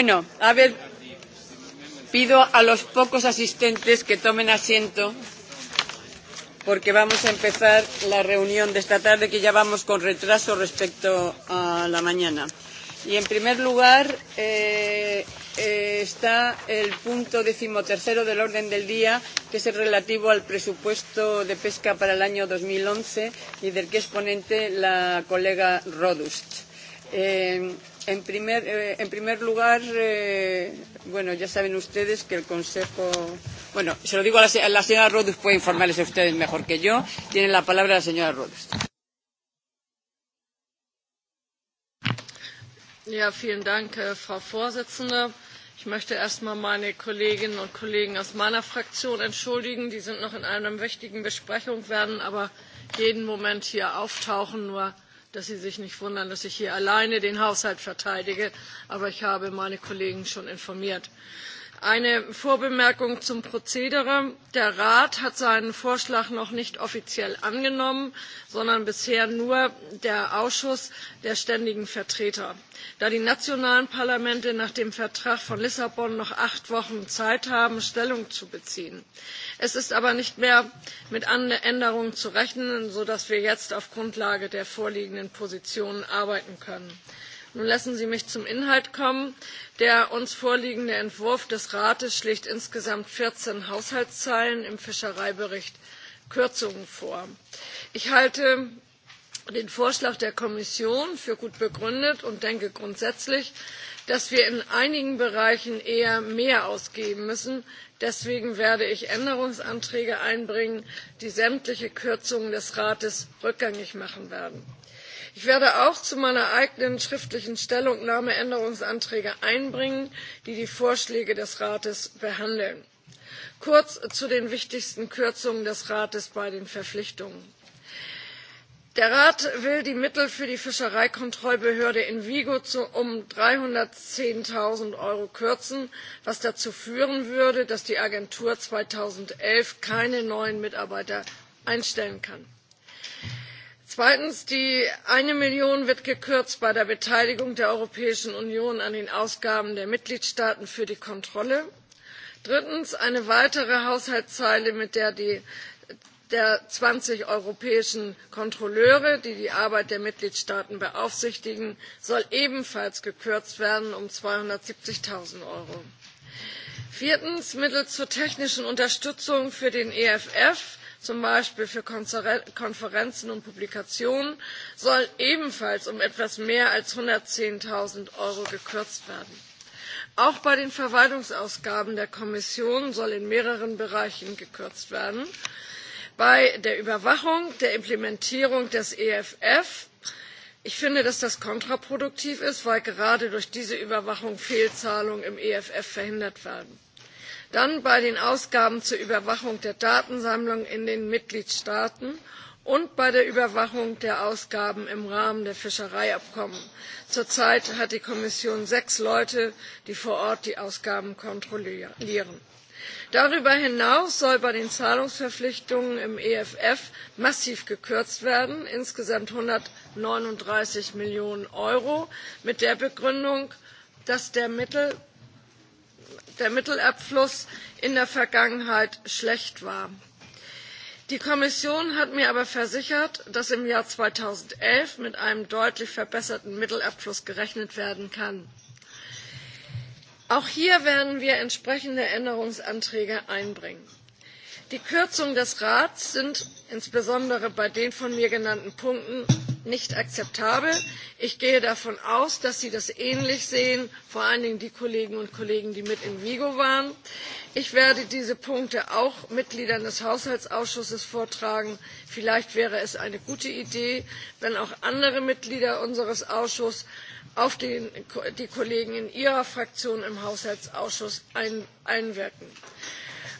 Bueno, a ver, pido a los pocos asistentes que tomen asiento porque vamos a empezar la reunión de esta tarde que ya vamos con retraso respecto a la mañana. Y en primer lugar eh, eh, está el punto decimotercero del orden del día que es el relativo al presupuesto de pesca para el año 2011 y del que es ponente la colega Rodust. Eh, En primer, eh, en primer lugar, eh, bueno, ya saben ustedes que el Consejo. Bueno, se lo digo a la, a la señora Rodus, puede informarles a ustedes mejor que yo. Tiene la palabra la señora Rodus. Ja, vielen Dank, Frau Vorsitzende. Ich möchte erst mal meine Kolleginnen und Kollegen aus meiner Fraktion entschuldigen. Die sind noch in einer wichtigen Besprechung, werden aber jeden Moment hier auftauchen. Nur dass Sie sich nicht wundern, dass ich hier alleine den Haushalt verteidige, aber ich habe meine Kollegen schon informiert. Eine Vorbemerkung zum Prozedere. Der Rat hat seinen Vorschlag noch nicht offiziell angenommen, sondern bisher nur der Ausschuss der ständigen Vertreter. Da die nationalen Parlamente nach dem Vertrag von Lissabon noch acht Wochen Zeit haben, Stellung zu beziehen es ist aber nicht mehr mit änderungen zu rechnen sodass wir jetzt auf grundlage der vorliegenden positionen arbeiten können. nun lassen sie mich zum inhalt kommen der uns vorliegende entwurf des rates schlägt insgesamt vierzehn haushaltszeilen im fischereibericht kürzungen vor. ich halte den vorschlag der kommission für gut begründet und denke grundsätzlich dass wir in einigen bereichen eher mehr ausgeben müssen Deswegen werde ich Änderungsanträge einbringen, die sämtliche Kürzungen des Rates rückgängig machen werden. Ich werde auch zu meiner eigenen schriftlichen Stellungnahme Änderungsanträge einbringen, die die Vorschläge des Rates behandeln. Kurz zu den wichtigsten Kürzungen des Rates bei den Verpflichtungen der rat will die mittel für die fischereikontrollbehörde in vigo um dreihundertzehn null euro kürzen was dazu führen würde dass die agentur zweitausendelf keine neuen mitarbeiter einstellen kann. zweitens die eine million wird gekürzt bei der beteiligung der europäischen union an den ausgaben der mitgliedstaaten für die kontrolle. drittens eine weitere haushaltszeile mit der die der zwanzig europäischen kontrolleure die die arbeit der mitgliedstaaten beaufsichtigen soll ebenfalls gekürzt werden um zweihundertsiebzig null euro. viertens mittel zur technischen unterstützung für den eff zum beispiel für konferenzen und publikationen soll ebenfalls um etwas mehr als einhundertzehn null euro gekürzt werden. auch bei den verwaltungsausgaben der kommission soll in mehreren bereichen gekürzt werden bei der Überwachung der Implementierung des EFF. Ich finde, dass das kontraproduktiv ist, weil gerade durch diese Überwachung Fehlzahlungen im EFF verhindert werden. Dann bei den Ausgaben zur Überwachung der Datensammlung in den Mitgliedstaaten und bei der Überwachung der Ausgaben im Rahmen der Fischereiabkommen. Zurzeit hat die Kommission sechs Leute, die vor Ort die Ausgaben kontrollieren darüber hinaus soll bei den zahlungsverpflichtungen im eff massiv gekürzt werden insgesamt einhundertneununddreißig millionen euro mit der begründung dass der mittelabfluss in der vergangenheit schlecht war. die kommission hat mir aber versichert dass im jahr zweitausendelf mit einem deutlich verbesserten mittelabfluss gerechnet werden kann. Auch hier werden wir entsprechende Änderungsanträge einbringen. Die Kürzungen des Rats sind insbesondere bei den von mir genannten Punkten nicht akzeptabel. Ich gehe davon aus, dass Sie das ähnlich sehen, vor allen Dingen die Kolleginnen und Kollegen, die mit in Vigo waren. Ich werde diese Punkte auch Mitgliedern des Haushaltsausschusses vortragen. Vielleicht wäre es eine gute Idee, wenn auch andere Mitglieder unseres Ausschusses auf die Kollegen in Ihrer Fraktion im Haushaltsausschuss einwirken.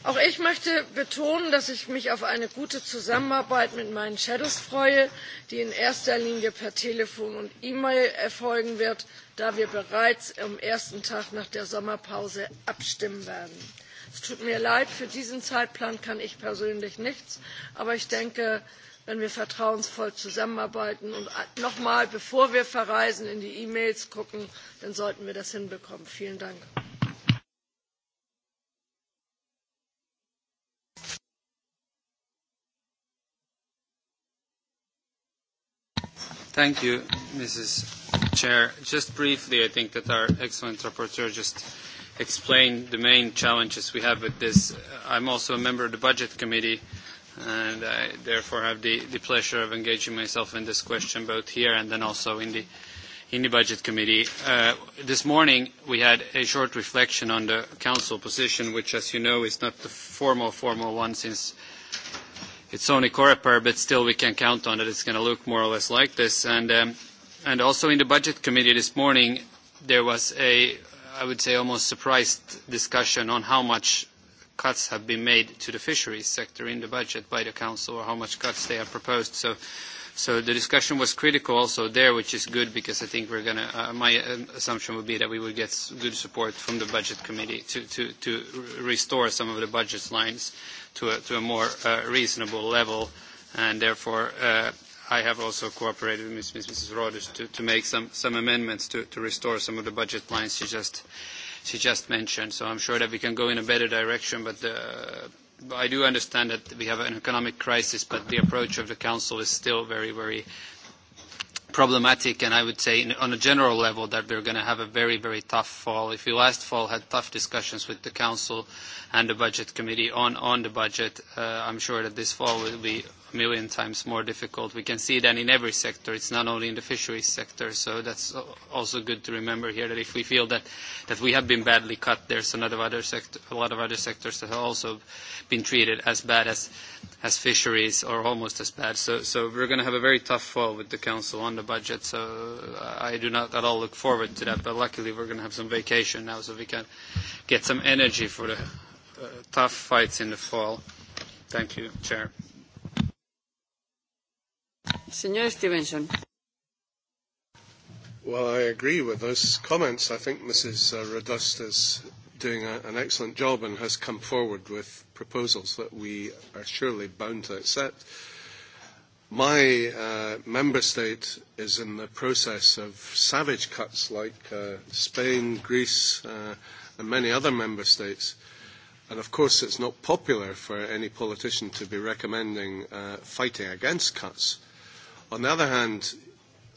Auch ich möchte betonen, dass ich mich auf eine gute Zusammenarbeit mit meinen Shadows freue, die in erster Linie per Telefon und E-Mail erfolgen wird, da wir bereits am ersten Tag nach der Sommerpause abstimmen werden. Es tut mir leid, für diesen Zeitplan kann ich persönlich nichts, aber ich denke, wenn wir vertrauensvoll zusammenarbeiten. Und nochmal, bevor wir verreisen, in die E-Mails gucken, dann sollten wir das hinbekommen. Vielen Dank. Thank you, Mrs. Chair. Just briefly, I think that our excellent rapporteur just explained the main challenges we have with this. I'm also a member of the Budget Committee, uh, and I therefore have the, the pleasure of engaging myself in this question both here and then also in the in the budget committee. Uh, this morning we had a short reflection on the council position, which, as you know, is not the formal formal one since it's only Coreper, but still we can count on that it's going to look more or less like this. And um, and also in the budget committee this morning there was a, I would say, almost surprised discussion on how much cuts have been made to the fisheries sector in the budget by the Council or how much cuts they have proposed. So, so the discussion was critical also there, which is good because I think we're going to, uh, my assumption would be that we would get good support from the Budget Committee to, to, to restore some of the budget lines to a, to a more uh, reasonable level. And therefore, uh, I have also cooperated with Mrs. Rodus to, to make some, some amendments to, to restore some of the budget lines she just uh, she just mentioned. So I'm sure that we can go in a better direction, but the I do understand that we have an economic crisis, but the approach of the council is still very, very problematic. And I would say on a general level that we're going to have a very, very tough fall. If you last fall had tough discussions with the council and the budget committee on, on the budget, uh, I'm sure that this fall will be a million times more difficult. We can see that in every sector. It's not only in the fisheries sector. So that's also good to remember here that if we feel that, that we have been badly cut, there's a lot of other, sector, a lot of other sectors that have also been treated as bad as, as fisheries or almost as bad. So, so we're going to have a very tough fall with the Council on the budget. So I do not at all look forward to that. But luckily we're going to have some vacation now so we can get some energy for the uh, tough fights in the fall. Thank you, Chair. Stevenson. Well, I agree with those comments. I think Mrs. Rodust is doing a, an excellent job and has come forward with proposals that we are surely bound to accept. My uh, member state is in the process of savage cuts like uh, Spain, Greece, uh, and many other member states. And of course, it's not popular for any politician to be recommending uh, fighting against cuts. Uh, On the other hand,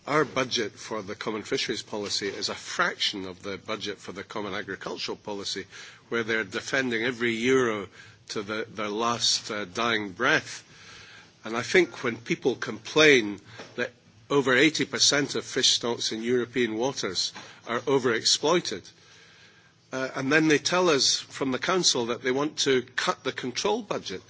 our budget for the common fisheries policy is a fraction of the budget for the common agricultural policy, where they're defending every euro to the, their last uh, dying breath. And I think when people complain that over 80% of fish stocks in European waters are overexploited, uh, and then they tell us from the Council that they want to cut the control budget.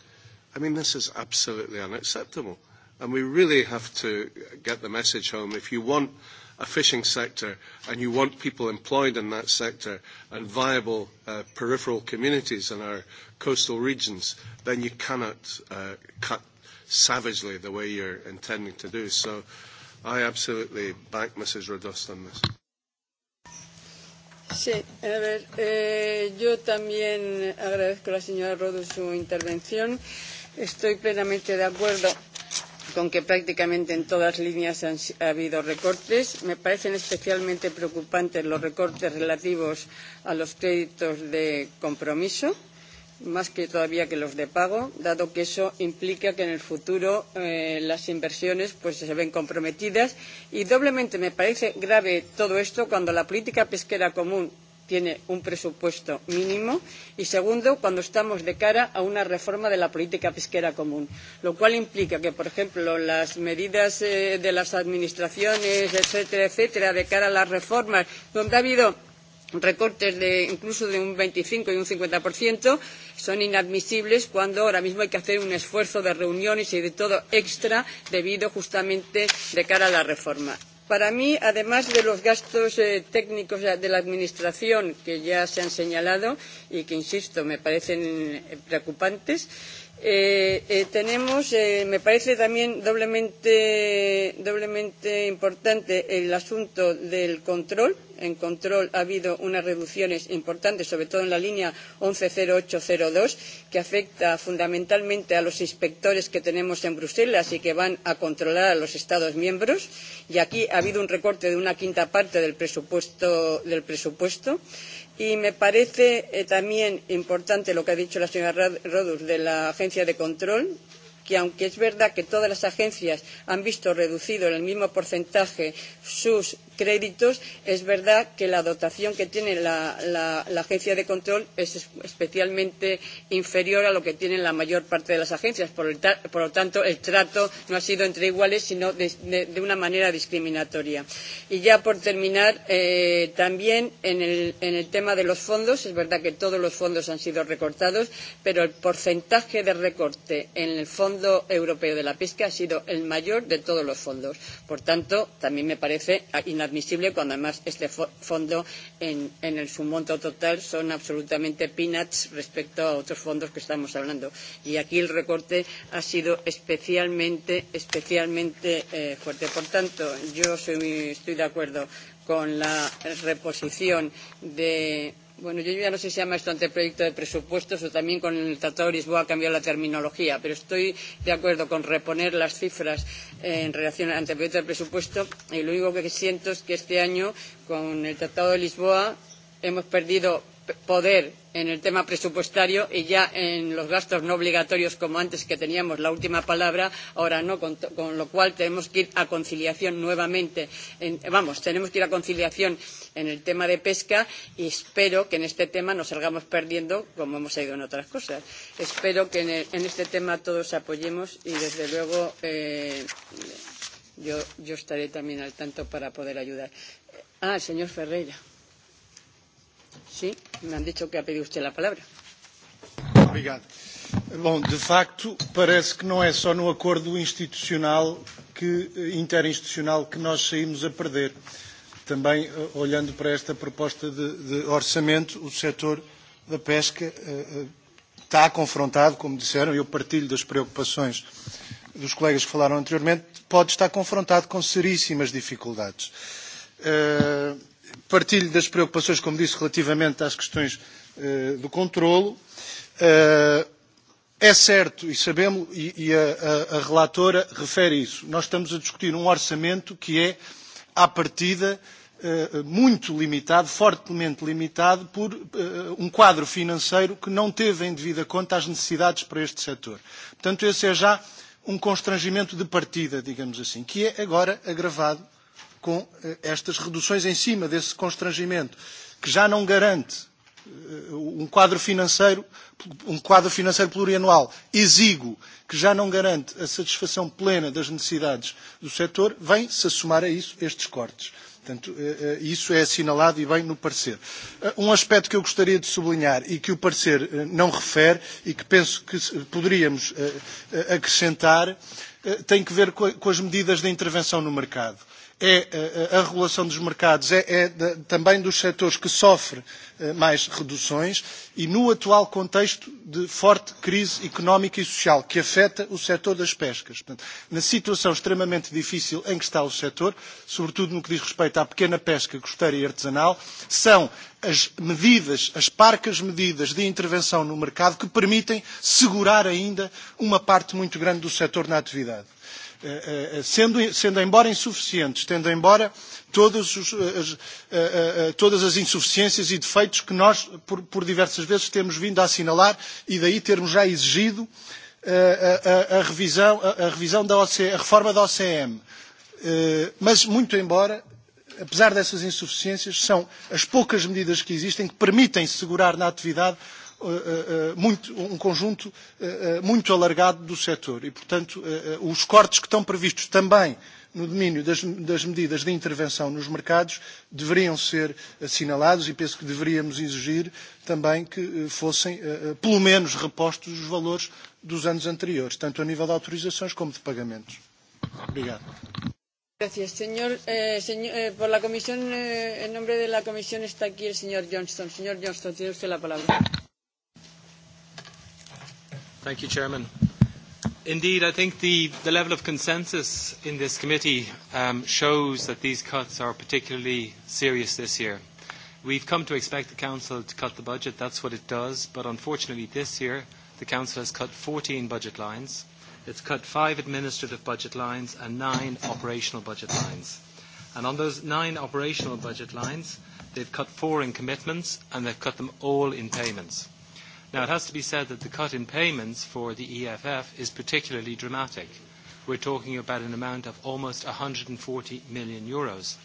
I mean, this is absolutely unacceptable. And we really have to get the message home. If you want a fishing sector and you want people employed in that sector and viable uh, peripheral communities in our coastal regions, then you cannot uh, cut savagely the way you're intending to do. So I absolutely back Mrs. Rodost on this. Sí, a ver, eh, yo también agradezco a la señora Rodo su intervención. Estoy plenamente de acuerdo con que prácticamente en todas líneas ha habido recortes. Me parecen especialmente preocupantes los recortes relativos a los créditos de compromiso, más que todavía que los de pago, dado que eso implica que en el futuro las inversiones se ven comprometidas. Y doblemente me parece grave todo esto cuando la política pesquera común tiene un presupuesto mínimo y segundo cuando estamos de cara a una reforma de la política pesquera común lo cual implica que por ejemplo las medidas de las administraciones etcétera etcétera de cara a las reformas donde ha habido recortes de incluso de un 25 y un 50% son inadmisibles cuando ahora mismo hay que hacer un esfuerzo de reuniones y de todo extra debido justamente de cara a la reforma. Para mí, además de los gastos técnicos de la Administración que ya se han señalado y que, insisto, me parecen preocupantes, Eh, eh, tenemos, eh, me parece también doblemente, doblemente importante el asunto del control. En control ha habido unas reducciones importantes, sobre todo en la línea 110802, que afecta fundamentalmente a los inspectores que tenemos en Bruselas y que van a controlar a los Estados miembros. Y aquí ha habido un recorte de una quinta parte del presupuesto. Del presupuesto. Y me parece también importante lo que ha dicho la señora Rodus de la agencia de control, que aunque es verdad que todas las agencias han visto reducido en el mismo porcentaje sus créditos, es verdad que la dotación que tiene la, la, la agencia de control es especialmente inferior a lo que tienen la mayor parte de las agencias. Por, el, por lo tanto, el trato no ha sido entre iguales, sino de, de, de una manera discriminatoria. Y ya por terminar, eh, también en el, en el tema de los fondos, es verdad que todos los fondos han sido recortados, pero el porcentaje de recorte en el fondo Fondo Europeo de la Pesca ha sido el mayor de todos los fondos. Por tanto, también me parece inadmisible cuando además este fondo en, en el, su monto total son absolutamente peanuts respecto a otros fondos que estamos hablando. Y aquí el recorte ha sido especialmente, especialmente eh, fuerte. Por tanto, yo soy, estoy de acuerdo con la reposición de Bueno, yo ya no sé si llama esto anteproyecto de presupuestos o también con el Tratado de Lisboa ha cambiado la terminología, pero estoy de acuerdo con reponer las cifras en relación al anteproyecto de presupuesto y lo único que siento es que este año con el Tratado de Lisboa hemos perdido poder en el tema presupuestario y ya en los gastos no obligatorios como antes que teníamos la última palabra, ahora no, con, lo cual tenemos que ir a conciliación nuevamente. vamos, tenemos que ir a conciliación en el tema de pesca y espero que en este tema no salgamos perdiendo como hemos ido en otras cosas. Espero que en, este tema todos apoyemos y desde luego yo, yo estaré también al tanto para poder ayudar. Ah, el señor Ferreira. Sim, me han dicho que ha pedido usted la palavra. Obrigado. Bom, de facto, parece que não é só no acordo institucional que, interinstitucional que nós saímos a perder. Também, olhando para esta proposta de, de orçamento, o setor da pesca está confrontado, como disseram, eu partilho das preocupações dos colegas que falaram anteriormente, pode estar confrontado com seríssimas dificuldades. Uh, Partilho das preocupações, como disse, relativamente às questões do controlo. É certo, e sabemos, e a relatora refere isso, nós estamos a discutir um orçamento que é, à partida, muito limitado, fortemente limitado, por um quadro financeiro que não teve em devida conta as necessidades para este setor. Portanto, esse é já um constrangimento de partida, digamos assim, que é agora agravado com estas reduções em cima desse constrangimento, que já não garante um quadro financeiro, um quadro financeiro plurianual exíguo, que já não garante a satisfação plena das necessidades do setor, vem-se a somar a isso estes cortes. Portanto, isso é assinalado e bem no parecer. Um aspecto que eu gostaria de sublinhar e que o parecer não refere e que penso que poderíamos acrescentar tem que ver com as medidas de intervenção no mercado é a regulação dos mercados, é, é também dos setores que sofre mais reduções e no atual contexto de forte crise económica e social que afeta o setor das pescas. Portanto, na situação extremamente difícil em que está o setor, sobretudo no que diz respeito à pequena pesca costeira e artesanal, são as medidas, as parcas medidas de intervenção no mercado que permitem segurar ainda uma parte muito grande do setor na atividade sendo, sendo embora insuficientes, tendo embora todas, os, as, todas as insuficiências e defeitos que nós, por, por diversas vezes, temos vindo a assinalar e daí termos já exigido a, a, a, revisão, a, a revisão da OCM, a reforma da OCM. Mas, muito embora, apesar dessas insuficiências, são as poucas medidas que existem que permitem segurar na atividade muito, um conjunto muito alargado do setor. E, portanto, os cortes que estão previstos também no domínio das, das medidas de intervenção nos mercados deveriam ser assinalados e penso que deveríamos exigir também que fossem, pelo menos, repostos os valores dos anos anteriores, tanto a nível de autorizações como de pagamentos. Obrigado. Gracias, señor. Eh, señor eh, por la comisión, eh, en nombre de la comisión está aquí el señor Johnston. Señor Johnston, tiene usted la palabra. Thank you, Chairman. Indeed, I think the, the level of consensus in this committee um, shows that these cuts are particularly serious this year. We've come to expect the Council to cut the budget, that's what it does, but unfortunately this year the Council has cut 14 budget lines. It's cut five administrative budget lines and nine operational budget lines. And on those nine operational budget lines, they've cut four in commitments and they've cut them all in payments. Now, it has to be said that the cut in payments for the EFF is particularly dramatic. We're talking about an amount of almost 140 million euros.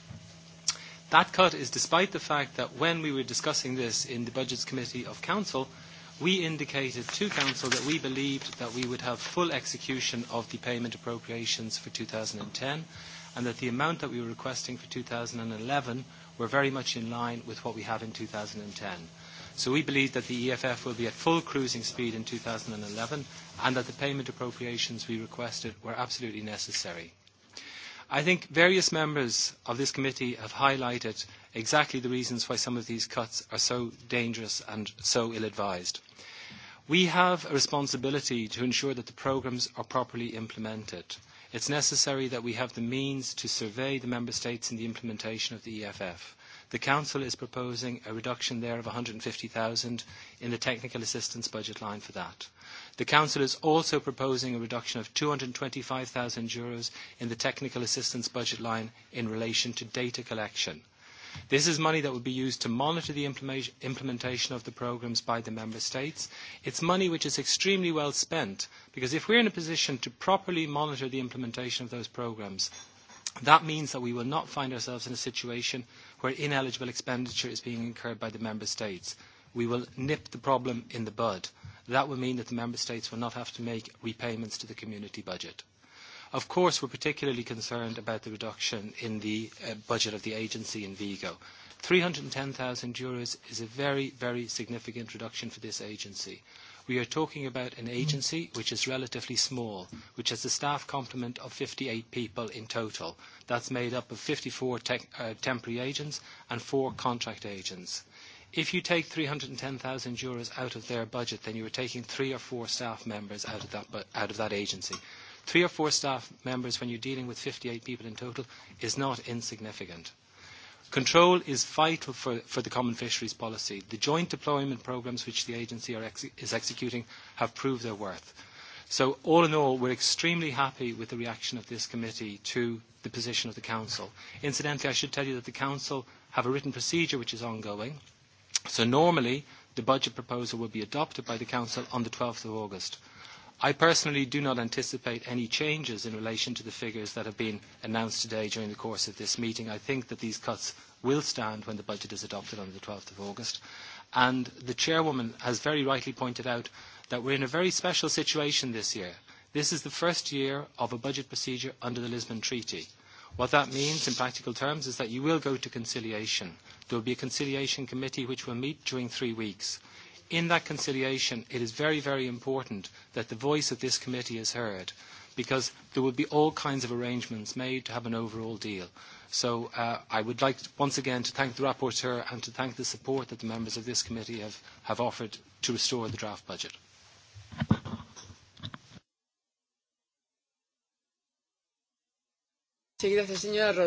That cut is despite the fact that when we were discussing this in the Budgets Committee of Council, we indicated to Council that we believed that we would have full execution of the payment appropriations for 2010 and that the amount that we were requesting for 2011 were very much in line with what we have in 2010. So we believe that the EFF will be at full cruising speed in 2011 and that the payment appropriations we requested were absolutely necessary. I think various members of this committee have highlighted exactly the reasons why some of these cuts are so dangerous and so ill-advised. We have a responsibility to ensure that the programmes are properly implemented. It is necessary that we have the means to survey the member states in the implementation of the EFF. The Council is proposing a reduction there of 150,000 in the technical assistance budget line for that. The Council is also proposing a reduction of 225,000 euros in the technical assistance budget line in relation to data collection. This is money that will be used to monitor the implementation of the programmes by the Member States. It's money which is extremely well spent because if we're in a position to properly monitor the implementation of those programmes, that means that we will not find ourselves in a situation where ineligible expenditure is being incurred by the member states. We will nip the problem in the bud. That will mean that the member states will not have to make repayments to the community budget. Of course, we're particularly concerned about the reduction in the budget of the agency in Vigo. EUR 310,000 euros is a very, very significant reduction for this agency. We are talking about an agency which is relatively small, which has a staff complement of 58 people in total. That's made up of 54 temporary agents and four contract agents. If you take 310,000 euros out of their budget, then you are taking three or four staff members out of that, out of that agency. Three or four staff members when you're dealing with 58 people in total is not insignificant. Control is vital for, for the common fisheries policy. The joint deployment programmes which the agency are ex- is executing have proved their worth. So all in all, we're extremely happy with the reaction of this committee to the position of the Council. Incidentally, I should tell you that the Council have a written procedure which is ongoing. So normally, the budget proposal will be adopted by the Council on the 12th of August. I personally do not anticipate any changes in relation to the figures that have been announced today during the course of this meeting. I think that these cuts will stand when the budget is adopted on the 12th of August. And the chairwoman has very rightly pointed out that we're in a very special situation this year. This is the first year of a budget procedure under the Lisbon Treaty. What that means in practical terms is that you will go to conciliation. There will be a conciliation committee which will meet during three weeks in that conciliation, it is very, very important that the voice of this committee is heard because there will be all kinds of arrangements made to have an overall deal. So uh, I would like once again to thank the rapporteur and to thank the support that the members of this committee have, have offered to restore the draft budget. Sí, gracias, señora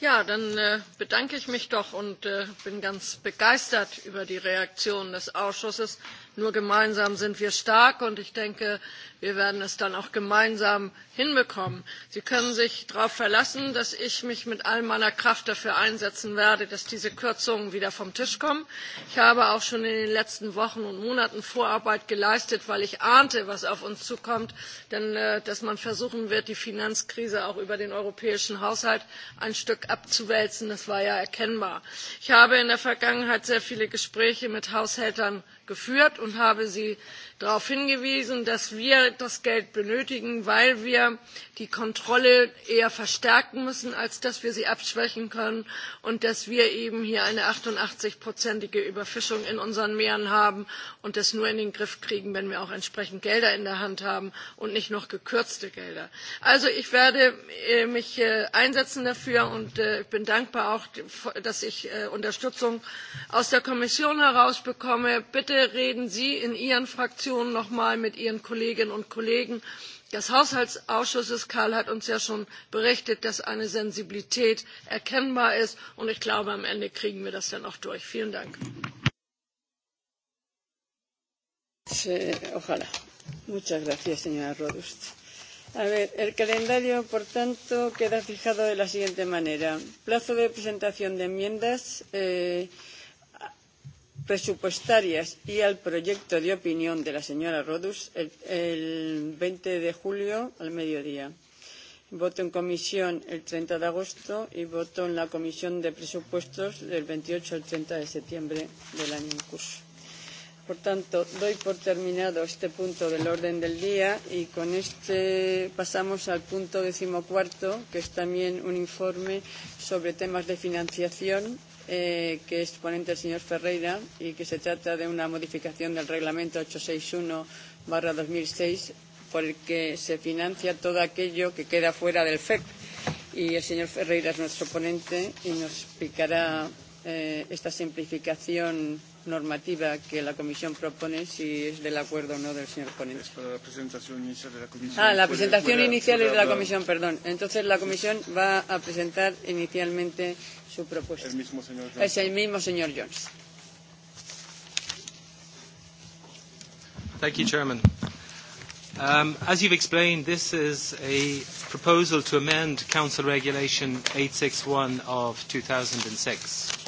Ja, dann bedanke ich mich doch und bin ganz begeistert über die Reaktion des Ausschusses Nur gemeinsam sind wir stark und ich denke, wir werden es dann auch gemeinsam hinbekommen. Sie können sich darauf verlassen, dass ich mich mit all meiner Kraft dafür einsetzen werde, dass diese Kürzungen wieder vom Tisch kommen. Ich habe auch schon in den letzten Wochen und Monaten Vorarbeit geleistet, weil ich ahnte, was auf uns zukommt, denn dass man versuchen wird, die Finanzkrise auch über den europäischen Haushalt ein Stück abzuwälzen, das war ja erkennbar. Ich habe in der Vergangenheit sehr viele Gespräche mit Haushältern geführt und habe Sie darauf hingewiesen, dass wir das Geld benötigen, weil wir die Kontrolle eher verstärken müssen, als dass wir sie abschwächen können und dass wir eben hier eine 88-prozentige Überfischung in unseren Meeren haben und das nur in den Griff kriegen, wenn wir auch entsprechend Gelder in der Hand haben und nicht noch gekürzte Gelder. Also ich werde mich einsetzen dafür und ich bin dankbar auch, dass ich Unterstützung aus der Kommission heraus bekomme. Bitte reden Sie in Ihren Fraktionen noch mal mit Ihren Kolleginnen und Kollegen des Haushaltsausschusses. Karl hat uns ja schon berichtet, dass eine Sensibilität erkennbar ist. Und ich glaube, am Ende kriegen wir das dann auch durch. Vielen Dank. A ver, el calendario, por tanto, queda fijado de la siguiente manera. Plazo de presentación de enmiendas. Eh, presupuestarias y al proyecto de opinión de la señora Rodust el, el 20 de julio al mediodía. Voto en comisión el 30 de agosto y voto en la comisión de presupuestos del 28 al 30 de septiembre del año en curso. Por tanto, doy por terminado este punto del orden del día y con este pasamos al punto decimocuarto, que es también un informe sobre temas de financiación eh, que es ponente el señor Ferreira y que se trata de una modificación del reglamento 861-2006 por el que se financia todo aquello que queda fuera del FEP. Y el señor Ferreira es nuestro ponente y nos explicará eh, esta simplificación normativa que la Comisión propone, si es del acuerdo o no del señor ponente. la presentación inicial de la Comisión. Ah, la presentación inicial es de la Comisión, perdón. Entonces la Comisión va a presentar inicialmente su propuesta. El mismo señor Jones. Es el mismo señor Jones. Thank you, Chairman. Um, as you've explained, this is a proposal to amend Council Regulation 861 of 2006.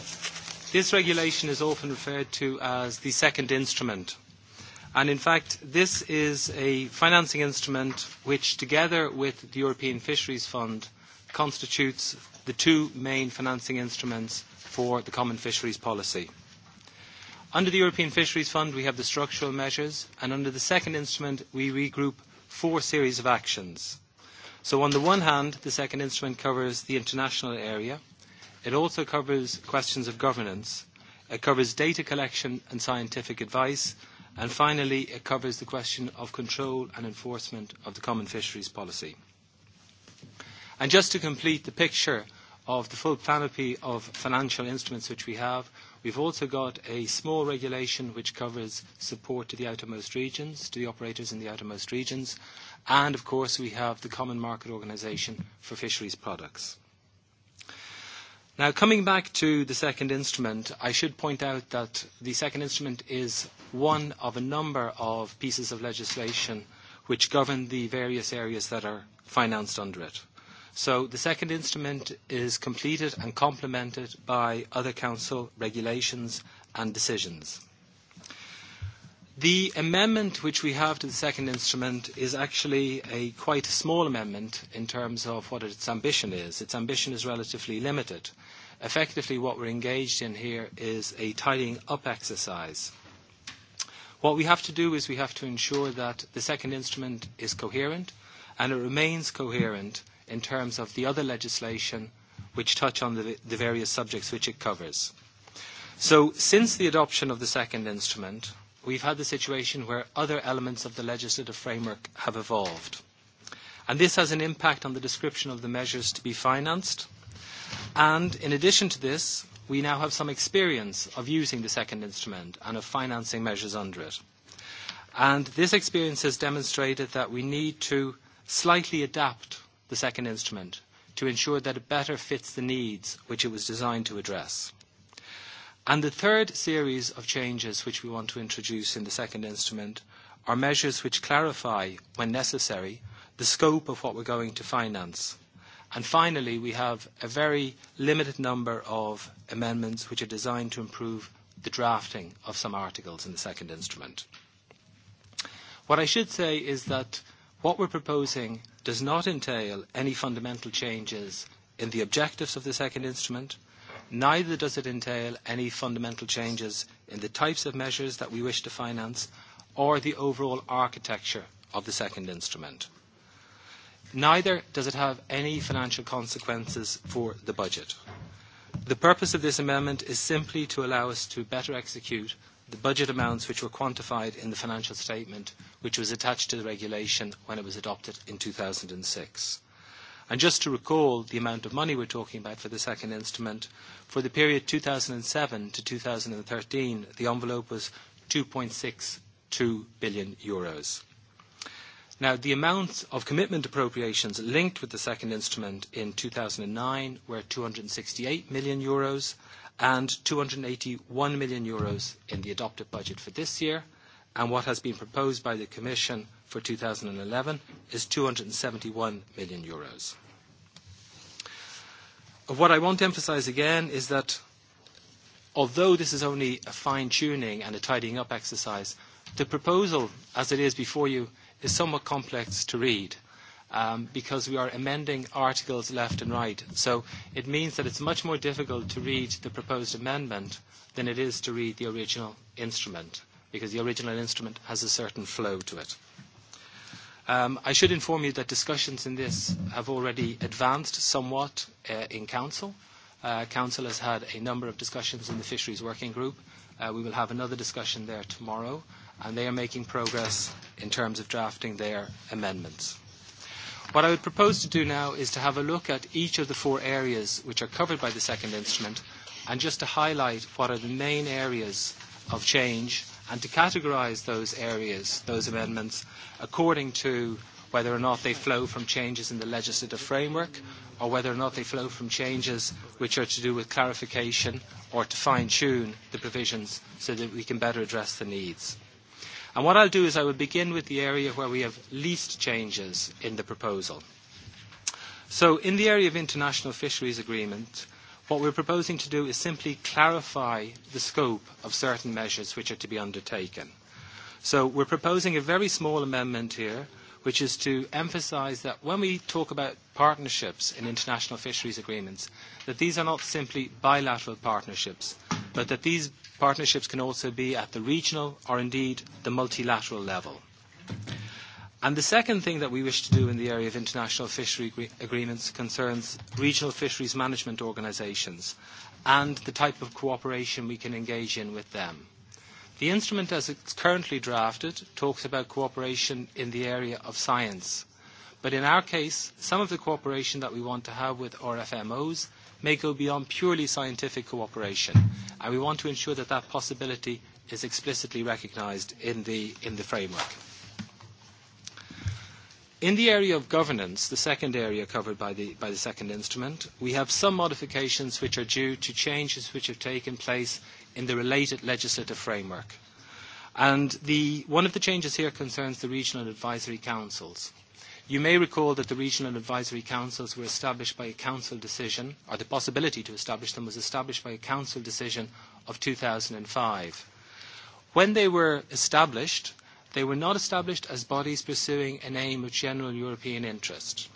This regulation is often referred to as the second instrument. And in fact, this is a financing instrument which, together with the European Fisheries Fund, constitutes the two main financing instruments for the common fisheries policy. Under the European Fisheries Fund, we have the structural measures, and under the second instrument, we regroup four series of actions. So on the one hand, the second instrument covers the international area – It also covers questions of governance. It covers data collection and scientific advice. And finally, it covers the question of control and enforcement of the common fisheries policy. And just to complete the picture of the full panoply of financial instruments which we have, we've also got a small regulation which covers support to the outermost regions, to the operators in the outermost regions, and of course we have the Common Market Organisation for Fisheries Products. Now, coming back to the second instrument, I should point out that the second instrument is one of a number of pieces of legislation which govern the various areas that are financed under it. So the second instrument is completed and complemented by other council regulations and decisions. The amendment which we have to the second instrument is actually a quite small amendment in terms of what its ambition is. Its ambition is relatively limited effectively what we're engaged in here is a tidying up exercise. What we have to do is we have to ensure that the second instrument is coherent and it remains coherent in terms of the other legislation which touch on the, the various subjects which it covers. So since the adoption of the second instrument, we've had the situation where other elements of the legislative framework have evolved. And this has an impact on the description of the measures to be financed – And in addition to this, we now have some experience of using the second instrument and of financing measures under it. And this experience has demonstrated that we need to slightly adapt the second instrument to ensure that it better fits the needs which it was designed to address. And the third series of changes which we want to introduce in the second instrument are measures which clarify, when necessary, the scope of what we're going to finance finally, we have a very limited number of amendments which are designed to improve the drafting of some articles in the second instrument. What I should say is that what we're proposing does not entail any fundamental changes in the objectives of the second instrument, neither does it entail any fundamental changes in the types of measures that we wish to finance or the overall architecture of the second instrument. Neither does it have any financial consequences for the budget. The purpose of this amendment is simply to allow us to better execute the budget amounts which were quantified in the financial statement which was attached to the regulation when it was adopted in 2006. And just to recall the amount of money we're talking about for the second instrument, for the period 2007 to 2013, the envelope was 2.62 billion euros. Now, the amounts of commitment appropriations linked with the second instrument in 2009 were 268 million euros and 281 million euros in the adopted budget for this year, and what has been proposed by the Commission for 2011 is 271 million euros. What I want to emphasize again is that although this is only a fine-tuning and a tidying up exercise, the proposal, as it is before you, is somewhat complex to read um, because we are amending articles left and right. So it means that it's much more difficult to read the proposed amendment than it is to read the original instrument because the original instrument has a certain flow to it. Um, I should inform you that discussions in this have already advanced somewhat uh, in Council. Uh, Council has had a number of discussions in the Fisheries Working Group. Uh, we will have another discussion there tomorrow and they are making progress in terms of drafting their amendments. What I would propose to do now is to have a look at each of the four areas which are covered by the second instrument and just to highlight what are the main areas of change and to categorise those areas, those amendments, according to whether or not they flow from changes in the legislative framework or whether or not they flow from changes which are to do with clarification or to fine-tune the provisions so that we can better address the needs. And what I'll do is I will begin with the area where we have least changes in the proposal. So in the area of international fisheries agreement, what we're proposing to do is simply clarify the scope of certain measures which are to be undertaken. So we're proposing a very small amendment here, which is to emphasise that when we talk about partnerships in international fisheries agreements, that these are not simply bilateral partnerships, but that these partnerships can also be at the regional or indeed the multilateral level. And the second thing that we wish to do in the area of international fishery agreements concerns regional fisheries management organisations and the type of cooperation we can engage in with them. The instrument as it's currently drafted talks about cooperation in the area of science. But in our case, some of the cooperation that we want to have with RFMOs may go beyond purely scientific cooperation, and we want to ensure that that possibility is explicitly recognised in the, in the framework. In the area of governance, the second area covered by the, by the second instrument, we have some modifications which are due to changes which have taken place in the related legislative framework. And the, one of the changes here concerns the regional advisory councils. You may recall that the regional advisory councils were established by a council decision, or the possibility to establish them was established by a council decision of 2005. When they were established, they were not established as bodies pursuing an aim of general European interest.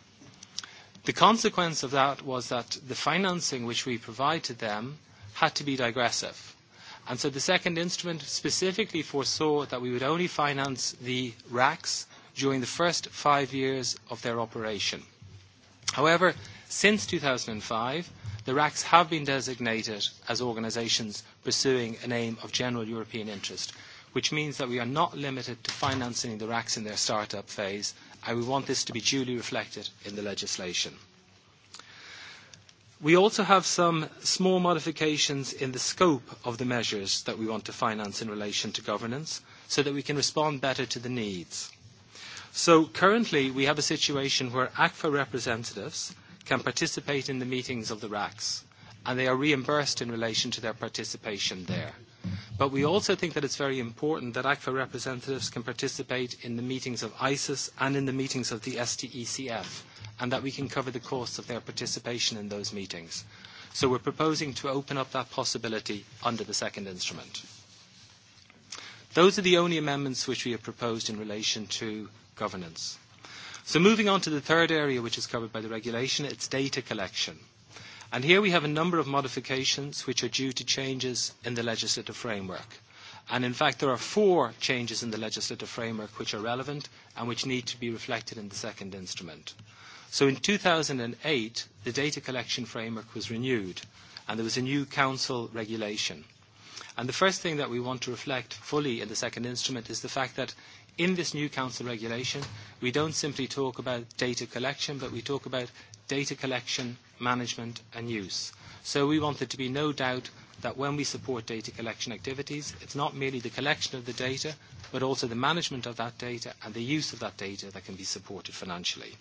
The consequence of that was that the financing which we provide to them had to be digressive. And so the second instrument specifically foresaw that we would only finance the RACs during the first five years of their operation. However, since 2005, the RACs have been designated as organisations pursuing an aim of general European interest, which means that we are not limited to financing the RACs in their start-up phase, and we want this to be duly reflected in the legislation. We also have some small modifications in the scope of the measures that we want to finance in relation to governance so that we can respond better to the needs. So currently, we have a situation where ACFA representatives can participate in the meetings of the RACs, and they are reimbursed in relation to their participation there. But we also think that it's very important that ACFA representatives can participate in the meetings of ISIS and in the meetings of the STECF, and that we can cover the cost of their participation in those meetings. So we're proposing to open up that possibility under the second instrument. Those are the only amendments which we have proposed in relation to governance. So moving on to the third area which is covered by the regulation, it's data collection. And here we have a number of modifications which are due to changes in the legislative framework. And in fact, there are four changes in the legislative framework which are relevant and which need to be reflected in the second instrument. So in two thousand eight the data collection framework was renewed and there was a new council regulation. And the first thing that we want to reflect fully in the second instrument is the fact that in this new council regulation, we don't simply talk about data collection, but we talk about data collection, management and use. So we want there to be no doubt that when we support data collection activities, it's not merely the collection of the data, but also the management of that data and the use of that data that can be supported financially.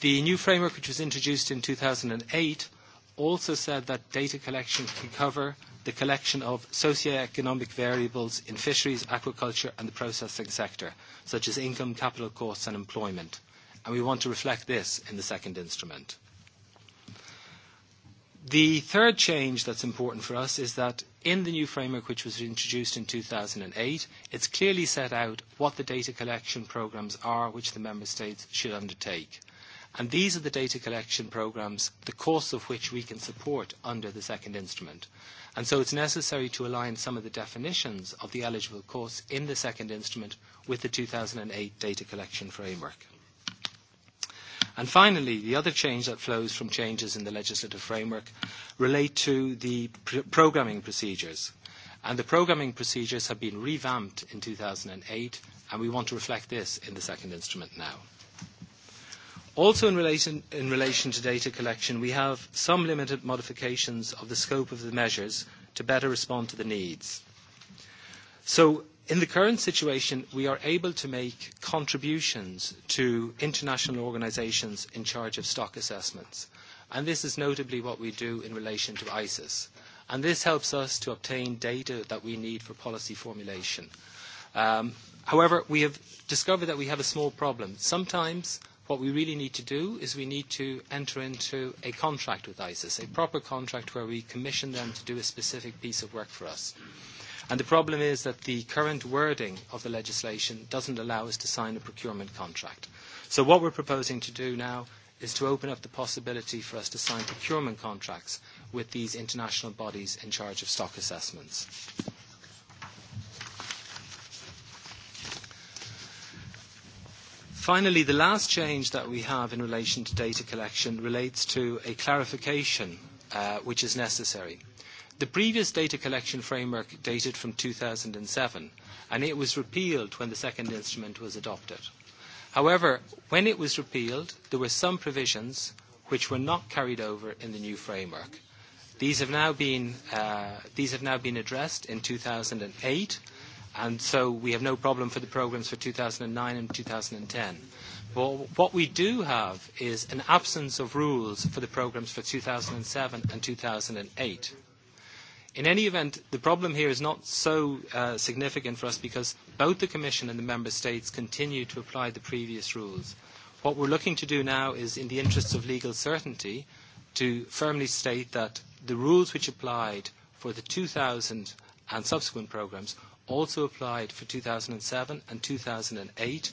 The new framework, which was introduced in 2008, also said that data collection can cover the collection of socio-economic variables in fisheries, aquaculture and the processing sector, such as income, capital costs and employment. And we want to reflect this in the second instrument. The third change that's important for us is that in the new framework, which was introduced in 2008, it's clearly set out what the data collection programmes are which the member states should undertake. And these are the data collection programmes, the course of which we can support under the second instrument. And so it's necessary to align some of the definitions of the eligible course in the second instrument with the 2008 data collection framework. And finally, the other change that flows from changes in the legislative framework relate to the pr- programming procedures. And the programming procedures have been revamped in 2008, and we want to reflect this in the second instrument now. Also in relation, to data collection, we have some limited modifications of the scope of the measures to better respond to the needs. So in the current situation, we are able to make contributions to international organisations in charge of stock assessments. And this is notably what we do in relation to ISIS. And this helps us to obtain data that we need for policy formulation. however, we have discovered that we have a small problem. Sometimes What we really need to do is we need to enter into a contract with ISIS, a proper contract where we commission them to do a specific piece of work for us. And the problem is that the current wording of the legislation doesn't allow us to sign a procurement contract. So what we're proposing to do now is to open up the possibility for us to sign procurement contracts with these international bodies in charge of stock assessments. Finally, the last change that we have in relation to data collection relates to a clarification which is necessary. The previous data collection framework dated from 2007, and it was repealed when the second instrument was adopted. However, when it was repealed, there were some provisions which were not carried over in the new framework. These have now been, uh, these have now been addressed in 2008, And so we have no problem for the programs for 2009 and 2010. But what we do have is an absence of rules for the programs for 2007 and 2008. In any event, the problem here is not so significant for us because both the Commission and the Member States continue to apply the previous rules. What we're looking to do now is, in the interests of legal certainty, to firmly state that the rules which applied for the 2000 and subsequent programmes also applied for 2007 and 2008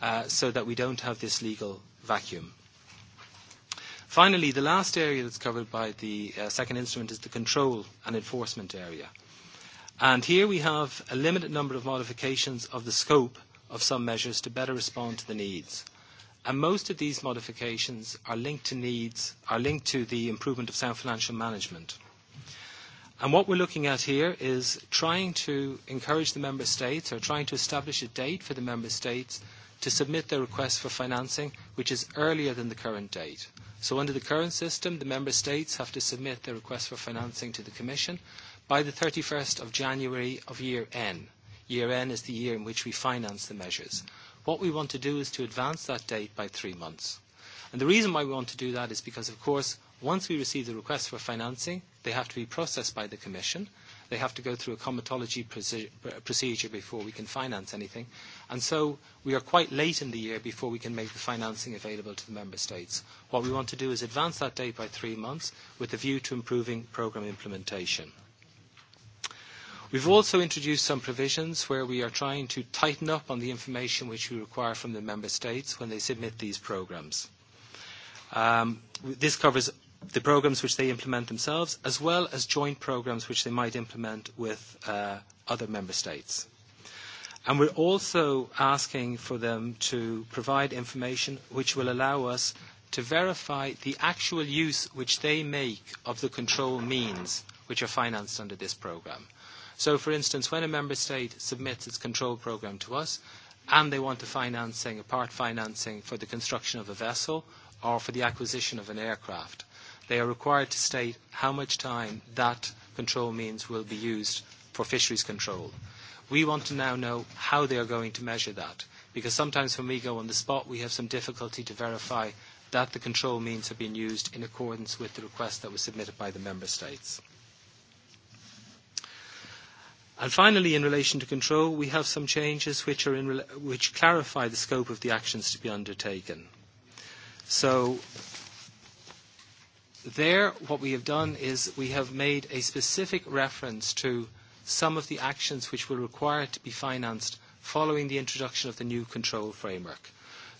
uh, so that we don't have this legal vacuum. Finally, the last area that's covered by the uh, second instrument is the control and enforcement area. And here we have a limited number of modifications of the scope of some measures to better respond to the needs. And most of these modifications are linked to needs, are linked to the improvement of sound financial management. And what we're looking at here is trying to encourage the member states or trying to establish a date for the member states to submit their request for financing, which is earlier than the current date. So under the current system, the member states have to submit their request for financing to the Commission by the 31st of January of year N. Year N is the year in which we finance the measures. What we want to do is to advance that date by three months. And the reason why we want to do that is because, of course, once we receive the request for financing, They have to be processed by the Commission. They have to go through a comitology procedure before we can finance anything. And so we are quite late in the year before we can make the financing available to the Member States. What we want to do is advance that date by three months with a view to improving programme implementation. We've also introduced some provisions where we are trying to tighten up on the information which we require from the member states when they submit these programmes. this covers the programmes which they implement themselves, as well as joint programmes which they might implement with other member states. And we're also asking for them to provide information which will allow us to verify the actual use which they make of the control means which are financed under this programme. So, for instance, when a member state submits its control programme to us and they want the financing, a part financing for the construction of a vessel or for the acquisition of an aircraft, they are required to state how much time that control means will be used for fisheries control. We want to now know how they are going to measure that, because sometimes when we go on the spot, we have some difficulty to verify that the control means have been used in accordance with the request that was submitted by the member states. And Finally, in relation to control, we have some changes which are in which clarify the scope of the actions to be undertaken. So there, what we have done is we have made a specific reference to some of the actions which will require to be financed following the introduction of the new control framework.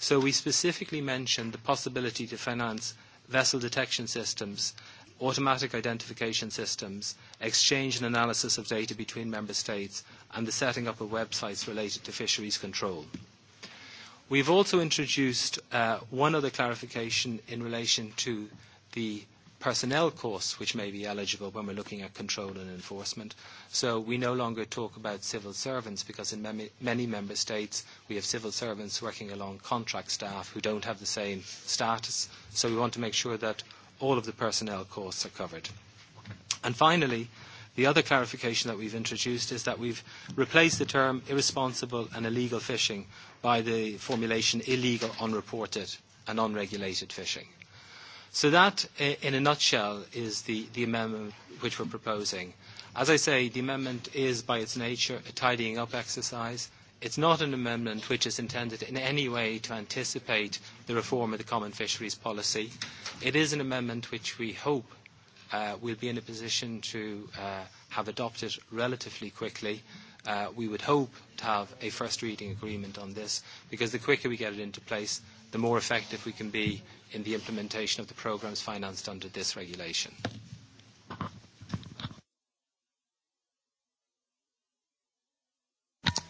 So we specifically mentioned the possibility to finance vessel detection systems, automatic identification systems, exchange and analysis of data between member states, and the setting up of websites related to fisheries control. We've also introduced uh, one other clarification in relation to the personnel costs which may be eligible when we're looking at control and enforcement. So we no longer talk about civil servants because in many member states we have civil servants working along contract staff who don't have the same status. So we want to make sure that all of the personnel costs are covered. And finally, The other clarification that we've introduced is that we've replaced the term irresponsible and illegal fishing by the formulation illegal, unreported and unregulated fishing. So that, in a nutshell, is the, the amendment which we're proposing. As I say, the amendment is, by its nature, a tidying up exercise. It's not an amendment which is intended in any way to anticipate the reform of the common fisheries policy. It is an amendment which we hope uh, will be in a position to uh, have adopted relatively quickly. Uh, we would hope to have a first reading agreement on this because the quicker we get it into place, the more effective we can be in the implementation of the programs financed under this regulation.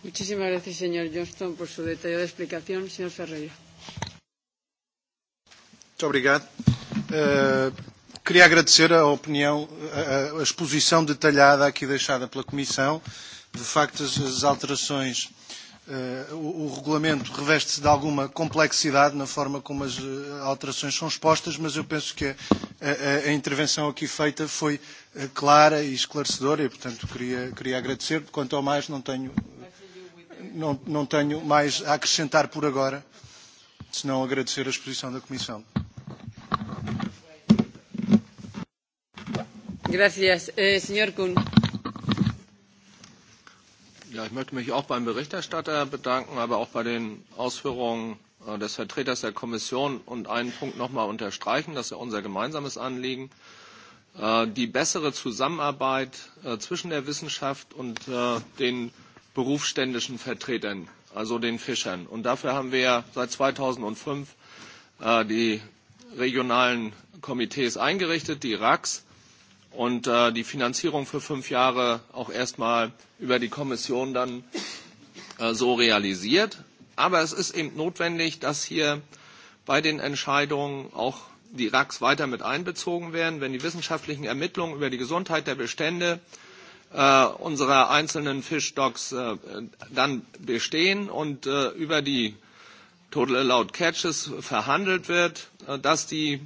Muchísimas gracias, señor Johnston, por su detallada explicación. Señor Ferreira. Muito obrigado. Queria agradecer a opinião, a exposição detalhada aqui deixada pela Comissão. De facto, as alterações o regulamento reveste-se de alguma complexidade na forma como as alterações são expostas, mas eu penso que a intervenção aqui feita foi clara e esclarecedora e, portanto, queria, queria agradecer. Quanto ao mais, não tenho, não, não tenho mais a acrescentar por agora, senão agradecer a exposição da Comissão. Gracias. Eh, señor Kuhn. Ja, ich möchte mich auch beim Berichterstatter bedanken, aber auch bei den Ausführungen des Vertreters der Kommission und einen Punkt noch mal unterstreichen, das ist ja unser gemeinsames Anliegen. Die bessere Zusammenarbeit zwischen der Wissenschaft und den berufsständischen Vertretern, also den Fischern. Und dafür haben wir seit 2005 die regionalen Komitees eingerichtet, die RACs und die Finanzierung für fünf Jahre auch erst erstmal über die Kommission dann so realisiert. Aber es ist eben notwendig, dass hier bei den Entscheidungen auch die RACs weiter mit einbezogen werden, wenn die wissenschaftlichen Ermittlungen über die Gesundheit der Bestände unserer einzelnen Fischstocks dann bestehen und über die Total Allowed Catches verhandelt wird, dass die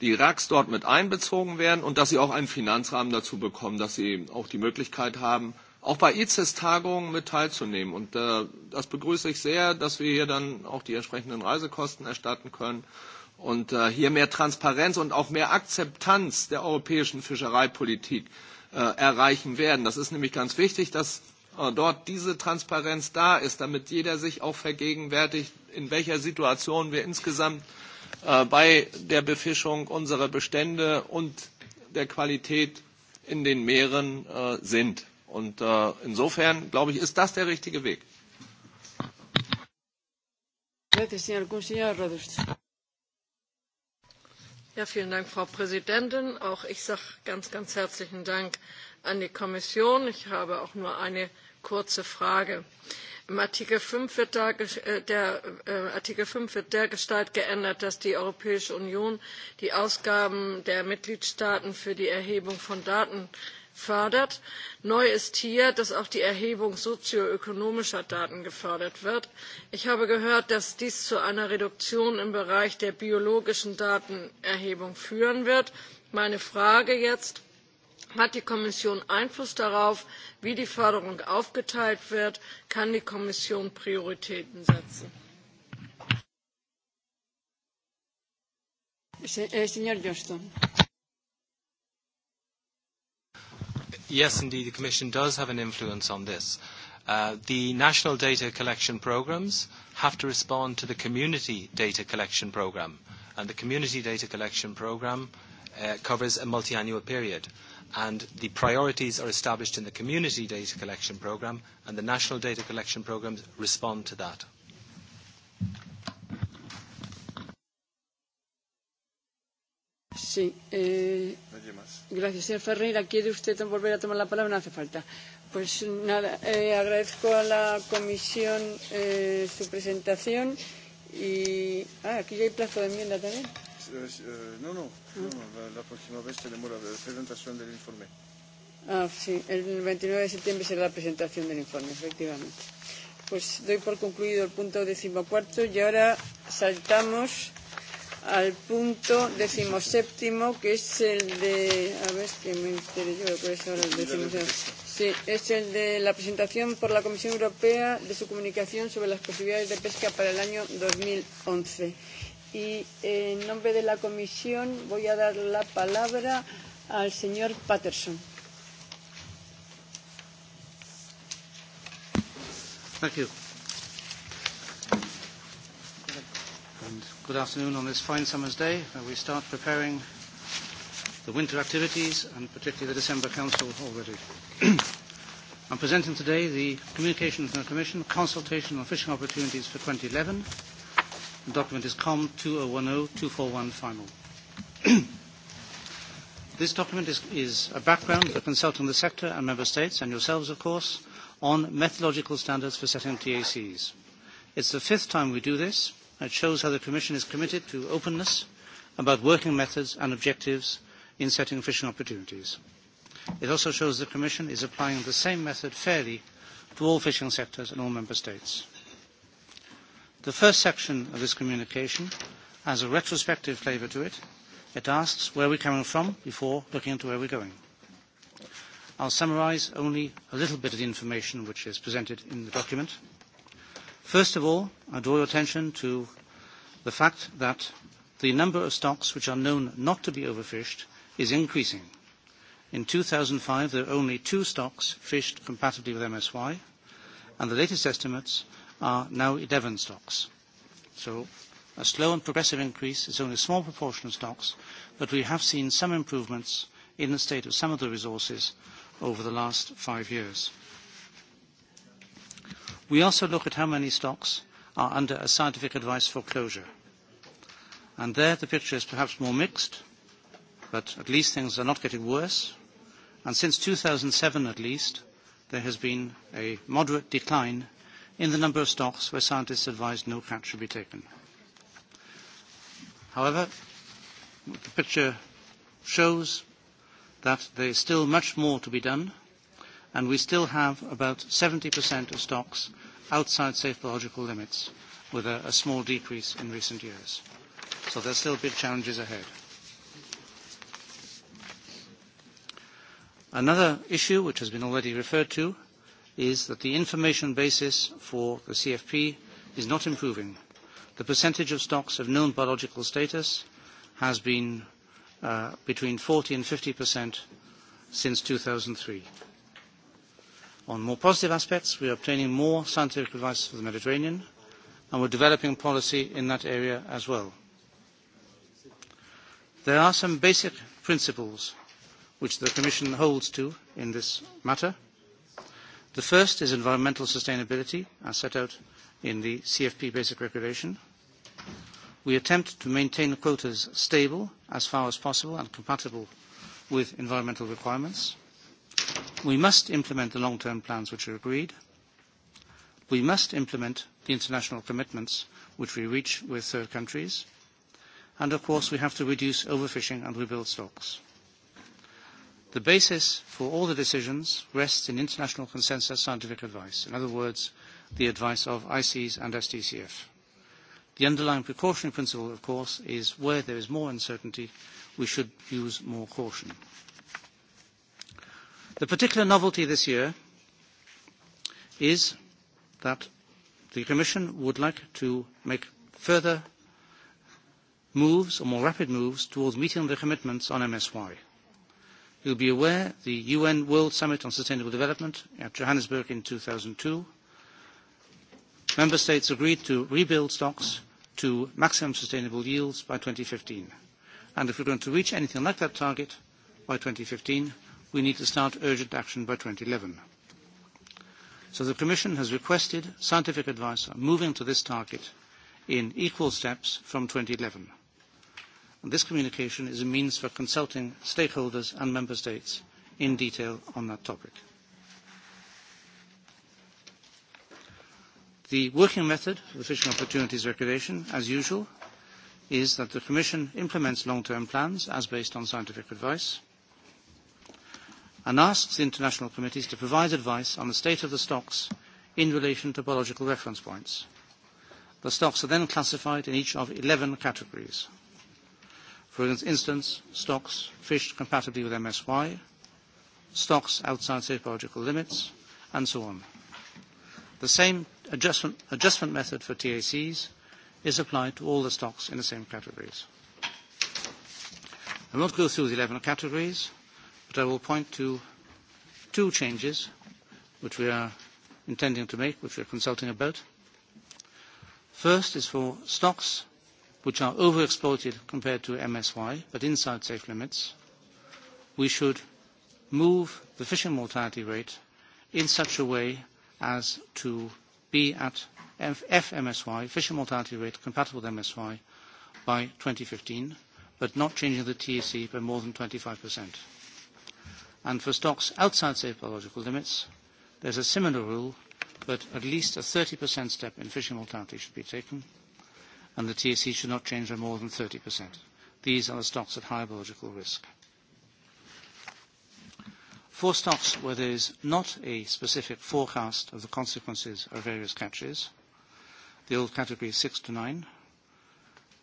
die Iraks dort mit einbezogen werden und dass sie auch einen Finanzrahmen dazu bekommen, dass sie auch die Möglichkeit haben, auch bei ICES-Tagungen mit teilzunehmen. Und äh, das begrüße ich sehr, dass wir hier dann auch die entsprechenden Reisekosten erstatten können und äh, hier mehr Transparenz und auch mehr Akzeptanz der europäischen Fischereipolitik äh, erreichen werden. Das ist nämlich ganz wichtig, dass dort diese Transparenz da ist, damit jeder sich auch vergegenwärtigt, in welcher Situation wir insgesamt bei der Befischung unserer Bestände und der Qualität in den Meeren sind. Und insofern, glaube ich, ist das der richtige Weg. Frau Präsidentin. Auch ich sage ganz, ganz herzlichen Dank an die Kommission. Ich habe auch nur eine kurze Frage. Äh, Artikel 5 wird, der, Artikel 5 wird dergestalt geändert, dass die Europäische Union die Ausgaben der Mitgliedstaaten für die Erhebung von Daten fördert. Neu ist hier, dass auch die Erhebung sozioökonomischer Daten gefördert wird. Ich habe gehört, dass dies zu einer Reduktion im Bereich der biologischen Datenerhebung führen wird. Meine Frage jetzt, hat die Kommission Einfluss darauf, wie die förderung aufgeteilt wird kann die kommission prioritäten setzen. Yes, indeed, the Commission does have an influence on this. the national data collection programmes have to respond to the community data collection programme, and the community data collection programme covers a multi-annual period and the priorities are established in the community data collection programme and the national data collection programmes respond to that. Sí. Eh, gracias, señor Ferreira. ¿Quiere usted volver a tomar la palabra? No hace falta. Pues nada, eh, agradezco a la comisión eh, su presentación y ah, aquí ya hay plazo de enmienda también no, no, no, la próxima vez tenemos la presentación del informe. Ah, sí, el 29 de septiembre será la presentación del informe, efectivamente. Pues doy por concluido el punto decimocuarto y ahora saltamos al punto decimoséptimo, que es el de. A ver, que me interesa, yo, que es ahora el decimoséptimo. Sí, es el de la presentación por la Comisión Europea de su comunicación sobre las posibilidades de pesca para el año 2011 y en nombre de la comisión voy a dar la palabra al señor Patterson. Thank you. And good afternoon on this fine summer's day. where We start preparing the winter activities and particularly the December Council already. I'm presenting today the Communications from the Commission Consultation on Fishing Opportunities for 2011 The document is COM 2010 final. this document is, is a background for consulting the sector and member states, and yourselves, of course, on methodological standards for setting TACs. It's the fifth time we do this. It shows how the Commission is committed to openness about working methods and objectives in setting fishing opportunities. It also shows the Commission is applying the same method fairly to all fishing sectors and all Member States. The first section of this communication has a retrospective flavour to it. It asks where we're coming from before looking into where we're going. I'll summarise only a little bit of the information which is presented in the document. First of all, I draw your attention to the fact that the number of stocks which are known not to be overfished is increasing. In 2005, there were only two stocks fished compatibly with MSY, and the latest estimates are now 11 stocks. So a slow and progressive increase is only a small proportion of stocks, but we have seen some improvements in the state of some of the resources over the last five years. We also look at how many stocks are under a scientific advice foreclosure. And there the picture is perhaps more mixed, but at least things are not getting worse. And since 2007 at least, there has been a moderate decline in the number of stocks where scientists advised no catch should be taken. However, the picture shows that there is still much more to be done, and we still have about 70% of stocks outside safe biological limits, with a, a small decrease in recent years. So there are still big challenges ahead. Another issue, which has been already referred to, is that the information basis for the CFP is not improving. The percentage of stocks of known biological status has been between 40 and 50% since 2003. On more positive aspects, we are obtaining more scientific advice for the Mediterranean, and we're developing policy in that area as well. There are some basic principles which the Commission holds to in this matter – The first is environmental sustainability, as set out in the CFP Basic Regulation. We attempt to maintain quotas stable as far as possible and compatible with environmental requirements. We must implement the long-term plans which are agreed. We must implement the international commitments which we reach with third countries. And of course, we have to reduce overfishing and rebuild stocks. The basis for all the decisions rests in international consensus scientific advice, in other words, the advice of ICs and STCF. The underlying precautionary principle, of course, is where there is more uncertainty, we should use more caution. The particular novelty this year is that the Commission would like to make further moves or more rapid moves towards meeting the commitments on MSY. You will be aware the UN World Summit on Sustainable Development at Johannesburg in two thousand two. Member States agreed to rebuild stocks to maximum sustainable yields by fifteen. And if we are going to reach anything like that target by fifteen, we need to start urgent action by eleven. So the Commission has requested scientific advice on moving to this target in equal steps from eleven This communication is a means for consulting stakeholders and member states in detail on that topic. The working method of the Fishing Opportunities Regulation, as usual, is that the Commission implements long-term plans as based on scientific advice and asks the international committees to provide advice on the state of the stocks in relation to biological reference points. The stocks are then classified in each of eleven categories. For instance, stocks fished compatibly with MSY, stocks outside safe biological limits, and so on. The same adjustment, adjustment method for TACs is applied to all the stocks in the same categories. I won't go through the 11 categories, but I will point to two changes which we are intending to make, which we are consulting about. First is for stocks which are overexploited compared to MSY, but inside safe limits, we should move the fishing mortality rate in such a way as to be at FMSY, fishing mortality rate compatible with MSY, by 2015, but not changing the TEC by more than 25%. And for stocks outside safe biological limits, there's a similar rule, but at least a 30% step in fishing mortality should be taken and the TSE should not change by more than 30%. These are the stocks at high biological risk. For stocks where there is not a specific forecast of the consequences of various catches, the old category six to nine,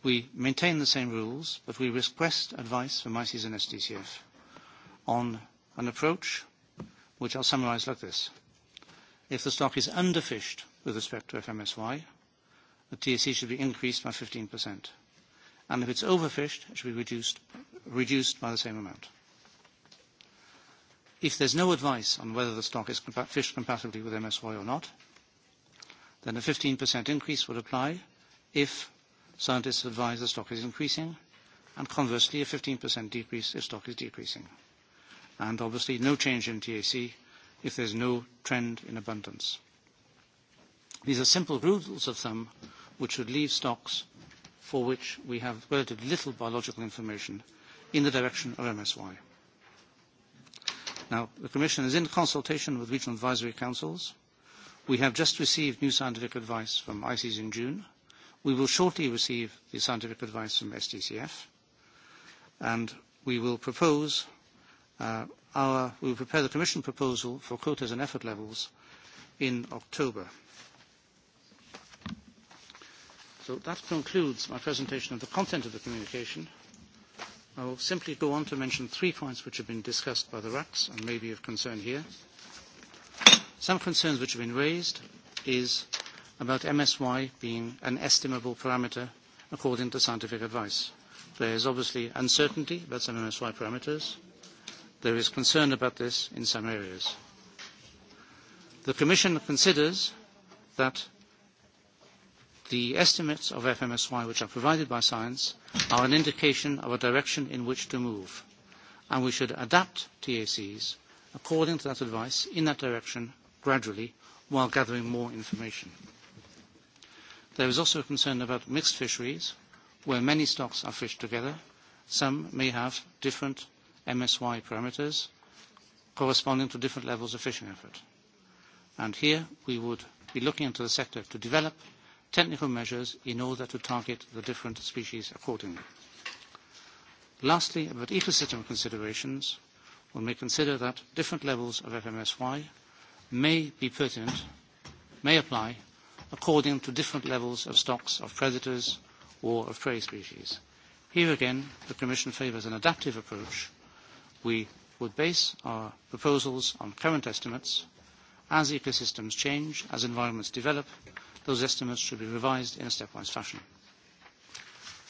we maintain the same rules, but we request advice from ICES and SDCF on an approach which I'll summarize like this. If the stock is underfished with respect to FMSY, the TAC should be increased by 15%. And if it's overfished, it should be reduced, reduced by the same amount. If there's no advice on whether the stock is fished compatibly with MSY or not, then a 15% increase would apply if scientists advise the stock is increasing, and conversely, a 15% decrease if stock is decreasing. And obviously, no change in TAC if there's no trend in abundance. These are simple rules of thumb which would leave stocks for which we have relatively little biological information in the direction of MSY. Now, the Commission is in consultation with regional advisory councils. We have just received new scientific advice from ICES in June. We will shortly receive the scientific advice from SDCF, and we will propose uh, our, we will prepare the Commission proposal for quotas and effort levels in October. So that concludes my presentation of the content of the communication. I will simply go on to mention three points which have been discussed by the RACs and may be of concern here. Some concerns which have been raised is about MSY being an estimable parameter according to scientific advice. There is obviously uncertainty about some MSY parameters. There is concern about this in some areas. The Commission considers that the estimates of FMSY, which are provided by science, are an indication of a direction in which to move, and we should adapt TACs according to that advice in that direction gradually while gathering more information. There is also a concern about mixed fisheries, where many stocks are fished together. Some may have different MSY parameters corresponding to different levels of fishing effort. And here we would be looking into the sector to develop technical measures in order to target the different species accordingly. Lastly, about ecosystem considerations, one may consider that different levels of FMSY may be pertinent, may apply, according to different levels of stocks of predators or of prey species. Here again, the Commission favours an adaptive approach. We would base our proposals on current estimates. As ecosystems change, as environments develop, those estimates should be revised in a stepwise fashion.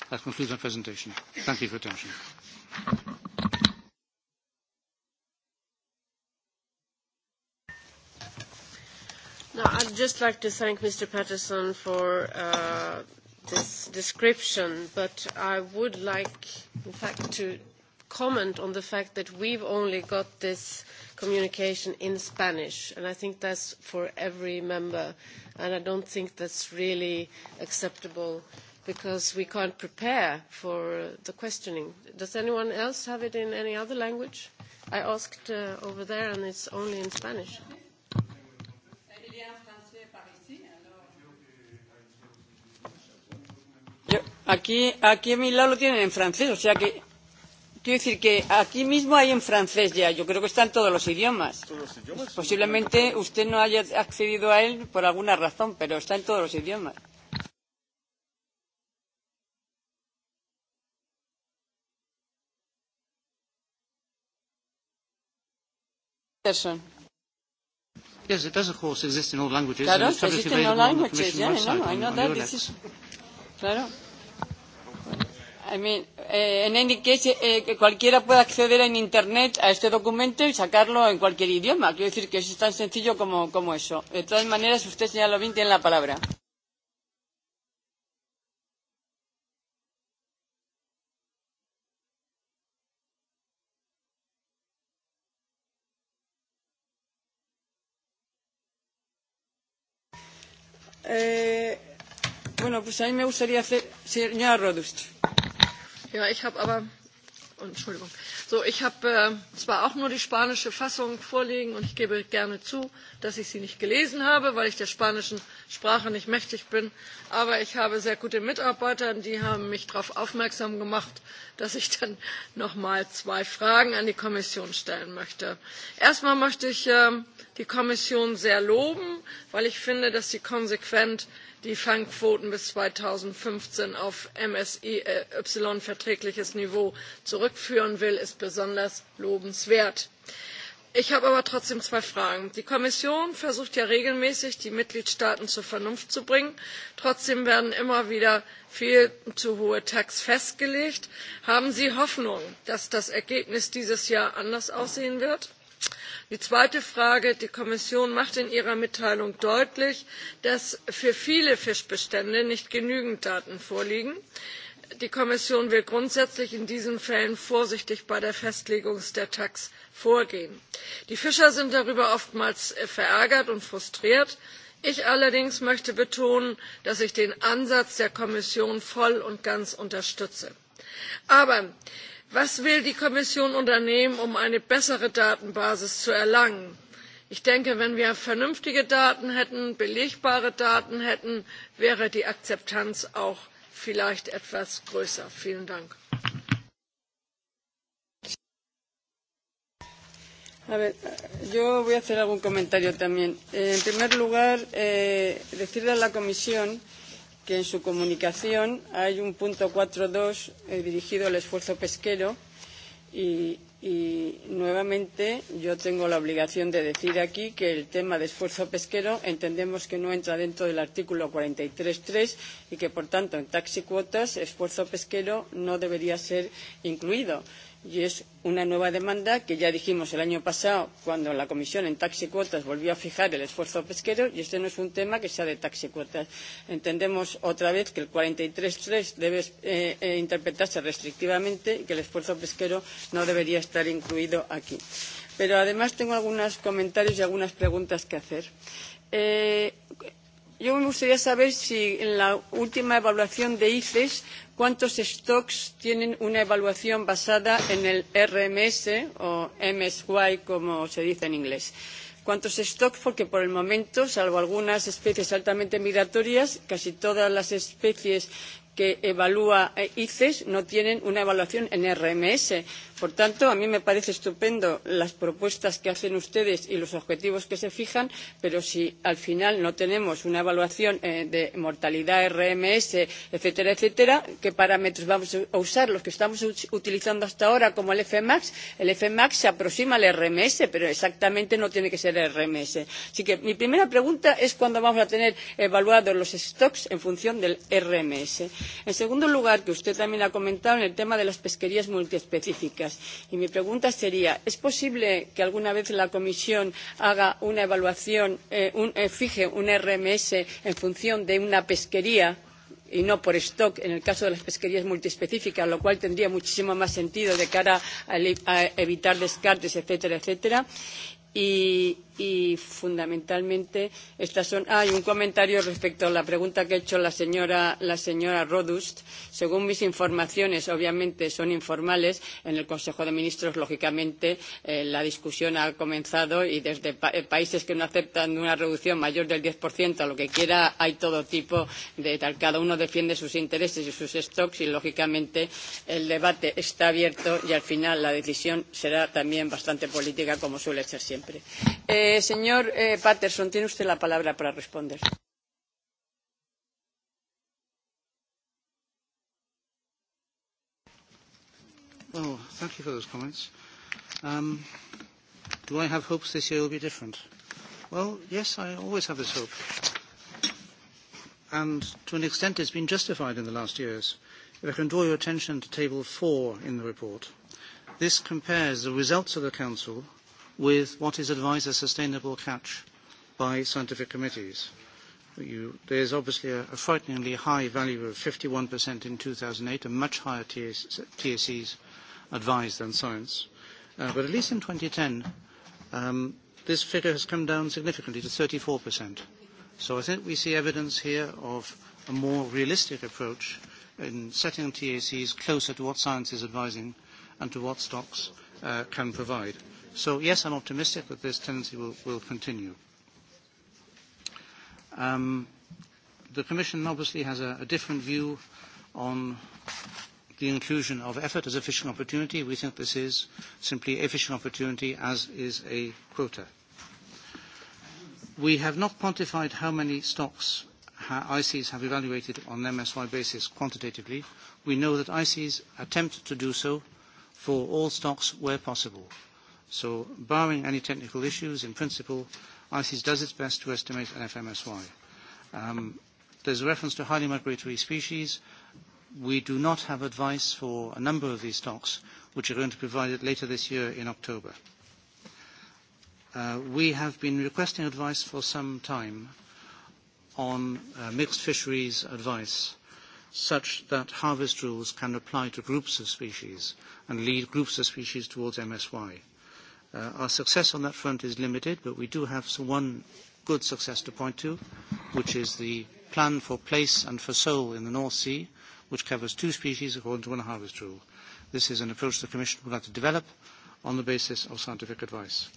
That concludes my presentation. Thank you for your attention. Now, I'd just like to thank Mr. Patterson for uh, this description, but I would like, in fact, to comment on the fact that we've only got this communication in Spanish, and I think that's for every member, and I don't think that's really acceptable because we can't prepare for the questioning. Does anyone else have it in any other language? I asked uh, over there, and it's only in Spanish. Aquí, aquí a mi lado lo tienen en francés, o sea que Quiero decir que aquí mismo hay en francés ya, yo creo que está en todos los idiomas. Posiblemente usted no haya accedido a él por alguna razón, pero está en todos los idiomas. Yes, it does, of course, exist in all languages. Claro, en I mean, eh, en any case, eh, cualquiera puede acceder en Internet a este documento y sacarlo en cualquier idioma. Quiero decir que eso es tan sencillo como, como eso. De todas maneras, usted, señora Lovín, tiene la palabra. Eh, bueno, pues a mí me gustaría hacer... Señora Rodust. Ja, ich habe aber Entschuldigung. So, ich habe zwar auch nur die spanische Fassung vorliegen und ich gebe gerne zu, dass ich sie nicht gelesen habe, weil ich der spanischen Sprache nicht mächtig bin. Aber ich habe sehr gute Mitarbeiter, die haben mich darauf aufmerksam gemacht, dass ich dann noch mal zwei Fragen an die Kommission stellen möchte. Erstmal möchte ich die kommission sehr loben weil ich finde dass sie konsequent die fangquoten bis zweitausendfünfzehn auf msy verträgliches niveau zurückführen will ist besonders lobenswert. ich habe aber trotzdem zwei fragen die kommission versucht ja regelmäßig die mitgliedstaaten zur vernunft zu bringen trotzdem werden immer wieder viel zu hohe tacs festgelegt. haben sie hoffnung dass das ergebnis dieses jahr anders aussehen wird? die zweite frage die kommission macht in ihrer mitteilung deutlich dass für viele fischbestände nicht genügend daten vorliegen. die kommission will grundsätzlich in diesen fällen vorsichtig bei der festlegung der tacs vorgehen. die fischer sind darüber oftmals verärgert und frustriert. ich allerdings möchte betonen dass ich den ansatz der kommission voll und ganz unterstütze. aber was will die kommission unternehmen um eine bessere datenbasis zu erlangen? ich denke wenn wir vernünftige daten hätten belegbare daten hätten wäre die akzeptanz auch vielleicht etwas größer. vielen dank. A ver, yo voy a hacer algún comentario también. en primer lugar, decirle a la Comisión que en su comunicación hay un punto 4.2 dos dirigido al esfuerzo pesquero y, y nuevamente yo tengo la obligación de decir aquí que el tema de esfuerzo pesquero entendemos que no entra dentro del artículo 43.3 y que por tanto en taxi cuotas esfuerzo pesquero no debería ser incluido y es una nueva demanda que ya dijimos el año pasado cuando la comisión en y cuotas volvió a fijar el esfuerzo pesquero y este no es un tema que sea de y cuotas. Entendemos otra vez que el cuarenta y tres tres debe eh, interpretarse restrictivamente y que el esfuerzo pesquero no debería estar incluido aquí. Pero además tengo algunos comentarios y algunas preguntas que hacer. Eh, yo me gustaría saber si en la última evaluación de ICES cuántos stocks tienen una evaluación basada en el RMS o MSY, como se dice en inglés. ¿Cuántos stocks? Porque por el momento, salvo algunas especies altamente migratorias, casi todas las especies que evalúa ICES no tienen una evaluación en RMS Por tanto, a mí me parece estupendo las propuestas que hacen ustedes y los objetivos que se fijan, pero si al final no tenemos una evaluación de mortalidad RMS, etcétera, etcétera, ¿qué parámetros vamos a usar? Los que estamos utilizando hasta ahora, como el FMAX, el FMAX se aproxima al RMS, pero exactamente no tiene que ser el RMS. Así que mi primera pregunta es cuándo vamos a tener evaluados los stocks en función del RMS. En segundo lugar, que usted también ha comentado en el tema de las pesquerías multiespecíficas económicas. Y mi pregunta sería, ¿es posible que alguna vez la Comisión haga una evaluación, fije un RMS en función de una pesquería? y no por stock en el caso de las pesquerías multiespecíficas, lo cual tendría muchísimo más sentido de cara a evitar descartes, etcétera, etcétera y, y fundamentalmente estas son hay un comentario respecto a la pregunta que ha hecho la señora la señora Rodust según mis informaciones obviamente son informales en el Consejo de Ministros lógicamente eh, la discusión ha comenzado y desde pa países que no aceptan una reducción mayor del 10% a lo que quiera hay todo tipo de tal cada uno defiende sus intereses y sus stocks y lógicamente el debate está abierto y al final la decisión será también bastante política como suele ser siempre siempre. Eh, señor eh, Patterson, tiene usted la palabra para responder. Oh, thank you for those comments. Um, do I have hopes this year will be different? Well, yes, I always have this hope. And to an extent, it's been justified in the last years. If I can draw your attention to Table 4 in the report, this compares the results of the Council with what is advised as sustainable catch by scientific committees. You, there's obviously a, a frighteningly high value of 51% in 2008 and much higher TSEs advised than science. Uh, but at least in 2010, um, this figure has come down significantly to 34%. So I think we see evidence here of a more realistic approach in setting TACs closer to what science is advising and to what stocks uh, can provide. So yes, I'm optimistic that this tendency will, will continue. Um, the Commission obviously has a, a different view on the inclusion of effort as a fishing opportunity. We think this is simply a fishing opportunity, as is a quota. We have not quantified how many stocks ICs have evaluated on an MSY basis quantitatively. We know that ICs attempt to do so for all stocks where possible. So barring any technical issues, in principle, ICES does its best to estimate an FMSY. Um, there's a reference to highly migratory species. We do not have advice for a number of these stocks, which are going to be provided later this year in October. Uh, we have been requesting advice for some time on uh, mixed fisheries advice such that harvest rules can apply to groups of species and lead groups of species towards MSY. Uh, our success on that front is limited, but we do have one good success to point to, which is the plan for place and for sole in the North Sea, which covers two species according to one harvest rule. This is an approach the Commission would like to develop on the basis of scientific advice.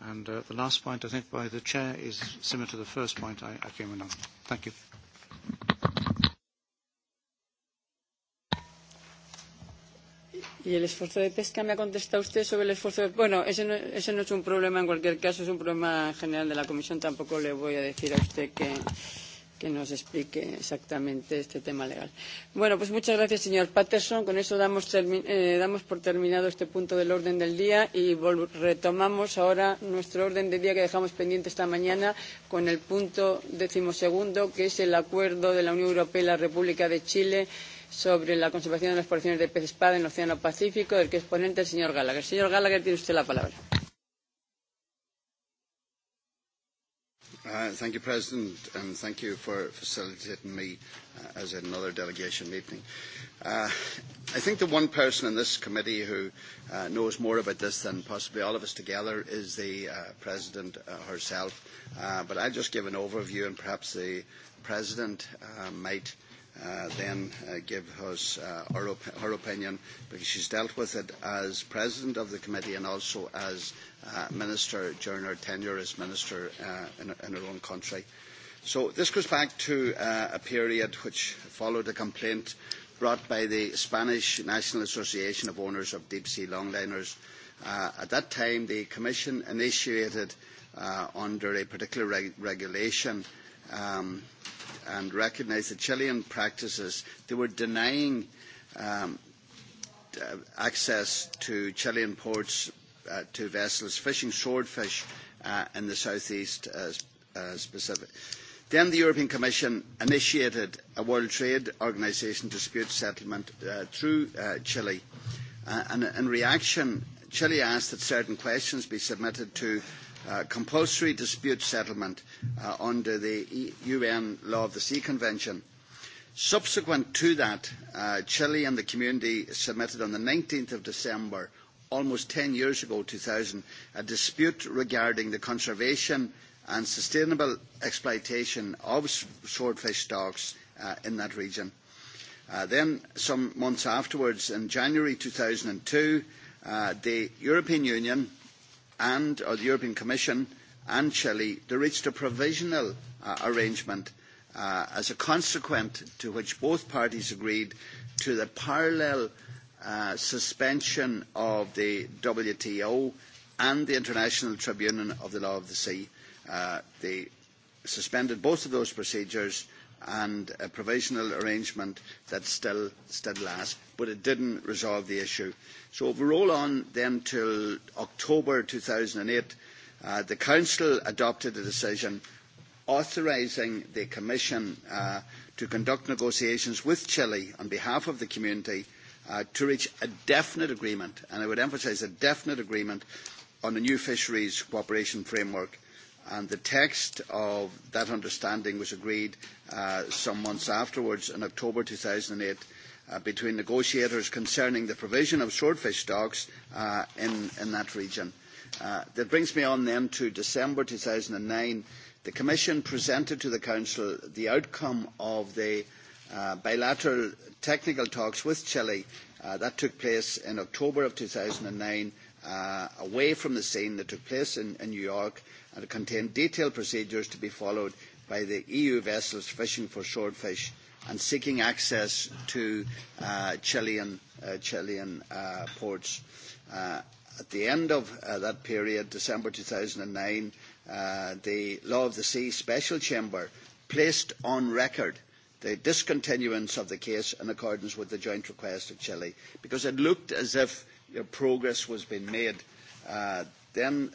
And uh, the last point, I think, by the Chair is similar to the first point I, I came in on. Thank you. Y el esfuerzo de pesca me ha contestado usted sobre el esfuerzo de... Bueno, ese no, ese no es un problema en cualquier caso, es un problema general de la Comisión. Tampoco le voy a decir a usted que, que nos explique exactamente este tema legal. Bueno, pues muchas gracias, señor Patterson. Con eso damos, eh, damos por terminado este punto del orden del día y retomamos ahora nuestro orden del día que dejamos pendiente esta mañana con el punto decimosegundo, que es el acuerdo de la Unión Europea y la República de Chile sobre la conservación de las poblaciones de pez espada en el Océano Pacífico, del que es ponente el señor Gallagher. Señor Gallagher, tiene usted la palabra. Uh, thank you, President, and thank you for facilitating me uh, as another delegation meeting. Uh, I think the one person in this committee who uh, knows more about this than possibly all of us together is the uh, President uh, herself. Uh, but I'll just give an overview, and perhaps the President uh, might uh, then uh, give us uh, her, op- her opinion because she's dealt with it as president of the committee and also as uh, minister during her tenure as minister uh, in, in her own country. So this goes back to uh, a period which followed a complaint brought by the Spanish National Association of Owners of Deep Sea Longliners. Uh, at that time, the Commission initiated uh, under a particular reg- regulation uh, um, and recognise the Chilean practices. They were denying um, access to Chilean ports uh, to vessels fishing swordfish uh, in the southeast uh, uh, specific. Then the European Commission initiated a World Trade Organisation dispute settlement uh, through uh, Chile. Uh, and in reaction, Chile asked that certain questions be submitted to compulsory dispute settlement under the UN Law of the Sea Convention. Subsequent to that, Chile and the community submitted on the 19 of December, almost ten years ago, two thousand, a dispute regarding the conservation and sustainable exploitation of swordfish stocks in that region. then, some months afterwards, in January two thousand two, the European Union and or the European Commission and Chile they reached a provisional arrangement as a consequent to which both parties agreed to the parallel suspension of the WTO and the International Tribunal of the Law of the Sea. they suspended both of those procedures and a provisional arrangement that still, still lasts but it did not resolve the issue. So if we roll on then till October two thousand eight, the Council adopted a decision authorising the Commission to conduct negotiations with Chile on behalf of the community to reach a definite agreement, and I would emphasise a definite agreement on the new fisheries cooperation framework. And the text of that understanding was agreed some months afterwards in October two thousand eight between negotiators concerning the provision of swordfish stocks in, that region. that brings me on then to December two thousand nine. The Commission presented to the Council the outcome of the bilateral technical talks with Chile that took place in October of two thousand nine away from the scene that took place in, New York and it contained detailed procedures to be followed by the EU vessels fishing for swordfish and seeking access to Chilean, ports. at the end of that period, December two thousand nine, the Law of the Sea Special Chamber placed on record the discontinuance of the case in accordance with the joint request of Chile, because it looked as if progress was being made. then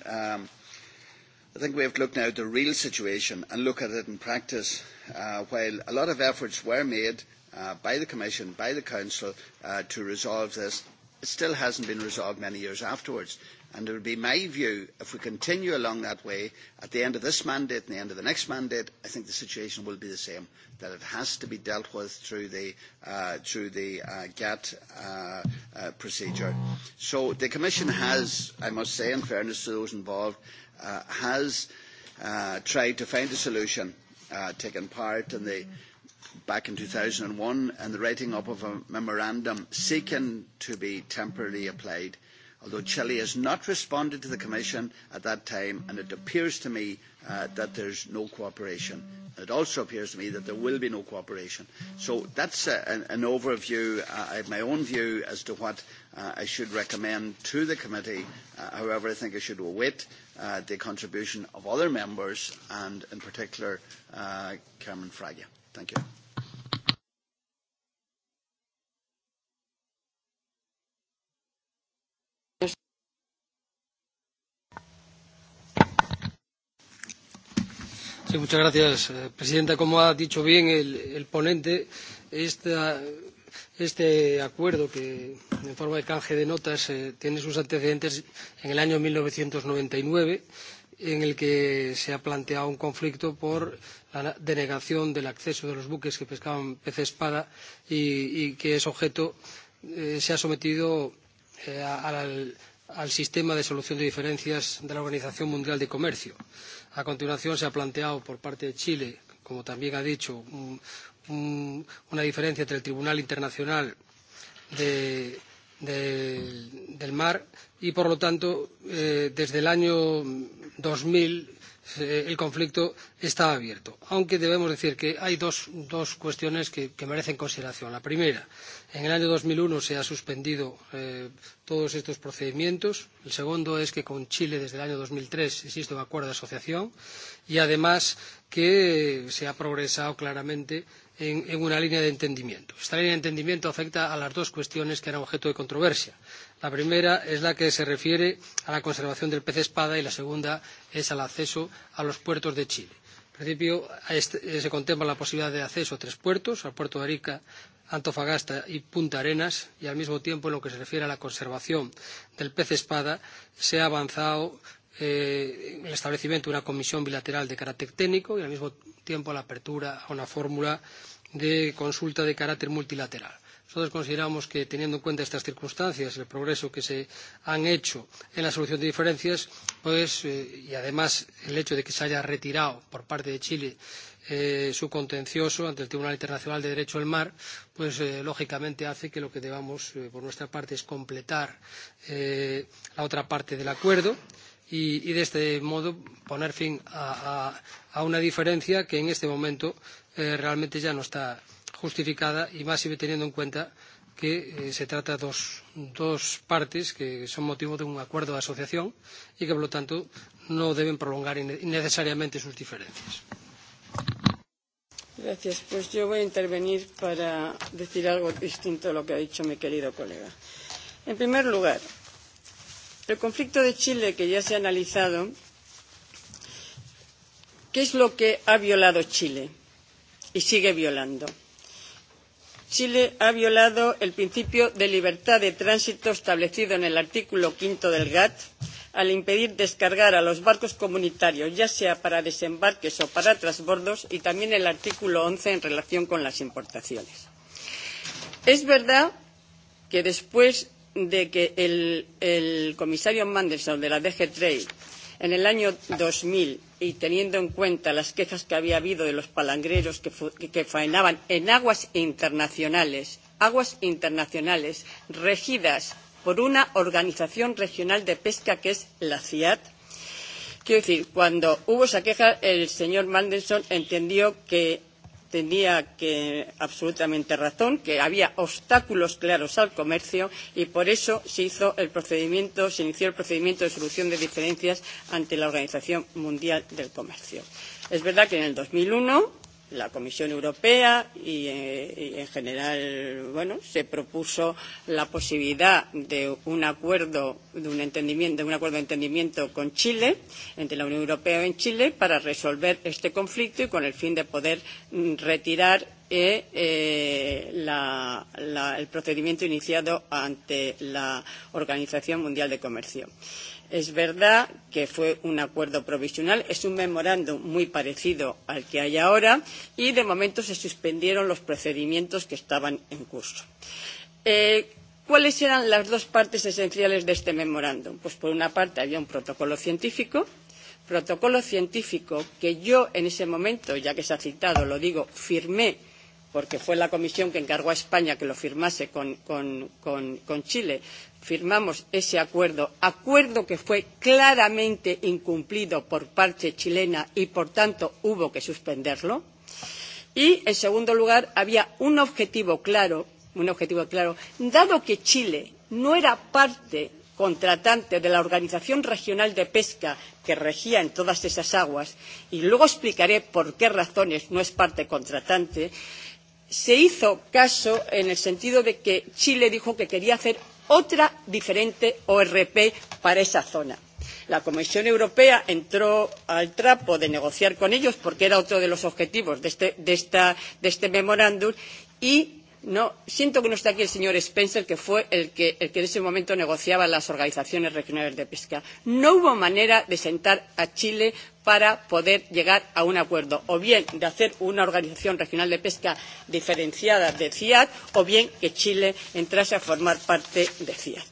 I think we have to look now at the real situation and look at it in practice. while a lot of efforts were made by the Commission, by the Council to resolve this, it still has not been resolved many years afterwards. And it would be my view, if we continue along that way, at the end of this mandate and the end of the next mandate, I think the situation will be the same, that it has to be dealt with through the, GATT procedure. So the Commission has, I must say, in fairness to those involved, has tried to find a solution, taking part in the back in two thousand one and the writing up of a memorandum seeking to be temporarily applied, although Chile has not responded to the Commission at that time, and it appears to me that there is no cooperation. It also appears to me that there will be no cooperation. So that's a, an, an overview. I have my own view as to what I should recommend to the committee. however, I think I should await the contribution of other members and, in particular, Carmen Fraga. Thank you. señora presidenta como ha dicho bien el ponente este acuerdo que en forma de canje de notas tiene sus antecedentes en el año mil novecientos noventa y nueve en el que se ha planteado un conflicto por la denegación del acceso de los buques que pescaban pez espada y que es objeto se ha sometido al sistema de solución de diferencias de la organización mundial del comercio. A continuación se ha planteado por parte de Chile, como también ha dicho, una diferencia entre el Tribunal Internacional de, del mar y por lo tanto desde el año dos mil el conflicto está abierto. Aunque debemos decir que hay dos, cuestiones que, merecen consideración. La primera, en el año dos mil uno se han suspendido todos estos procedimientos. El segundo es que con Chile desde el año dos mil tres existe un acuerdo de asociación y además que se ha progresado claramente en, una línea de entendimiento. Esta línea de entendimiento afecta a las dos cuestiones que eran objeto de controversia. La primera es la que se refiere a la conservación del pez espada y la segunda es al acceso a los puertos de Chile. En principio, se contempla la posibilidad de acceso a tres puertos, al puerto de Arica, Antofagasta y Punta Arenas, y al mismo tiempo, en lo que se refiere a la conservación del pez espada, se ha avanzado en el establecimiento de una comisión bilateral de carácter técnico y, al mismo tiempo, la apertura a una fórmula de consulta de carácter multilateral. Nosotros consideramos que, teniendo en cuenta estas circunstancias, el progreso que se ha hecho en la solución de diferencias, pues, y además el hecho de que se haya retirado por parte de Chile su contencioso ante el Tribunal Internacional de Derecho del Mar, pues lógicamente hace que lo que debamos por nuestra parte es completar la otra parte del acuerdo y, de este modo poner fin a, una diferencia que en este momento realmente ya no está justificada y más si teniendo en cuenta que se trata de dos, partes que son motivo de un acuerdo de asociación y que, por lo tanto, no deben prolongar innecesariamente sus diferencias. Gracias. Pues yo voy a intervenir para decir algo distinto a lo que ha dicho mi querido colega. En primer lugar, el conflicto de Chile que ya se ha analizado, ¿qué es lo que ha violado Chile y sigue violando? Chile ha violado el principio de libertad de tránsito establecido en el artículo quinto del GATT al impedir descargar a los barcos comunitarios, ya sea para desembarques o para transbordos, y también el artículo once en relación con las importaciones. Es verdad que después de que el, comisario Mandelson de la DG Trade En el año dos mil, y teniendo en cuenta las quejas que había habido de los palangreros que, faenaban en aguas internacionales, aguas internacionales regidas por una organización regional de pesca que es la CIAT, Quiero decir, cuando hubo esa queja, el señor Mandelson entendió que tenía que, absolutamente razón, que había obstáculos claros al comercio y por eso se hizo el procedimiento, se inició el procedimiento de solución de diferencias ante la Organización Mundial del Comercio. Es verdad que en el 2001 la Comisión Europea y, eh, y en general bueno se propuso la posibilidad de un acuerdo de un entendimiento de un acuerdo de entendimiento con Chile entre la Unión Europea y Chile para resolver este conflicto y con el fin de poder retirar eh, eh, la, la, el procedimiento iniciado ante la Organización Mundial de Comercio. Es verdad que fue un acuerdo provisional, es un memorándum muy parecido al que hay ahora y de momento se suspendieron los procedimientos que estaban en curso. Eh, ¿Cuáles eran las dos partes esenciales de este memorándum? Pues por una parte había un protocolo científico, protocolo científico que yo en ese momento, ya que se ha citado, lo digo, firmé porque fue la comisión que encargó a España que lo firmase con, con, con, con Chile, firmamos ese acuerdo, acuerdo que fue claramente incumplido por parte chilena y por tanto hubo que suspenderlo. Y en segundo lugar, había un objetivo claro, un objetivo claro, dado que Chile no era parte contratante de la Organización Regional de Pesca que regía en todas esas aguas, y luego explicaré por qué razones no es parte contratante, se hizo caso en el sentido de que Chile dijo que quería hacer otra diferente ORP para esa zona. La Comisión Europea entró al trapo de negociar con ellos porque era otro de los objetivos de este, de esta, de este memorándum y No, siento que no está aquí el señor Spencer, que fue el que, el que en ese momento negociaba las organizaciones regionales de pesca. No hubo manera de sentar a Chile para poder llegar a un acuerdo, o bien de hacer una organización regional de pesca diferenciada de CIAT, o bien que Chile entrase a formar parte de CIAT.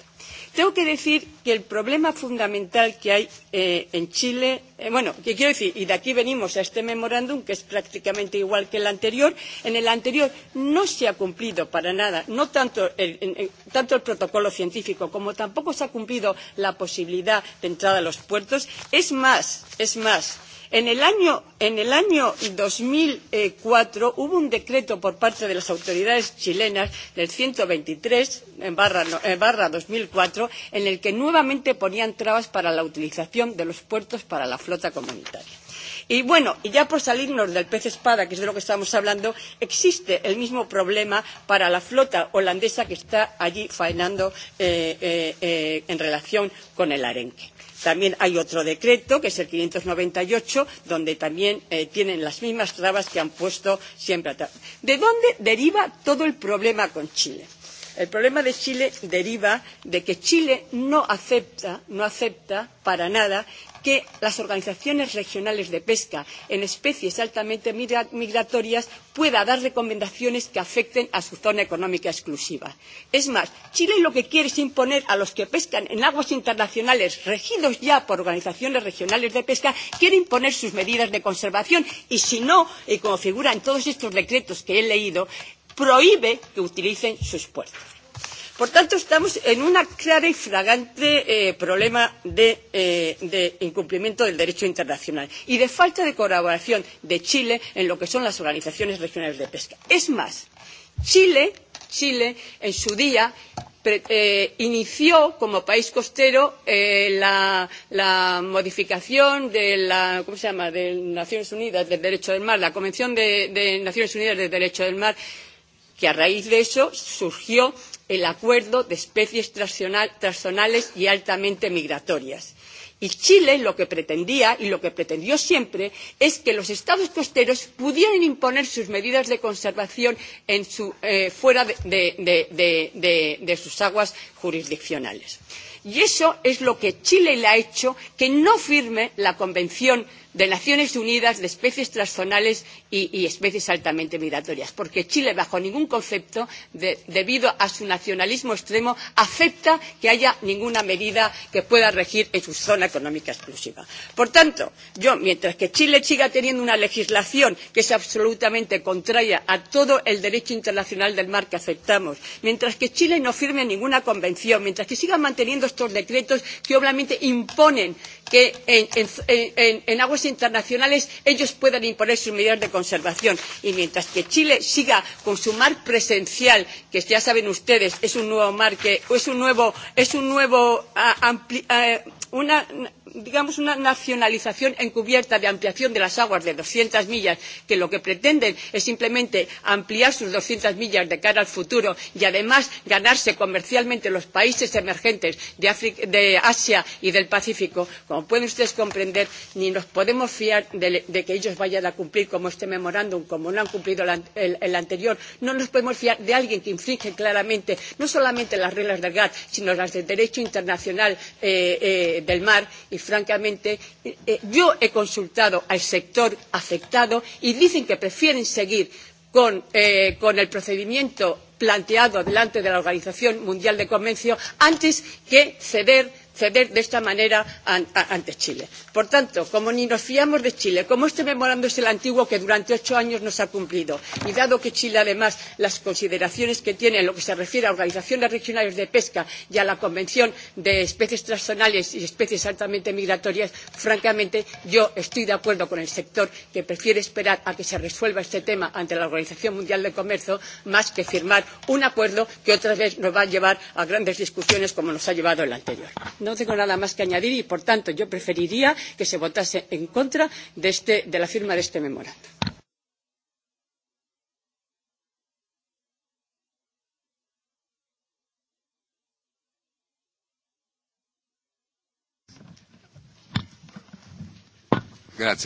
Tengo que decir que el problema fundamental que hay eh, en Chile, eh, bueno, que quiero decir, y de aquí venimos a este memorándum, que es prácticamente igual que el anterior, en el anterior no se ha cumplido para nada, no tanto el, en, en, tanto el protocolo científico como tampoco se ha cumplido la posibilidad de entrada a los puertos. Es más, es más, En el año, en el año 2004 hubo un decreto por parte de las autoridades chilenas del 123 en barra, en barra 2004 en el que nuevamente ponían trabas para la utilización de los puertos para la flota comunitaria. Y bueno, y ya por salirnos del pez espada, que es de lo que estamos hablando, existe el mismo problema para la flota holandesa que está allí faenando eh, eh, eh, en relación con el arenque. También hay otro decreto, que es el 598, donde también eh, tienen las mismas trabas que han puesto siempre atrás. ¿De dónde deriva todo el problema con Chile? El problema de Chile deriva de que Chile no acepta, no acepta para nada que las organizaciones regionales de pesca en especies altamente migratorias pueda dar recomendaciones que afecten a su zona económica exclusiva. Es más, Chile lo que quiere es imponer a los que pescan en aguas internacionales regidos ya por organizaciones regionales de pesca, quiere imponer sus medidas de conservación y si no, y como figura en todos estos decretos que he leído, prohíbe que utilicen sus puertos. Por tanto, estamos en un claro y flagrante eh, problema de, eh, de incumplimiento del derecho internacional y de falta de colaboración de Chile en lo que son las organizaciones regionales de pesca. Es más, Chile, Chile en su día inició como país costero la, modificación de la ¿cómo se llama? de Naciones Unidas del Derecho del Mar, la Convención de, Naciones Unidas del Derecho del Mar, que a raíz de eso surgió el acuerdo de especies transzonales y altamente migratorias. Y Chile lo que pretendía y lo que pretendió siempre es que los estados costeros pudieran imponer sus medidas de conservación fuera de, sus aguas jurisdiccionales. Y eso es lo que Chile le ha hecho que no firme la Convención de Naciones Unidas de especies transzonales y, y especies altamente migratorias, porque Chile, bajo ningún concepto, de, debido a su nacionalismo extremo, acepta que haya ninguna medida que pueda regir en su zona económica exclusiva. Por tanto, yo, mientras que Chile siga teniendo una legislación que es absolutamente contraria a todo el derecho internacional del mar que aceptamos, mientras que Chile no firme ninguna convención, mientras que siga manteniendo estos decretos que obviamente imponen que en, en, en, en aguas internacionales ellos puedan imponer sus medidas de conservación. Y mientras que Chile siga con su mar presencial, que ya saben ustedes, es un nuevo mar que es un nuevo, es un nuevo, una digamos, una nacionalización encubierta de ampliación de las aguas de 200 millas, que lo que pretenden es simplemente ampliar sus 200 millas de cara al futuro y además ganarse comercialmente los países emergentes de, África, de Asia y del Pacífico, como pueden ustedes comprender, ni nos podemos fiar de, de que ellos vayan a cumplir como este memorándum, como no han cumplido el, el, el anterior. No nos podemos fiar de alguien que infringe claramente no solamente las reglas del GATT, sino las del derecho internacional eh, eh, del mar y francamente, yo he consultado al sector afectado y dicen que prefieren seguir con, el procedimiento planteado delante de la Organización Mundial de Comercio antes que ceder ceder de esta manera ante Chile. Por tanto, como ni nos fiamos de Chile, como este memorando es el antiguo que durante ocho años nos ha cumplido, y dado que Chile, además, las consideraciones que tiene en lo que se refiere a organizaciones regionales de pesca y a la Convención de Especies Transnacionales y Especies Altamente Migratorias, francamente, yo estoy de acuerdo con el sector que prefiere esperar a que se resuelva este tema ante la Organización Mundial de Comercio más que firmar un acuerdo que otra vez nos va a llevar a grandes discusiones como nos ha llevado el anterior no tengo nada más que añadir y, por tanto, yo preferiría que se votase en contra de, la firma de este memorándum.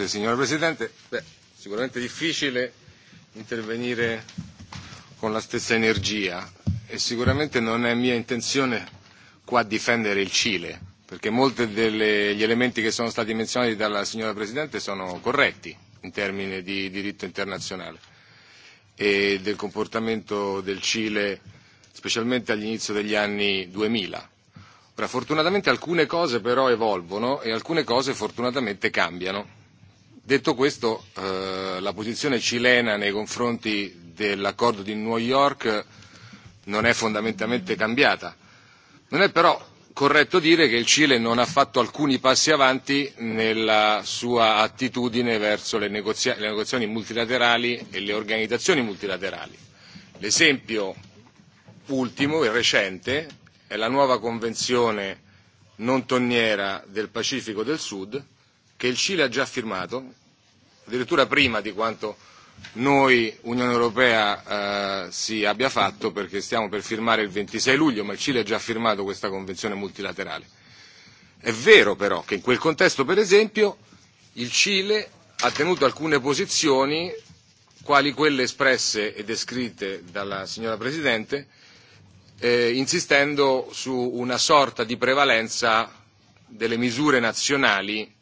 signora Presidente. Beh, sicuramente difficile intervenire con la stessa energia e sicuramente non è mia intenzione qua a difendere il Cile, perché molti degli elementi che sono stati menzionati dalla signora Presidente sono corretti in termini di diritto internazionale e del comportamento del Cile, specialmente all'inizio degli anni 2000. Ora, fortunatamente alcune cose però evolvono e alcune cose fortunatamente cambiano. Detto questo, eh, la posizione cilena nei confronti dell'accordo di New York non è fondamentalmente cambiata Non è però corretto dire che il Cile non ha fatto alcuni passi avanti nella sua attitudine verso le, negozia- le negoziazioni multilaterali e le organizzazioni multilaterali. L'esempio ultimo e recente è la nuova convenzione non tonniera del Pacifico del Sud che il Cile ha già firmato, addirittura prima di quanto noi Unione Europea eh, si abbia fatto perché stiamo per firmare il 26 luglio, ma il Cile ha già firmato questa convenzione multilaterale. È vero però che in quel contesto, per esempio, il Cile ha tenuto alcune posizioni, quali quelle espresse e descritte dalla signora Presidente, eh, insistendo su una sorta di prevalenza delle misure nazionali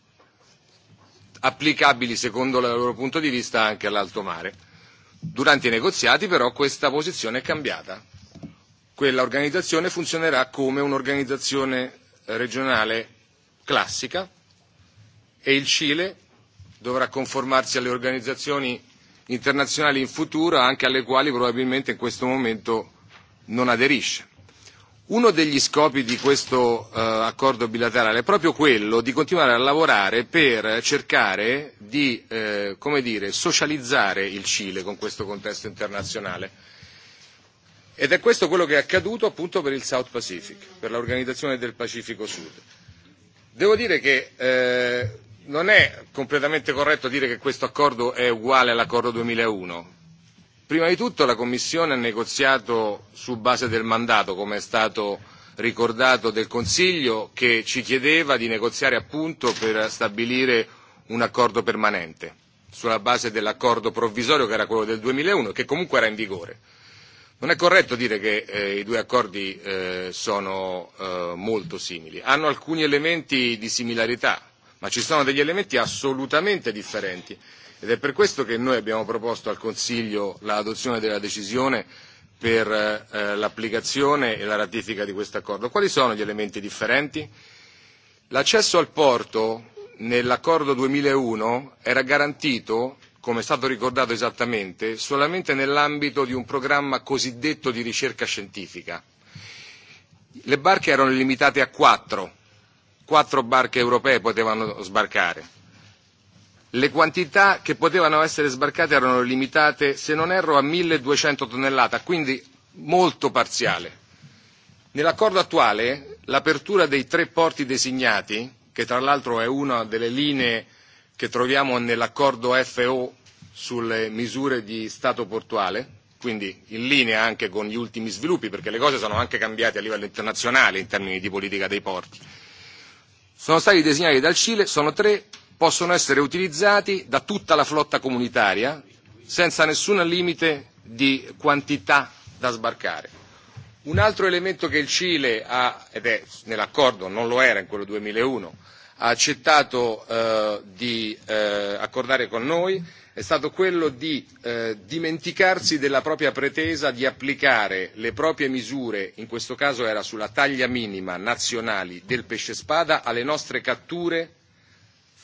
applicabili secondo il loro punto di vista anche all'alto mare. Durante i negoziati però questa posizione è cambiata. Quella organizzazione funzionerà come un'organizzazione regionale classica e il Cile dovrà conformarsi alle organizzazioni internazionali in futuro anche alle quali probabilmente in questo momento non aderisce. Uno degli scopi di questo eh, accordo bilaterale è proprio quello di continuare a lavorare per cercare di eh, come dire, socializzare il Cile con questo contesto internazionale. Ed è questo quello che è accaduto appunto per il South Pacific, per l'organizzazione del Pacifico Sud. Devo dire che eh, non è completamente corretto dire che questo accordo è uguale all'accordo duemilauno Prima di tutto la Commissione ha negoziato su base del mandato, come è stato ricordato, del Consiglio che ci chiedeva di negoziare appunto per stabilire un accordo permanente, sulla base dell'accordo provvisorio che era quello del duemilauno e che comunque era in vigore. Non è corretto dire che i due accordi sono molto simili. Hanno alcuni elementi di similarità, ma ci sono degli elementi assolutamente differenti Ed è per questo che noi abbiamo proposto al Consiglio l'adozione della decisione per eh, l'applicazione e la ratifica di questo accordo. Quali sono gli elementi differenti? L'accesso al porto nell'accordo duemilauno era garantito, come è stato ricordato esattamente, solamente nell'ambito di un programma cosiddetto di ricerca scientifica. Le barche erano limitate a quattro, quattro barche europee potevano sbarcare Le quantità che potevano essere sbarcate erano limitate, se non erro, a 1200 tonnellate, quindi molto parziale. Nell'accordo attuale l'apertura dei tre porti designati, che tra l'altro è una delle linee che troviamo nell'accordo FO sulle misure di Stato portuale, quindi in linea anche con gli ultimi sviluppi, perché le cose sono anche cambiate a livello internazionale in termini di politica dei porti. Sono stati designati dal Cile, sono tre possono essere utilizzati da tutta la flotta comunitaria senza nessun limite di quantità da sbarcare. Un altro elemento che il Cile ha, ed è nell'accordo, non lo era in quello 2001, ha accettato eh, di eh, accordare con noi è stato quello di eh, dimenticarsi della propria pretesa di applicare le proprie misure, in questo caso era sulla taglia minima nazionali del pesce spada, alle nostre catture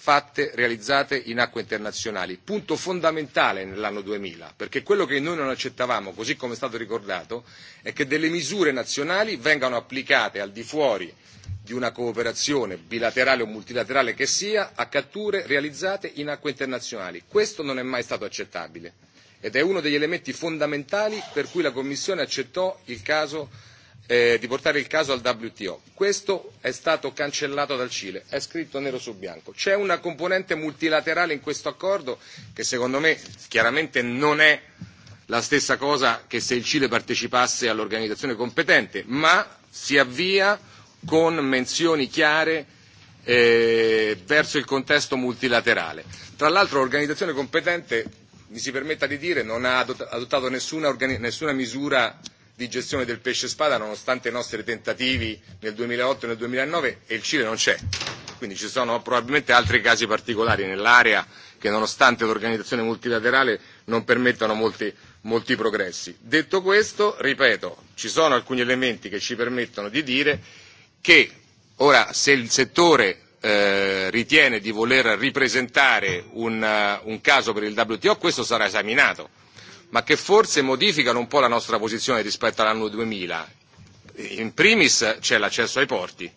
fatte, realizzate in acque internazionali. Punto fondamentale nell'anno 2000, perché quello che noi non accettavamo, così come è stato ricordato, è che delle misure nazionali vengano applicate al di fuori di una cooperazione bilaterale o multilaterale che sia a catture realizzate in acque internazionali. Questo non è mai stato accettabile ed è uno degli elementi fondamentali per cui la Commissione accettò il caso eh, di portare il caso al WTO. Questo è stato cancellato dal Cile, è scritto nero su bianco. C'è una componente multilaterale in questo accordo che secondo me chiaramente non è la stessa cosa che se il Cile partecipasse all'organizzazione competente, ma si avvia con menzioni chiare eh, verso il contesto multilaterale. Tra l'altro l'organizzazione competente, mi si permetta di dire, non ha adottato nessuna, nessuna misura di gestione del pesce spada nonostante i nostri tentativi nel duemilaotto e nel duemilanove e il Cile non c'è. Quindi ci sono probabilmente altri casi particolari nell'area che nonostante l'organizzazione multilaterale non permettono molti, molti progressi. Detto questo, ripeto, ci sono alcuni elementi che ci permettono di dire che ora se il settore ritiene di voler ripresentare un, caso per il WTO, questo sarà esaminato ma che forse modificano un po' la nostra posizione rispetto all'anno 2000. In primis c'è l'accesso ai porti.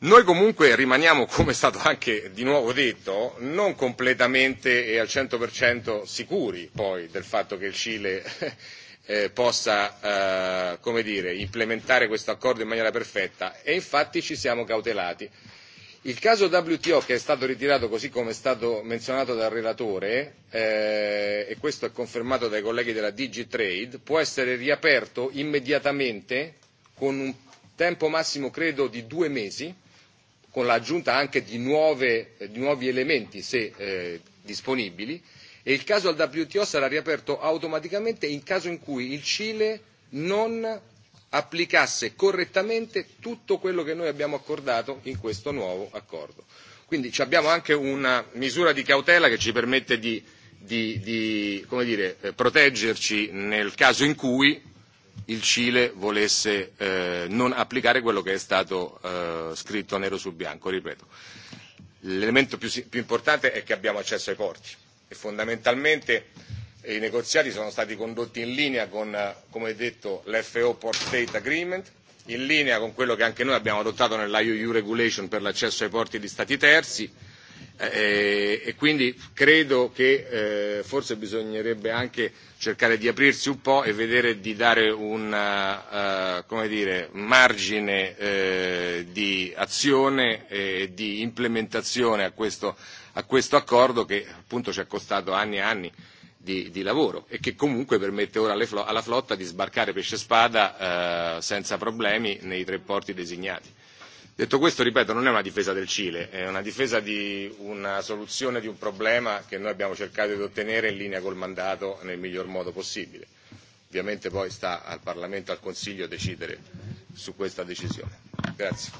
Noi comunque rimaniamo, come è stato anche di nuovo detto, non completamente e al 100% sicuri poi del fatto che il Cile eh, possa eh, come dire, implementare questo accordo in maniera perfetta e infatti ci siamo cautelati Il caso WTO, che è stato ritirato così come è stato menzionato dal relatore, e questo è confermato dai colleghi della DG Trade, può essere riaperto immediatamente con un tempo massimo, credo, di due mesi, con l'aggiunta anche di, nuovi elementi, se disponibili, e il caso al WTO sarà riaperto automaticamente in caso in cui il Cile non applicasse correttamente tutto quello che noi abbiamo accordato in questo nuovo accordo. Quindi abbiamo anche una misura di cautela che ci permette di, di, di come dire, proteggerci nel caso in cui il Cile volesse eh, non applicare quello che è stato eh, scritto nero su bianco, ripeto. L'elemento più, più importante è che abbiamo accesso ai porti e fondamentalmente i negoziati sono stati condotti in linea con, come detto, l'FO Port State Agreement, in linea con quello che anche noi abbiamo adottato nell'IUU Regulation per l'accesso ai porti di Stati terzi e quindi credo che forse bisognerebbe anche cercare di aprirsi un po' e vedere di dare un margine di azione e di implementazione a questo, a questo accordo che appunto ci è costato anni e anni di, di lavoro e che comunque permette ora alle alla flotta di sbarcare pesce spada eh, senza problemi nei tre porti designati. Detto questo, ripeto, non è una difesa del Cile, è una difesa di una soluzione di un problema che noi abbiamo cercato di ottenere in linea col mandato nel miglior modo possibile. Ovviamente poi sta al Parlamento e al Consiglio decidere su questa decisione. Grazie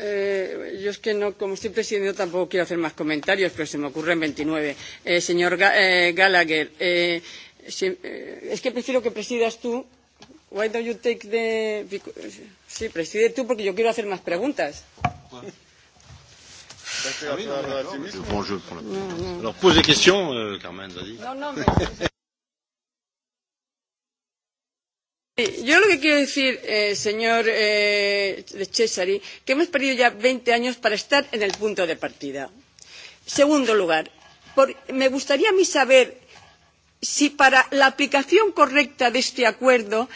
yo es que no, como estoy presidiendo, tampoco quiero hacer más comentarios, pero se me ocurren 29. Eh, señor Gallagher, eh, si, eh, es que prefiero que presidas tú. Why don't you take the... Sí, preside tú porque yo quiero hacer más preguntas. No, no, des Yo lo que quiero decir, eh, señor eh, de Cesari, que hemos perdido ya 20 años para estar en el punto de partida. Segundo lugar, por, me gustaría a mí saber si para la aplicación correcta de este acuerdo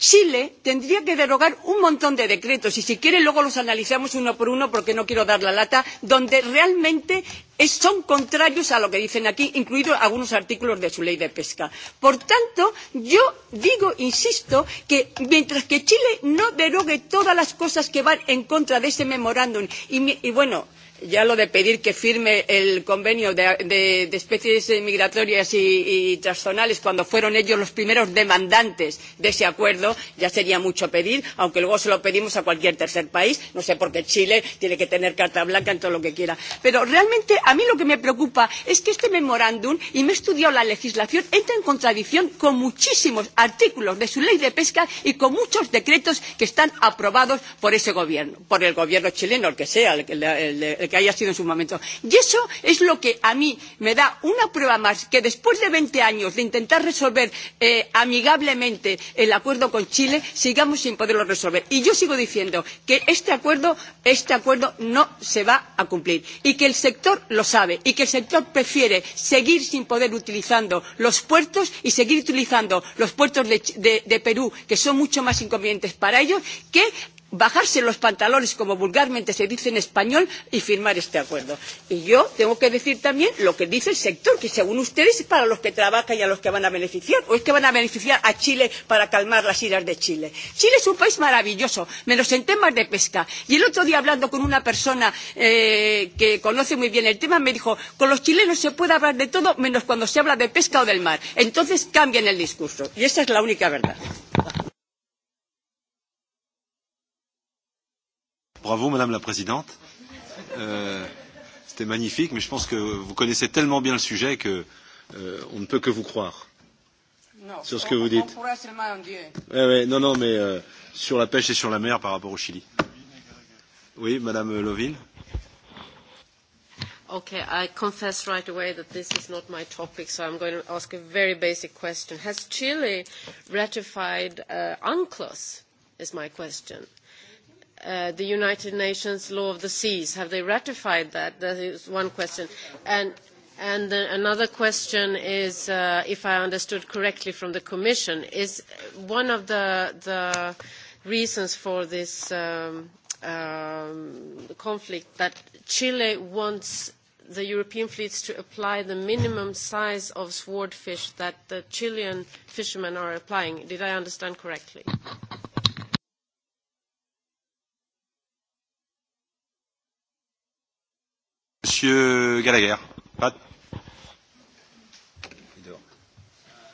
chile tendría que derogar un montón de decretos y si quiere luego los analizamos uno por uno porque no quiero dar la lata donde realmente son contrarios a lo que dicen aquí incluidos algunos artículos de su ley de pesca. por tanto yo digo insisto que mientras que chile no derogue todas las cosas que van en contra de ese memorándum y bueno ya lo de pedir que firme el convenio de, de, de especies migratorias y, y transzonales cuando fueron ellos los primeros demandantes de ese acuerdo ya sería mucho pedir, aunque luego se lo pedimos a cualquier tercer país. No sé por qué Chile tiene que tener carta blanca en todo lo que quiera. Pero realmente a mí lo que me preocupa es que este memorándum, y me he estudiado la legislación, entra en contradicción con muchísimos artículos de su ley de pesca y con muchos decretos que están aprobados por ese gobierno, por el gobierno chileno, el que sea, el, el, el que haya sido en su momento. Y eso es lo que a mí me da una prueba más que después de veinte años de intentar resolver amigablemente el acuerdo con Chile, sigamos sin poderlo resolver. Y yo sigo diciendo que este acuerdo, no se va a cumplir y que el sector lo sabe y que el sector prefiere seguir sin poder utilizando los puertos y seguir utilizando los puertos de Perú, que son mucho más inconvenientes para ellos, que bajarse los pantalones, como vulgarmente se dice en español, y firmar este acuerdo. Y yo tengo que decir también lo que dice el sector, que según ustedes es para los que trabajan y a los que van a beneficiar, o es que van a beneficiar a Chile para calmar las iras de Chile. Chile es un país maravilloso, menos en temas de pesca. Y el otro día hablando con una persona eh, que conoce muy bien el tema, me dijo, con los chilenos se puede hablar de todo menos cuando se habla de pesca o del mar. Entonces cambien el discurso. Y esa es la única verdad. Bravo, Madame la Présidente. Euh, C'était magnifique, mais je pense que vous connaissez tellement bien le sujet que euh, on ne peut que vous croire non, sur ce que vous dites. On Ouais, ouais, non, non, mais euh, sur la pêche et sur la mer par rapport au Chili. Oui, Madame Loville. Okay, I confess right away that this is not my topic, so I'm going to ask a very basic question. Has Chile ratified uh, UNCLOS, is my question the United Nations Law of the Seas. Have they ratified that? That is one question. And, another question is, if I understood correctly from the Commission, is one of the reasons for this conflict that Chile wants the European fleets to apply the minimum size of swordfish that the Chilean fishermen are applying. Did I understand correctly? Monsieur Gallagher. Pat.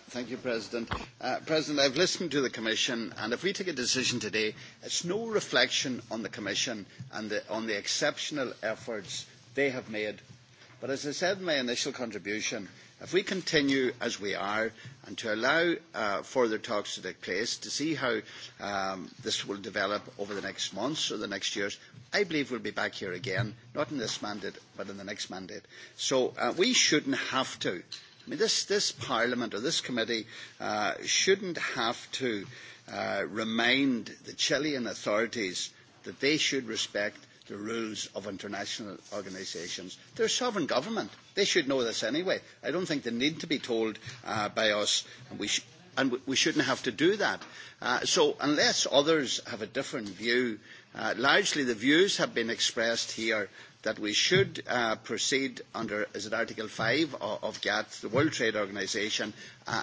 Thank you, President. Uh, President, I've listened to the Commission, and if we take a decision today, it's no reflection on the Commission and the, on the exceptional efforts they have made. But as I said in my initial contribution, If we continue as we are and to allow further talks to take place to see how this will develop over the next months or the next years, I believe we will be back here again, not in this mandate, but in the next mandate. So we should not have to. I mean, this, this Parliament or this committee uh, shouldn't have to remind the Chilean authorities that they should respect the rules of international organisations. They are a sovereign government. They should know this anyway. I do not think they need to be told by us, and we, sh- and we shouldn't have to do that. so unless others have a different view, largely the views have been expressed here that we should proceed under, is it Article five of, GATT, the World Trade Organisation,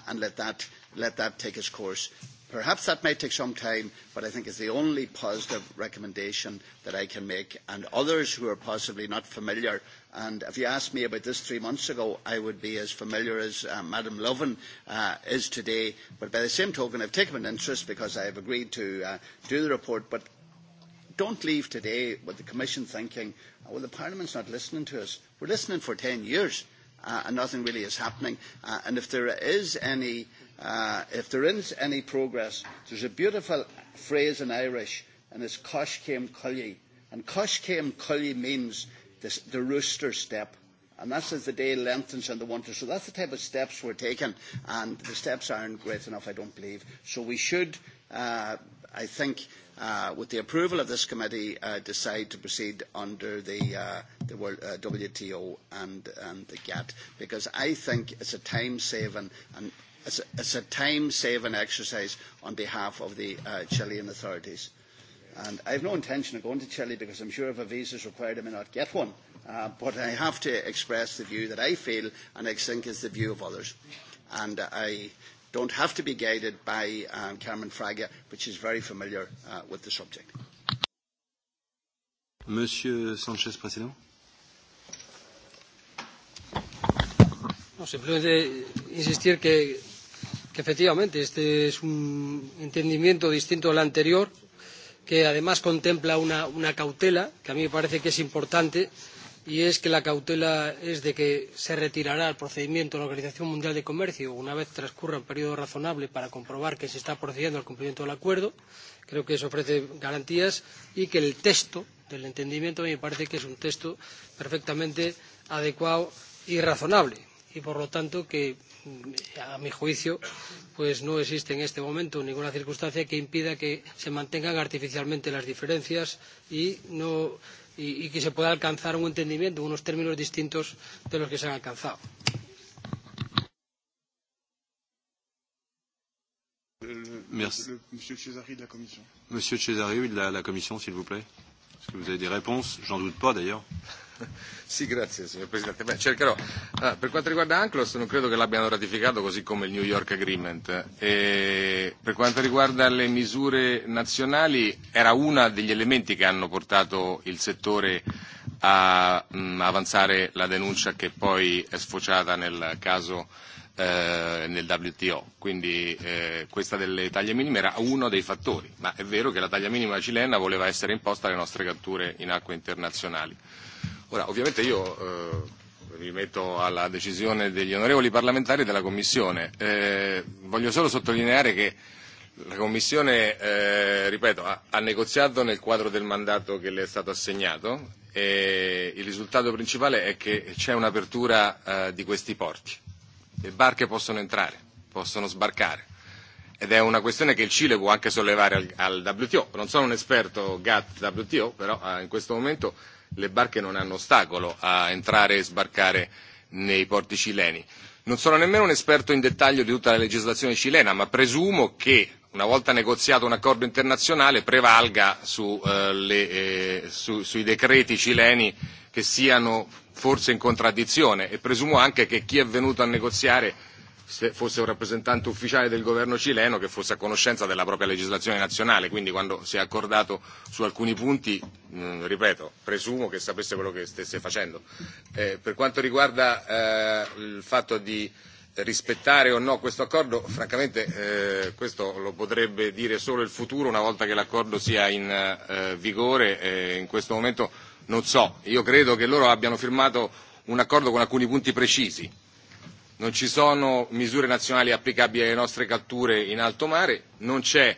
and let that, let that take its course. Perhaps that may take some time, but I think it's the only positive recommendation that I can make. And others who are possibly not familiar, and if you asked me about this three months ago, I would be as familiar as Madam Lovin is today. But by the same token, I have taken an interest because I have agreed to do the report. But don't leave today with the Commission thinking, well, the Parliament's not listening to us. We're listening for ten years and nothing really is happening. and if there is any if there is any progress, there is a beautiful phrase in Irish, and it's Kosh Came Cully. And Kosh Came Cully means this, the rooster step. And that's as the day lengthens and the winter. So that's the type of steps we're taking, and the steps aren't great enough, I don't believe. So we should, uh, I think, uh, with the approval of this committee, uh, decide to proceed under the, uh, the World, uh, WTO and, and the GATT, because I think it's a time-saving and It's a, it's a time-saving exercise on behalf of the uh, Chilean authorities. And I have no intention of going to Chile because I'm sure if a visa is required, I may not get one. Uh, but I have to express the view that I feel and I think is the view of others. And I don't have to be guided by um, Carmen Fraga, which is very familiar uh, with the subject. Monsieur Sanchez, No, simplemente insistir que que efectivamente este es un entendimiento distinto al anterior, que además contempla una, cautela, que a mí me parece que es importante, y es que la cautela es de que se retirará el procedimiento de la Organización Mundial de Comercio una vez transcurra un periodo razonable para comprobar que se está procediendo al cumplimiento del acuerdo. Creo que eso ofrece garantías y que el texto del entendimiento a mí me parece que es un texto perfectamente adecuado y razonable y por lo tanto que a mi juicio pues no existe en este momento ninguna circunstancia que impida que se mantengan artificialmente las diferencias y, no, y, y que se pueda alcanzar un entendimiento, unos términos distintos de los que se han alcanzado. Merci. Monsieur Cesari de la Commission. Monsieur Cesari, de la, la Commission, s'il vous plaît. Est-ce que vous avez des réponses J'en doute pas d'ailleurs. Sì, grazie signor Presidente. Beh, cercherò. per quanto riguarda Anclos non credo che l'abbiano ratificato così come il New York Agreement. E per quanto riguarda le misure nazionali era uno degli elementi che hanno portato il settore a mh, avanzare la denuncia che poi è sfociata nel caso nel WTO. Quindi eh, questa delle taglie minime era uno dei fattori, ma è vero che la taglia minima cilena voleva essere imposta alle nostre catture in acque internazionali. Ora, ovviamente io eh, rimetto alla decisione degli onorevoli parlamentari e della Commissione. Eh, voglio solo sottolineare che la Commissione, eh, ripeto, ha, ha negoziato nel quadro del mandato che le è stato assegnato e il risultato principale è che c'è un'apertura eh, di questi porti. Le barche possono entrare, possono sbarcare. Ed è una questione che il Cile può anche sollevare al, al WTO. Non sono un esperto GATT WTO, però eh, in questo momento le barche non hanno ostacolo a entrare e sbarcare nei porti cileni. Non sono nemmeno un esperto in dettaglio di tutta la legislazione cilena, ma presumo che una volta negoziato un accordo internazionale prevalga su, eh, le, eh, su, sui decreti cileni che siano forse in contraddizione e presumo anche che chi è venuto a negoziare se fosse un rappresentante ufficiale del governo cileno che fosse a conoscenza della propria legislazione nazionale, quindi quando si è accordato su alcuni punti, mh, ripeto, presumo che sapesse quello che stesse facendo. Eh, per quanto riguarda eh, il fatto di rispettare o no questo accordo, francamente eh, questo lo potrebbe dire solo il futuro una volta che l'accordo sia in eh, vigore, eh, in questo momento non so, io credo che loro abbiano firmato un accordo con alcuni punti precisi non ci sono misure nazionali applicabili alle nostre catture in alto mare, non c'è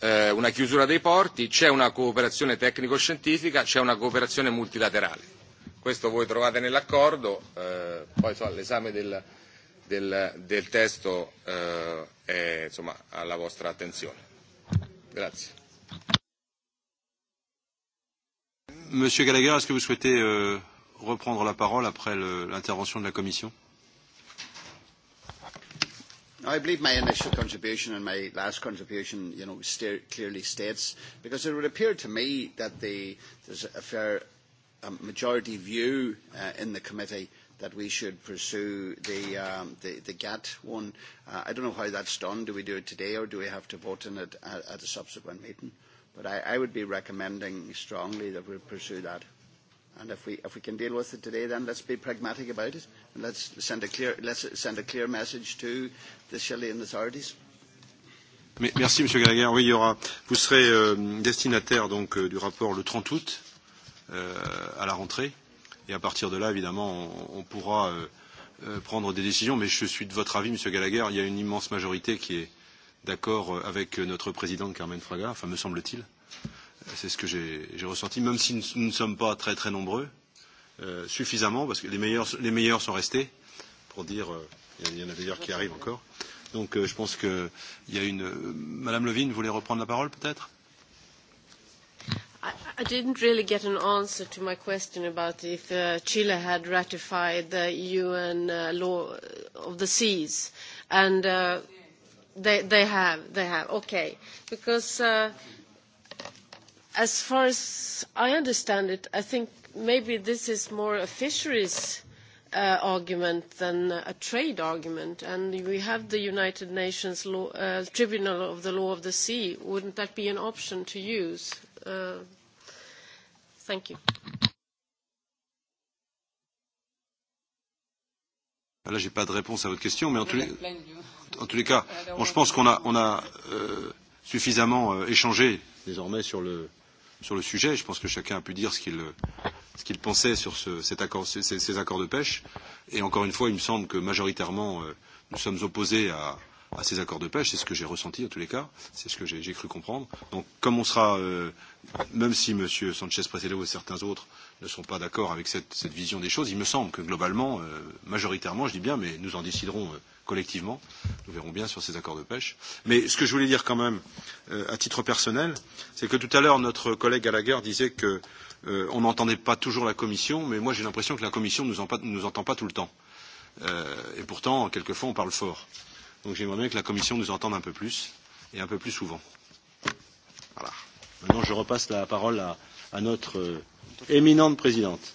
eh, una chiusura dei porti, c'è una cooperazione tecnico-scientifica, c'è una cooperazione multilaterale. Questo voi trovate nell'accordo, eh, poi so, l'esame del, del, del testo eh, è insomma, alla vostra attenzione. Grazie. Monsieur Gallagher, est-ce que vous souhaitez euh, reprendre la parole après l'intervention de la Commission I believe my initial contribution and my last contribution, you know, clearly states because it would appear to me that the, there's a fair majority view in the committee that we should pursue the, um, the, the GATT one. Uh, I don't know how that's done. Do we do it today or do we have to vote on it at, at a subsequent meeting? But I, I would be recommending strongly that we pursue that. And if we, if we can deal with it today, then let's be pragmatic about it. And let's send a clear, let's send a clear message to the Chilean authorities. Merci, Monsieur Gallagher. Oui, il y aura, vous serez euh, destinataire donc, euh, du rapport le 30 août euh, à la rentrée. Et à partir de là, évidemment, on, on pourra euh, euh, prendre des décisions. Mais je suis de votre avis, Monsieur Gallagher, il y a une immense majorité qui est d'accord avec notre présidente Carmen Fraga, enfin me semble-t-il. Euh, c'est ce que j'ai ressenti, même si nous ne sommes pas très très nombreux, euh, suffisamment, parce que les meilleurs, les meilleurs sont restés, pour dire, il y en a d'ailleurs qui arrivent encore. Donc euh, je pense qu'il y a une... Madame Levine, vous voulez reprendre la parole peut-être I didn't really get an answer to my question about if Chile had ratified the UN law of the seas. And they have. They have. Okay. Because as far as I understand it, I think maybe this is more a fisheries argument than a trade argument. And we have the United Nations Tribunal of the Law of the Sea. Wouldn't that be an option to use? thank you. Là, je n'ai pas de réponse à votre question, mais en tous les, cas, je pense qu'on a, suffisamment échangé désormais sur le, sur le sujet. Je pense que chacun a pu dire ce qu'il ce qu'il pensait sur ce, cet accord, ces, ces accords de pêche. Et encore une fois, il me semble que majoritairement, euh, nous sommes opposés à, à ces accords de pêche. C'est ce que j'ai ressenti en tous les cas, c'est ce que j'ai cru comprendre. Donc comme on sera, euh, même si M. Sanchez Presedo et certains autres ne sont pas d'accord avec cette, cette vision des choses, il me semble que globalement, euh, majoritairement, je dis bien, mais nous en déciderons euh, collectivement, nous verrons bien sur ces accords de pêche. Mais ce que je voulais dire quand même, euh, à titre personnel, c'est que tout à l'heure, notre collègue Gallagher disait que euh, on n'entendait pas toujours la Commission, mais moi j'ai l'impression que la Commission ne nous, nous entend pas tout le temps. Euh, et pourtant, quelquefois, on parle fort. Euh, Donc j'aimerais bien que la Commission nous entende un peu plus et un peu plus souvent. Voilà. Maintenant, je repasse la parole à, à notre euh, éminente présidente.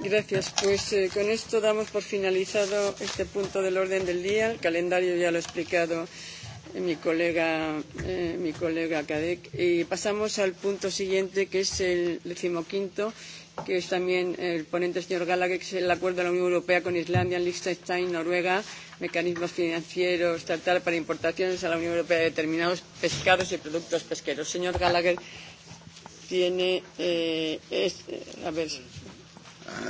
Gracias. Pues eh, con esto damos por finalizado este punto del orden del día. El calendario ya lo ha explicado mi colega, eh, mi colega Cadec. Y pasamos al punto siguiente, que es el decimoquinto que es también el ponente señor Gallagher, que es el acuerdo de la Unión Europea con Islandia, Liechtenstein, Noruega, mecanismos financieros, tratar para importaciones a la Unión Europea de determinados pescados y productos pesqueros. Señor Gallagher, tiene. Eh, es, a ver.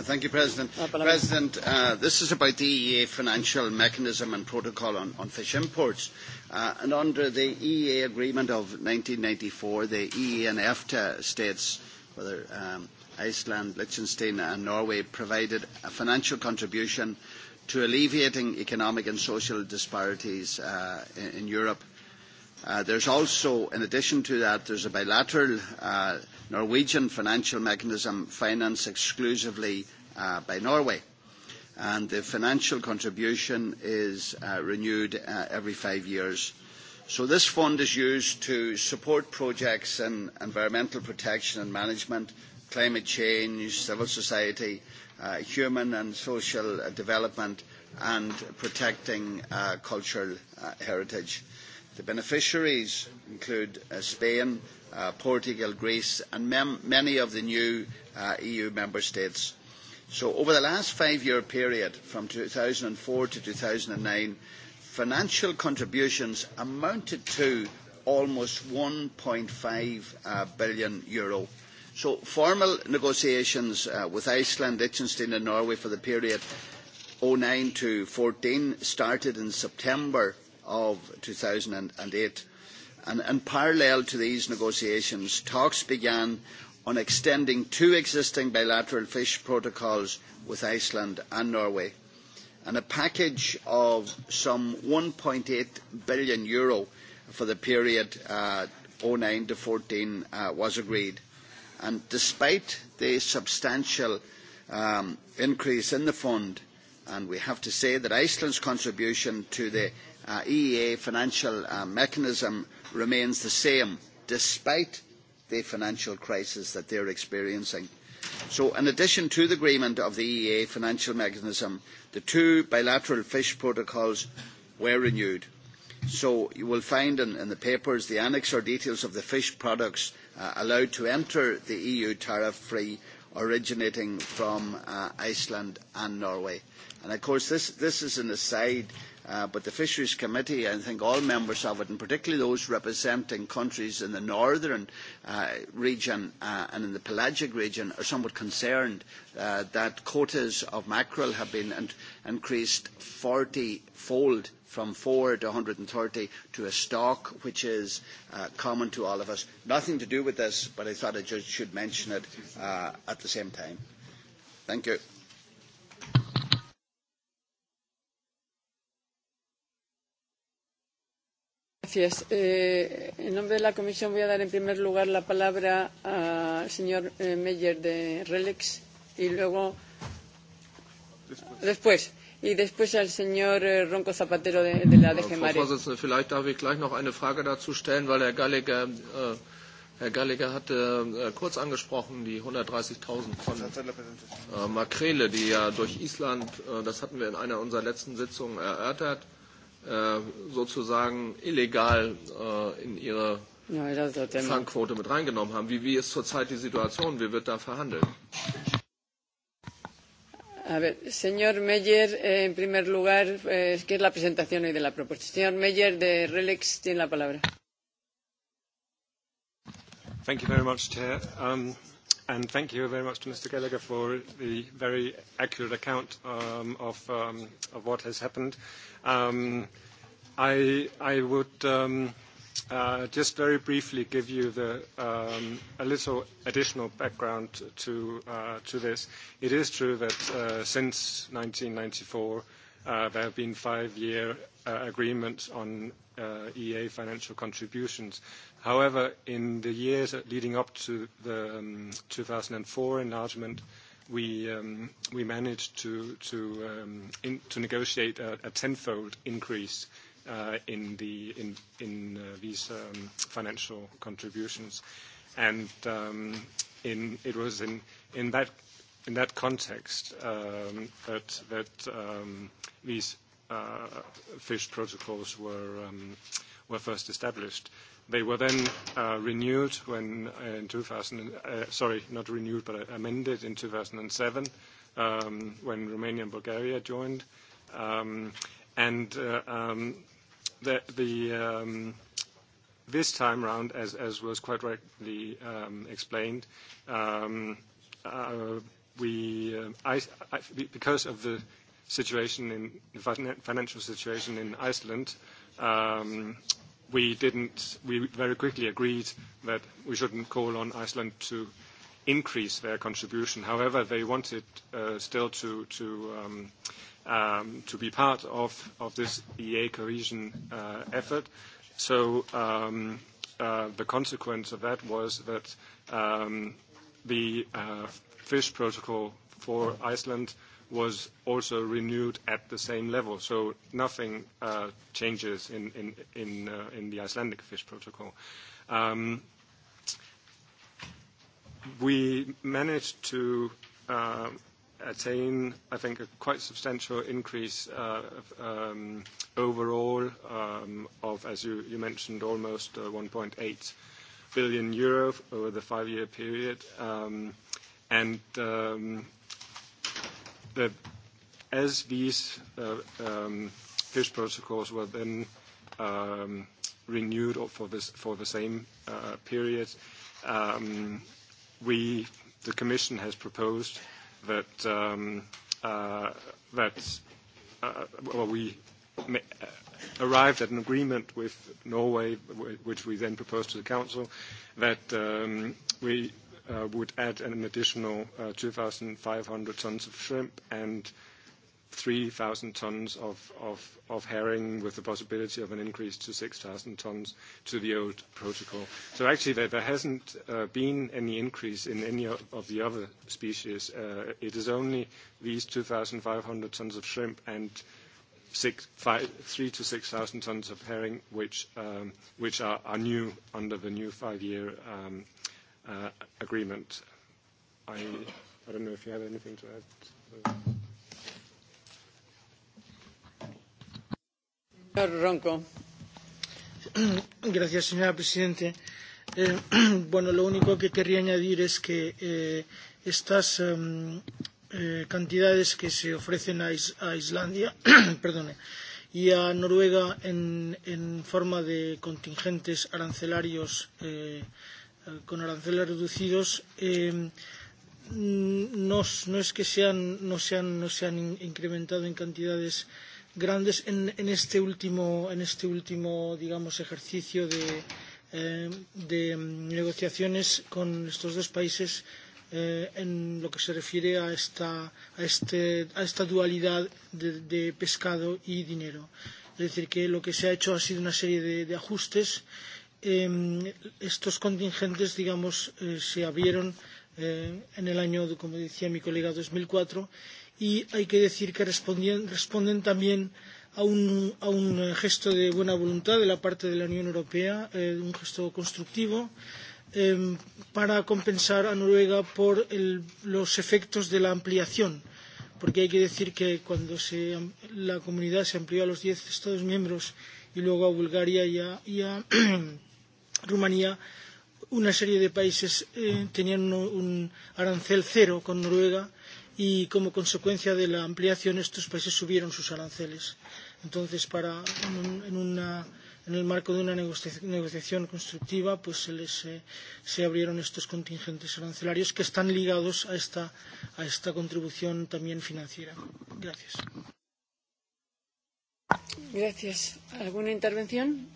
Thank you, President. President, uh, this is about the EEA financial mechanism and protocol on, on fish imports. Uh, and under the EEA agreement of 1994, the EEA and EFTA states whether um, Iceland, Liechtenstein and Norway provided a financial contribution to alleviating economic and social disparities in Europe. There is also, in addition to that, there is a bilateral Norwegian financial mechanism financed exclusively by Norway. And the financial contribution is renewed every five years. So this fund is used to support projects in environmental protection and management climate change, civil society, human and social development, and protecting cultural heritage. The beneficiaries include Spain, Portugal, Greece, and many of the new EU member states. So over the last five-year period, from two thousand four to two thousand nine, financial contributions amounted to almost EUR one five billion So formal negotiations with Iceland, Liechtenstein and Norway for the period nine to fourteen started in September of two thousand and eight. And parallel to these negotiations, talks began on extending two existing bilateral fish protocols with Iceland and Norway. And a package of some EUR one eight billion for the period nine to fourteen was agreed And despite the substantial increase in the fund, and we have to say that Iceland's contribution to the EEA financial mechanism remains the same, despite the financial crisis that they are experiencing. So in addition to the agreement of the EEA financial mechanism, the two bilateral fish protocols were renewed. So you will find in, the papers the annex or details of the fish products allowed to enter the EU tariff-free originating from Iceland and Norway. of course, this, is an aside, but the Fisheries Committee, and I think all members of it, and particularly those representing countries in the northern region and in the pelagic region, are somewhat concerned that quotas of mackerel have been increased forty fold from four to one hundred and thirty to a stock which is uh common to all of us. Nothing to do with this, but I thought I just should mention it at the same time. Thank you. en nombre de la Comisión voy a dar en primer lugar la palabra al señor Meyer de Relex y luego después y después al señor Ronco Zapatero de, de la DG Mare. Frau Vorsitzende, vielleicht darf ich gleich noch eine Frage dazu stellen, weil Herr Gallagher, äh, Herr Gallagher hatte äh, kurz angesprochen die 130.000 von äh, Makrele, die ja durch Island, äh, das hatten wir in einer unserer letzten Sitzungen erörtert, äh, sozusagen illegal äh, in ihre Fangquote mit reingenommen haben. Wie, wie ist zurzeit die Situation? Wie wird da verhandelt? señor Meyer, en primer lugar, eh, que es la presentación hoy de la propuesta. Señor Meyer, de Relex, tiene la palabra. Thank you very much, Chair. Um, and thank you very much to Mr. Gallagher for the very accurate account um, of, um, of what has happened. Um, I, I would... Um, Just very briefly give you the a little additional background to this. It is true that since 1994, there have been five-year agreements on EA financial contributions. However, in the years leading up to the 2004 enlargement, we managed to negotiate a tenfold increase in the in in these um financial contributions. And um in it was in in that in that context um that that um these uh fish protocols were um were first established. They were then uh renewed when uh in 2000, uh sorry, not renewed, but amended in 2007, um when Romania and Bulgaria joined. Um And uh um the, the um, this time round, as, as was quite rightly um, explained, um, uh, we, um, I, I, because of the situation in the financial situation in Iceland, um, we didn't. We very quickly agreed that we shouldn't call on Iceland to increase their contribution. However, they wanted uh, still to to. Um, um, to be part of, of this EA cohesion uh, effort. So um, uh, the consequence of that was that um, the uh, fish protocol for Iceland was also renewed at the same level. So nothing uh, changes in, in, in, uh, in the Icelandic fish protocol. Um, we managed to attain, I think, a quite substantial increase overall of, as you mentioned, almost 1.8 billion euro over the five-year period. And as these fish protocols were then renewed for the same period, we, the commission has proposed that um, uh, that uh, well, we arrived at an agreement with Norway, which we then proposed to the Council, that um, we uh, would add an additional uh, 2,500 tons of shrimp and 3,000 tons of herring with the possibility of an increase to 6,000 tons to the old protocol. So Actually, there hasn't been any increase in any of the other species. It is only these 2,500 tons of shrimp and three to 6,000 tons of herring, which are new under the new five-year agreement. I don't know if you have anything to add. señora presidenta lo único que querría añadir es que estas cantidades que se ofrecen a Islandia y a Noruega en, forma de contingentes arancelarios con aranceles reducidos no, es que no se han incrementado en cantidades grandes en, en este último, en este último digamos, ejercicio de, eh, de negociaciones con estos dos países eh, en lo que se refiere a esta, a este, a esta dualidad de, de pescado y dinero. Es decir, que lo que se ha hecho ha sido una serie de, de ajustes. Eh, estos contingentes, digamos, eh, se abrieron eh, en el año, como decía mi colega, 2004 y hay que decir que responden, también a un, gesto de buena voluntad de la parte de la Unión Europea, un gesto constructivo, para compensar a Noruega por los efectos de la ampliación. Porque hay que decir que cuando la comunidad se amplió a los diez Estados miembros y luego a Bulgaria y a, Rumanía, una serie de países tenían un arancel cero con Noruega y como consecuencia de la ampliación estos países subieron sus aranceles. Entonces, para, en, una, en el marco de una negociación constructiva, pues se, les, eh, se abrieron estos contingentes arancelarios que están ligados a esta, a esta contribución también financiera. Gracias. Gracias. ¿Alguna intervención?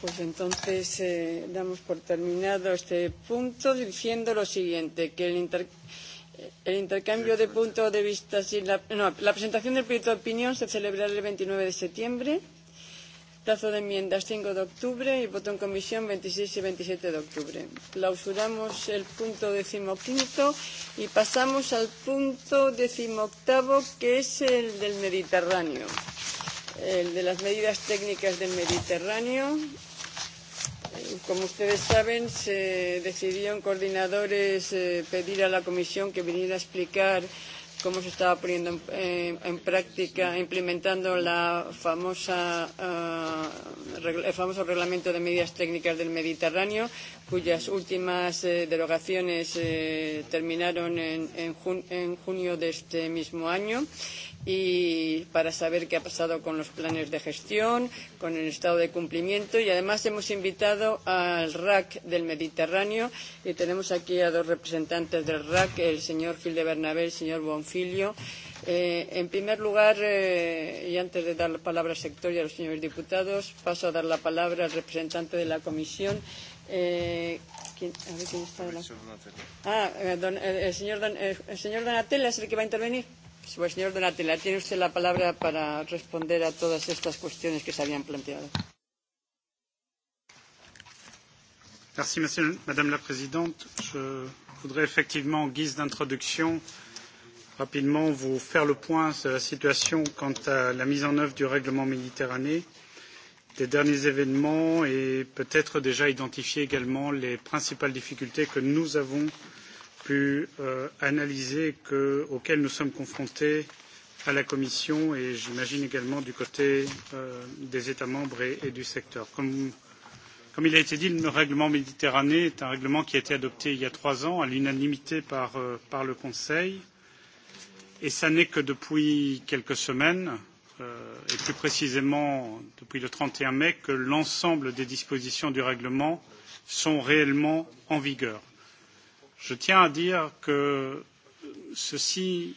Pues entonces eh, damos por terminado este punto diciendo lo siguiente, que el intercambio El intercambio de puntos de vista. La, no, la presentación del proyecto de opinión se celebrará el 29 de septiembre. Plazo de enmiendas 5 de octubre y voto en comisión 26 y 27 de octubre. Clausuramos el punto decimoquinto y pasamos al punto decimoctavo que es el del Mediterráneo. El de las medidas técnicas del Mediterráneo como ustedes saben, se decidió en coordinadores eh, pedir a la Comisión que viniera a explicar cómo se estaba poniendo en, eh, en práctica, implementando la famosa, uh, el famoso reglamento de medidas técnicas del Mediterráneo, cuyas últimas eh, derogaciones eh, terminaron en, en, jun en junio de este mismo año y para saber qué ha pasado con los planes de gestión, con el estado de cumplimiento y además hemos invitado al RAC del Mediterráneo y tenemos aquí a dos representantes del RAC, el señor Gil de Bernabé y el señor Bonfilio. Eh, en primer lugar, eh, y antes de dar la palabra al sector y a los señores diputados, paso a dar la palabra al representante de la comisión. Eh, ¿quién, a ver quién está la... Ah, don, el, señor don, el señor Donatella es el que va a intervenir señor Donatella, tiene usted la palabra para responder a todas estas cuestiones que se habían planteado. Merci, Madame la Présidente. Je voudrais effectivement, en guise d'introduction, rapidement vous faire le point sur la situation quant à la mise en œuvre du règlement Méditerranée, des derniers événements et peut-être déjà identifier également les principales difficultés que nous avons pu analyser auxquels nous sommes confrontés à la Commission et j'imagine également du côté des États membres et, du secteur. Comme, il a été dit, le règlement Méditerranée est un règlement qui a été adopté il y a trois ans à l'unanimité par, le Conseil et ce n'est que depuis quelques semaines et plus précisément depuis le trente et un mai que l'ensemble des dispositions du règlement sont réellement en vigueur Je tiens à dire que ceci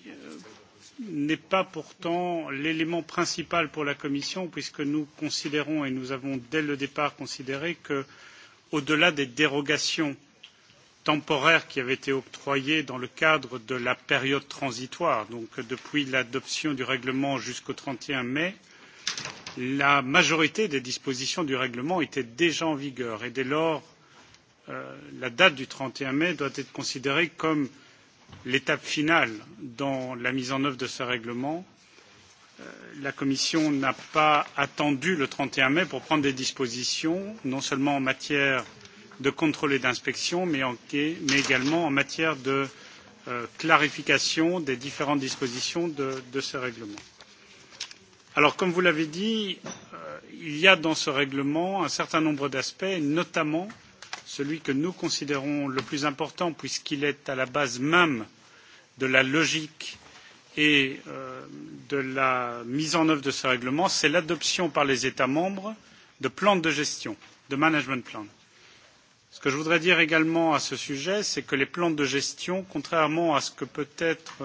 n'est pas pourtant l'élément principal pour la Commission, puisque nous considérons et nous avons dès le départ considéré que, au delà des dérogations temporaires qui avaient été octroyées dans le cadre de la période transitoire, donc depuis l'adoption du règlement jusqu'au trente et un mai, la majorité des dispositions du règlement étaient déjà en vigueur et dès lors la date du trente et un mai doit être considérée comme l'étape finale dans la mise en œuvre de ce règlement. La Commission n'a pas attendu le trente et un mai pour prendre des dispositions, non seulement en matière de contrôle et d'inspection, mais, également en matière de clarification des différentes dispositions de, ce règlement. Alors, comme vous l'avez dit, il y a dans ce règlement un certain nombre d'aspects, notamment euh, celui que nous considérons le plus important puisqu'il est à la base même de la logique et de la mise en œuvre de ce règlement, c'est l'adoption par les États membres de plans de gestion, de management plans. Ce que je voudrais dire également à ce sujet, c'est que les plans de gestion, contrairement à ce que peut-être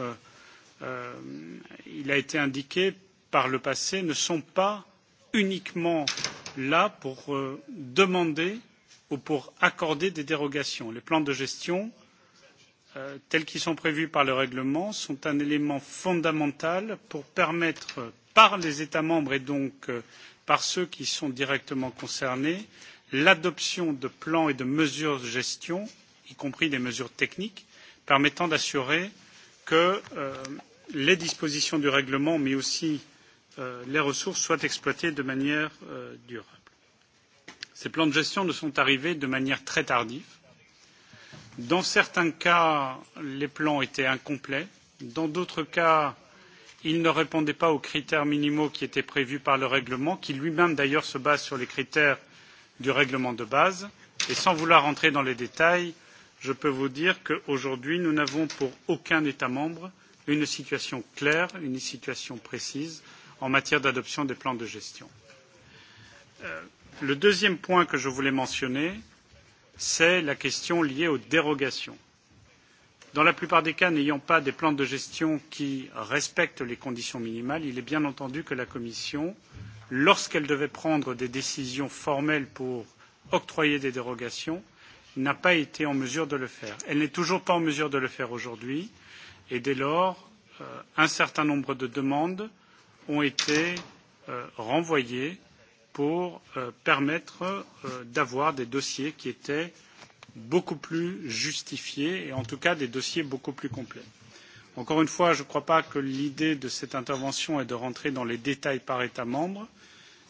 il a été indiqué par le passé, ne sont pas uniquement là pour demander ou pour accorder des dérogations. Les plans de gestion, tels qu'ils sont prévus par le règlement, sont un élément fondamental pour permettre par les États membres et donc par ceux qui sont directement concernés l'adoption de plans et de mesures de gestion, y compris des mesures techniques, permettant d'assurer que les dispositions du règlement, mais aussi les ressources, soient exploitées de manière durable. Ces plans de gestion ne sont arrivés de manière très tardive. Dans certains cas, les plans étaient incomplets. Dans d'autres cas, ils ne répondaient pas aux critères minimaux qui étaient prévus par le règlement, qui lui-même d'ailleurs se base sur les critères du règlement de base. Et sans vouloir entrer dans les détails, je peux vous dire qu'aujourd'hui, nous n'avons pour aucun État membre une situation claire, une situation précise en matière d'adoption des plans de gestion Le deuxième point que je voulais mentionner, c'est la question liée aux dérogations. Dans la plupart des cas, n'ayant pas des plans de gestion qui respectent les conditions minimales, il est bien entendu que la Commission, lorsqu'elle devait prendre des décisions formelles pour octroyer des dérogations, n'a pas été en mesure de le faire. Elle n'est toujours pas en mesure de le faire aujourd'hui et dès lors, un certain nombre de demandes ont été renvoyées pour permettre d'avoir des dossiers qui étaient beaucoup plus justifiés et en tout cas des dossiers beaucoup plus complets. Encore une fois, je ne crois pas que l'idée de cette intervention est de rentrer dans les détails par État membre,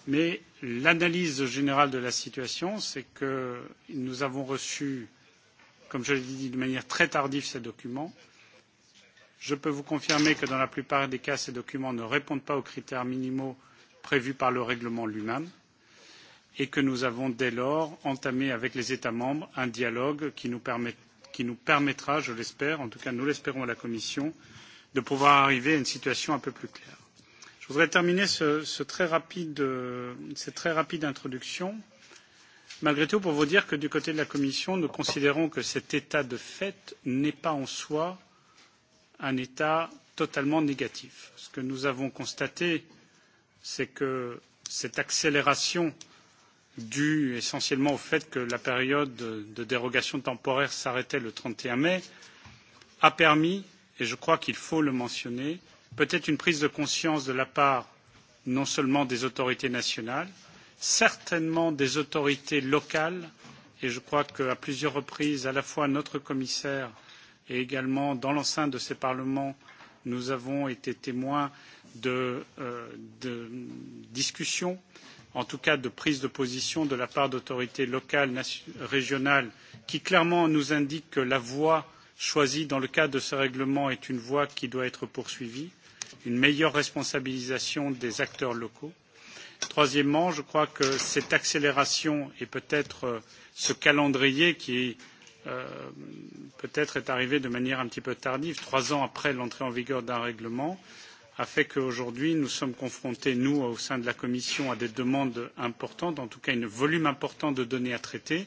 mais l'analyse générale de la situation, c'est que nous avons reçu, comme je l'ai dit, de manière très tardive ces documents. Je peux vous confirmer que dans la plupart des cas, ces documents ne répondent pas aux critères minimaux prévu par le règlement lui-même et que nous avons dès lors entamé avec les États membres un dialogue qui nous, permettra, je l'espère, en tout cas nous l'espérons à la Commission, de pouvoir arriver à une situation un peu plus claire. Je voudrais terminer cette très rapide introduction, malgré tout, pour vous dire que du côté de la Commission, nous considérons que cet état de fait n'est pas en soi un état totalement négatif. Ce que nous avons constaté c'est que cette accélération due essentiellement au fait que la période de dérogation temporaire s'arrêtait le trente et un mai a permis et je crois qu'il faut le mentionner peut être une prise de conscience de la part non seulement des autorités nationales certainement des autorités locales et je crois qu'à plusieurs reprises à la fois notre commissaire et également dans l'enceinte de ces parlements nous avons été témoins de, discussion, en tout cas de prise de position de la part d'autorités locales, régionales, qui clairement nous indiquent que la voie choisie dans le cadre de ce règlement est une voie qui doit être poursuivie, une meilleure responsabilisation des acteurs locaux. Troisièmement, je crois que cette accélération et peut-être ce calendrier qui peut-être est arrivé de manière un petit peu tardive, trois ans après l'entrée en vigueur d'un règlement, a fait qu'aujourd'hui, nous sommes confrontés, nous, au sein de la Commission, à des demandes importantes, en tout cas un volume important de données à traiter.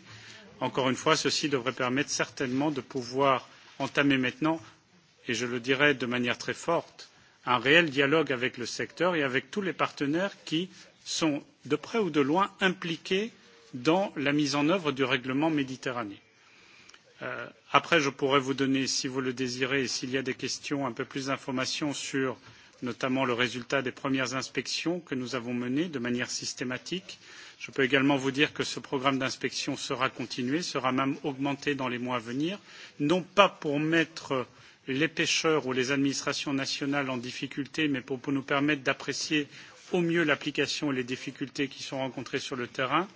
Encore une fois, ceci devrait permettre certainement de pouvoir entamer maintenant, et je le dirais de manière très forte, un réel dialogue avec le secteur et avec tous les partenaires qui sont, de près ou de loin, impliqués dans la mise en œuvre du règlement Méditerranée. après, je pourrais vous donner, si vous le désirez, et s'il y a des questions, un peu plus d'informations sur euh, notamment le résultat des premières inspections que nous avons menées de manière systématique. Je peux également vous dire que ce programme d'inspection sera continué, sera même augmenté dans les mois à venir, non pas pour mettre les pêcheurs ou les administrations nationales en difficulté, mais pour nous permettre d'apprécier au mieux l'application et les difficultés qui sont rencontrées sur le terrain.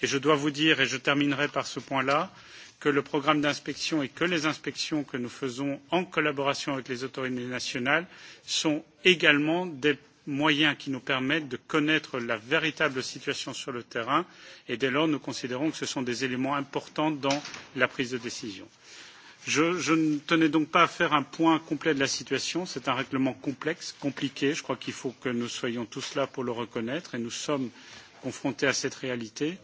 Et je dois vous dire, et je terminerai par ce point-là, que le programme d'inspection et que les inspections que nous faisons en collaboration avec les autorités nationales sont également des moyens qui nous permettent de connaître la véritable situation sur le terrain et dès lors nous considérons que ce sont des éléments importants dans la prise de décision. Je, ne tenais donc pas à faire un point complet de la situation. C'est un règlement complexe, compliqué. Je crois qu'il faut que nous soyons tous là pour le reconnaître et nous sommes confrontés à cette réalité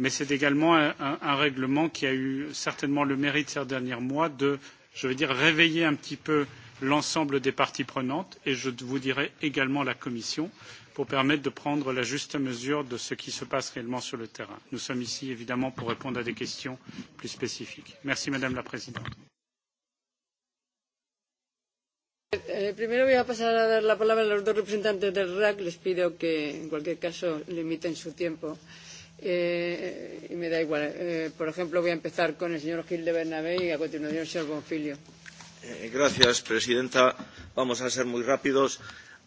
mais c'est également un, règlement qui a eu certainement le mérite ces derniers mois de, je veux dire, réveiller un petit peu l'ensemble des parties prenantes et je vous dirai également la Commission pour permettre de prendre la juste mesure de ce qui se passe réellement sur le terrain. Nous sommes ici évidemment pour répondre à des questions plus spécifiques. Merci Madame la Présidente. primero voy a pasar a dar la palabra a los dos representantes del RAC. Les pido que, en cualquier caso, limiten su tiempo. Eh, Eh, y me da igual. Eh, por ejemplo, voy a empezar con el señor Gil de Bernabé y a continuación el señor Bonfilio. Eh, gracias, presidenta. Vamos a ser muy rápidos.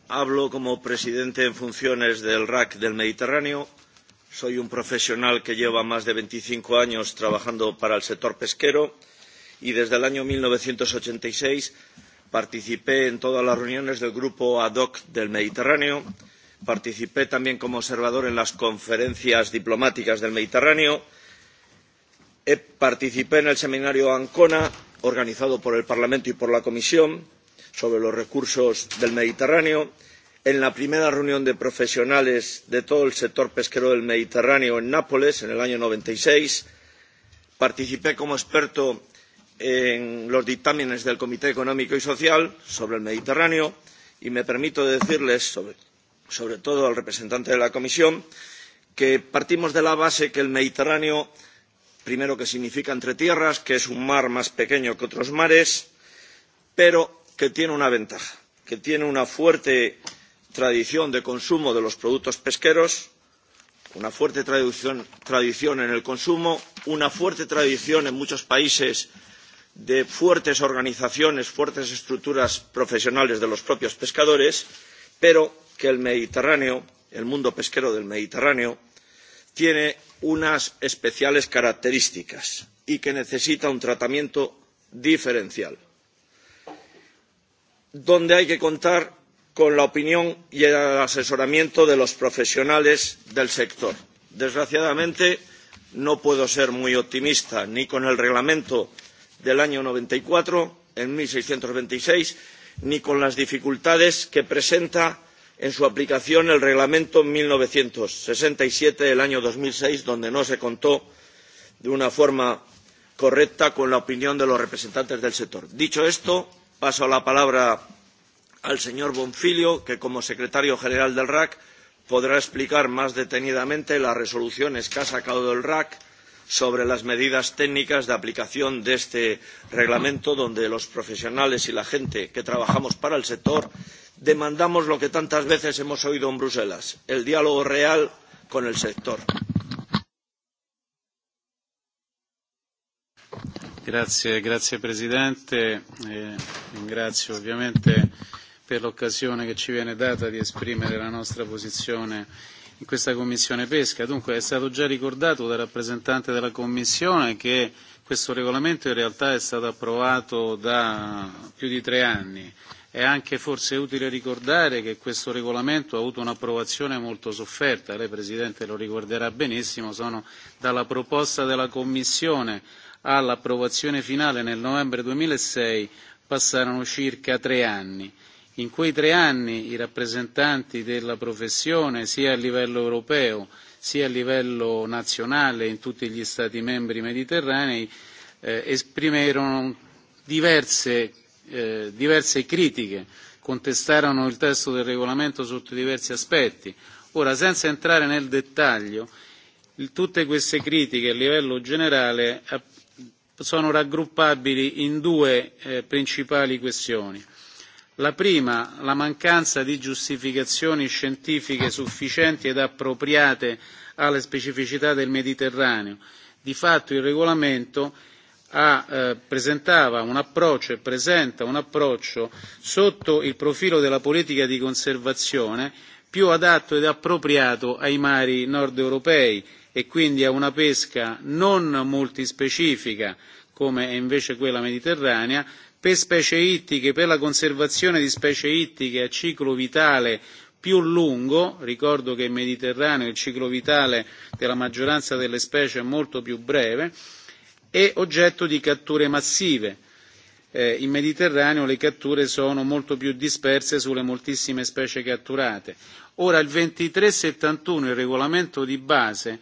Hablo como presidente en funciones del RAC del Mediterráneo. Soy un profesional que lleva más de veinticinco años trabajando para el sector pesquero y desde el año mil novecientos ochenta y seis participé en todas las reuniones del Grupo ad hoc del Mediterráneo participé también como observador en las conferencias diplomáticas del Mediterráneo, participé en el seminario Ancona, organizado por el Parlamento y por la Comisión, sobre los recursos del Mediterráneo, en la primera reunión de profesionales de todo el sector pesquero del Mediterráneo en Nápoles, en el año noventa y seis, participé como experto en los dictámenes del Comité Económico y Social sobre el Mediterráneo y me permito decirles sobre sobre todo al representante de la Comisión, que partimos de la base que el Mediterráneo, primero que significa entre tierras, que es un mar más pequeño que otros mares, pero que tiene una ventaja, que tiene una fuerte tradición de consumo de los productos pesqueros, una fuerte tradición, en el consumo, una fuerte tradición en muchos países de fuertes organizaciones, fuertes estructuras profesionales de los propios pescadores, pero que el Mediterráneo, el mundo pesquero del Mediterráneo, tiene unas especiales características y que necesita un tratamiento diferencial, donde hay que contar con la opinión y el asesoramiento de los profesionales del sector. Desgraciadamente, no puedo ser muy optimista ni con el reglamento del año noventa y cuatro en mil seiscientos veintiséis ni con las dificultades que presenta en su aplicación el reglamento mil novecientos sesenta y siete del año dos mil seis donde no se contó de una forma correcta con la opinión de los representantes del sector. dicho esto paso la palabra al señor bonfilio que como secretario general del rac podrá explicar más detenidamente la resolución que ha sacado el rac sobre las medidas técnicas de aplicación de este reglamento, donde los profesionales y la gente que trabajamos para el sector demandamos lo que tantas veces hemos oído en Bruselas, el diálogo real con el sector. Grazie, grazie Presidente. Eh, ringrazio ovviamente per l'occasione che ci viene data di esprimere la nostra posizione in questa Commissione Pesca. Dunque è stato già ricordato dal rappresentante della Commissione che questo regolamento in realtà è stato approvato da più di tre anni. È anche forse utile ricordare che questo regolamento ha avuto un'approvazione molto sofferta, lei Presidente lo ricorderà benissimo, sono dalla proposta della Commissione all'approvazione finale nel novembre duemilasei passarono circa tre anni In quei tre anni i rappresentanti della professione, sia a livello europeo sia a livello nazionale in tutti gli Stati membri mediterranei, esprimerono diverse, critiche, contestarono il testo del regolamento sotto diversi aspetti. Ora, senza entrare nel dettaglio, tutte queste critiche a livello generale sono raggruppabili in due principali questioni La prima, la mancanza di giustificazioni scientifiche sufficienti ed appropriate alle specificità del Mediterraneo. Di fatto il regolamento ha, presentava un approccio e presenta un approccio sotto il profilo della politica di conservazione più adatto ed appropriato ai mari nord europei e quindi a una pesca non multispecifica come è invece quella mediterranea, per specie ittiche, per la conservazione di specie ittiche a ciclo vitale più lungo, ricordo che in Mediterraneo il ciclo vitale della maggioranza delle specie è molto più breve, e oggetto di catture massive. in Mediterraneo le catture sono molto più disperse sulle moltissime specie catturate. Ora il ventitré settantuno, il regolamento di base,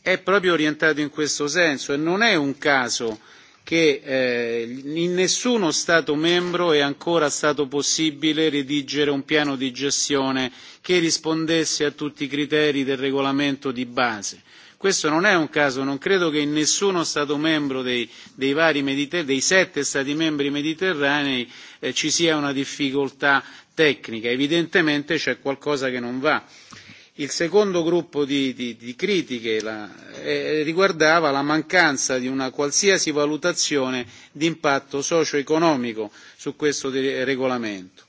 è proprio orientato in questo senso e non è un caso che in nessuno Stato membro è ancora stato possibile redigere un piano di gestione che rispondesse a tutti i criteri del regolamento di base. Questo non è un caso, non credo che in nessuno Stato membro dei, sette Stati membri mediterranei ci sia una difficoltà tecnica, evidentemente c'è qualcosa che non va Il secondo gruppo di, critiche riguardava la mancanza di una qualsiasi valutazione di impatto socio-economico su questo regolamento.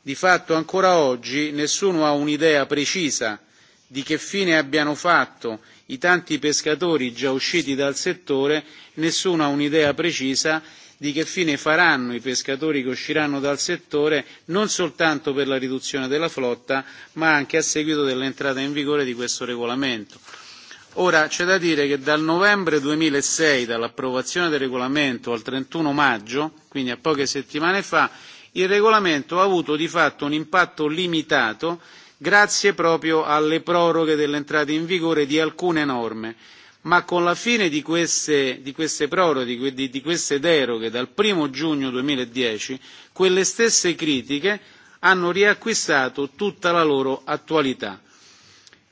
Di fatto ancora oggi nessuno ha un'idea precisa di che fine abbiano fatto i tanti pescatori già usciti dal settore, nessuno ha un'idea precisa di che fine faranno i pescatori che usciranno dal settore non soltanto per la riduzione della flotta ma anche a seguito dell'entrata in vigore di questo regolamento. Ora c'è da dire che dal novembre duemilasei, dall'approvazione del regolamento al trentuno maggio, quindi a poche settimane fa, il regolamento ha avuto di fatto un impatto limitato grazie proprio alle proroghe dell'entrata in vigore di alcune norme ma con la fine di queste, di queste proroghe, di, di queste deroghe dal 1 giugno 2010, quelle stesse critiche hanno riacquistato tutta la loro attualità.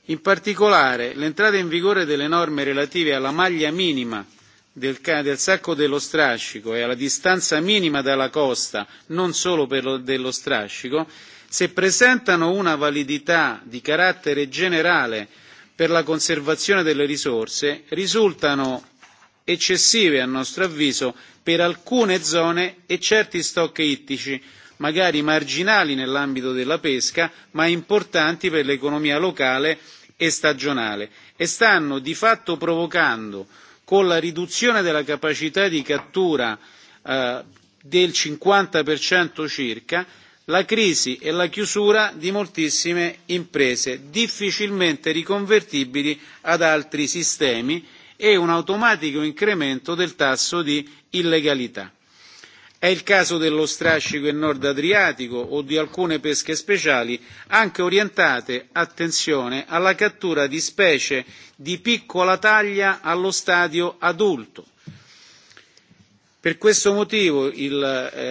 In particolare, l'entrata in vigore delle norme relative alla maglia minima del, del sacco dello strascico e alla distanza minima dalla costa, non solo per lo, dello strascico, se presentano una validità di carattere generale per la conservazione delle risorse risultano eccessive a nostro avviso per alcune zone e certi stock ittici magari marginali nell'ambito della pesca ma importanti per l'economia locale e stagionale e stanno di fatto provocando con la riduzione della capacità di cattura del cinquanta circa la crisi e la chiusura di moltissime imprese difficilmente riconvertibili ad altri sistemi e un automatico incremento del tasso di illegalità. È il caso dello strascico e nord adriatico o di alcune pesche speciali anche orientate, attenzione, alla cattura di specie di piccola taglia allo stadio adulto Per questo motivo il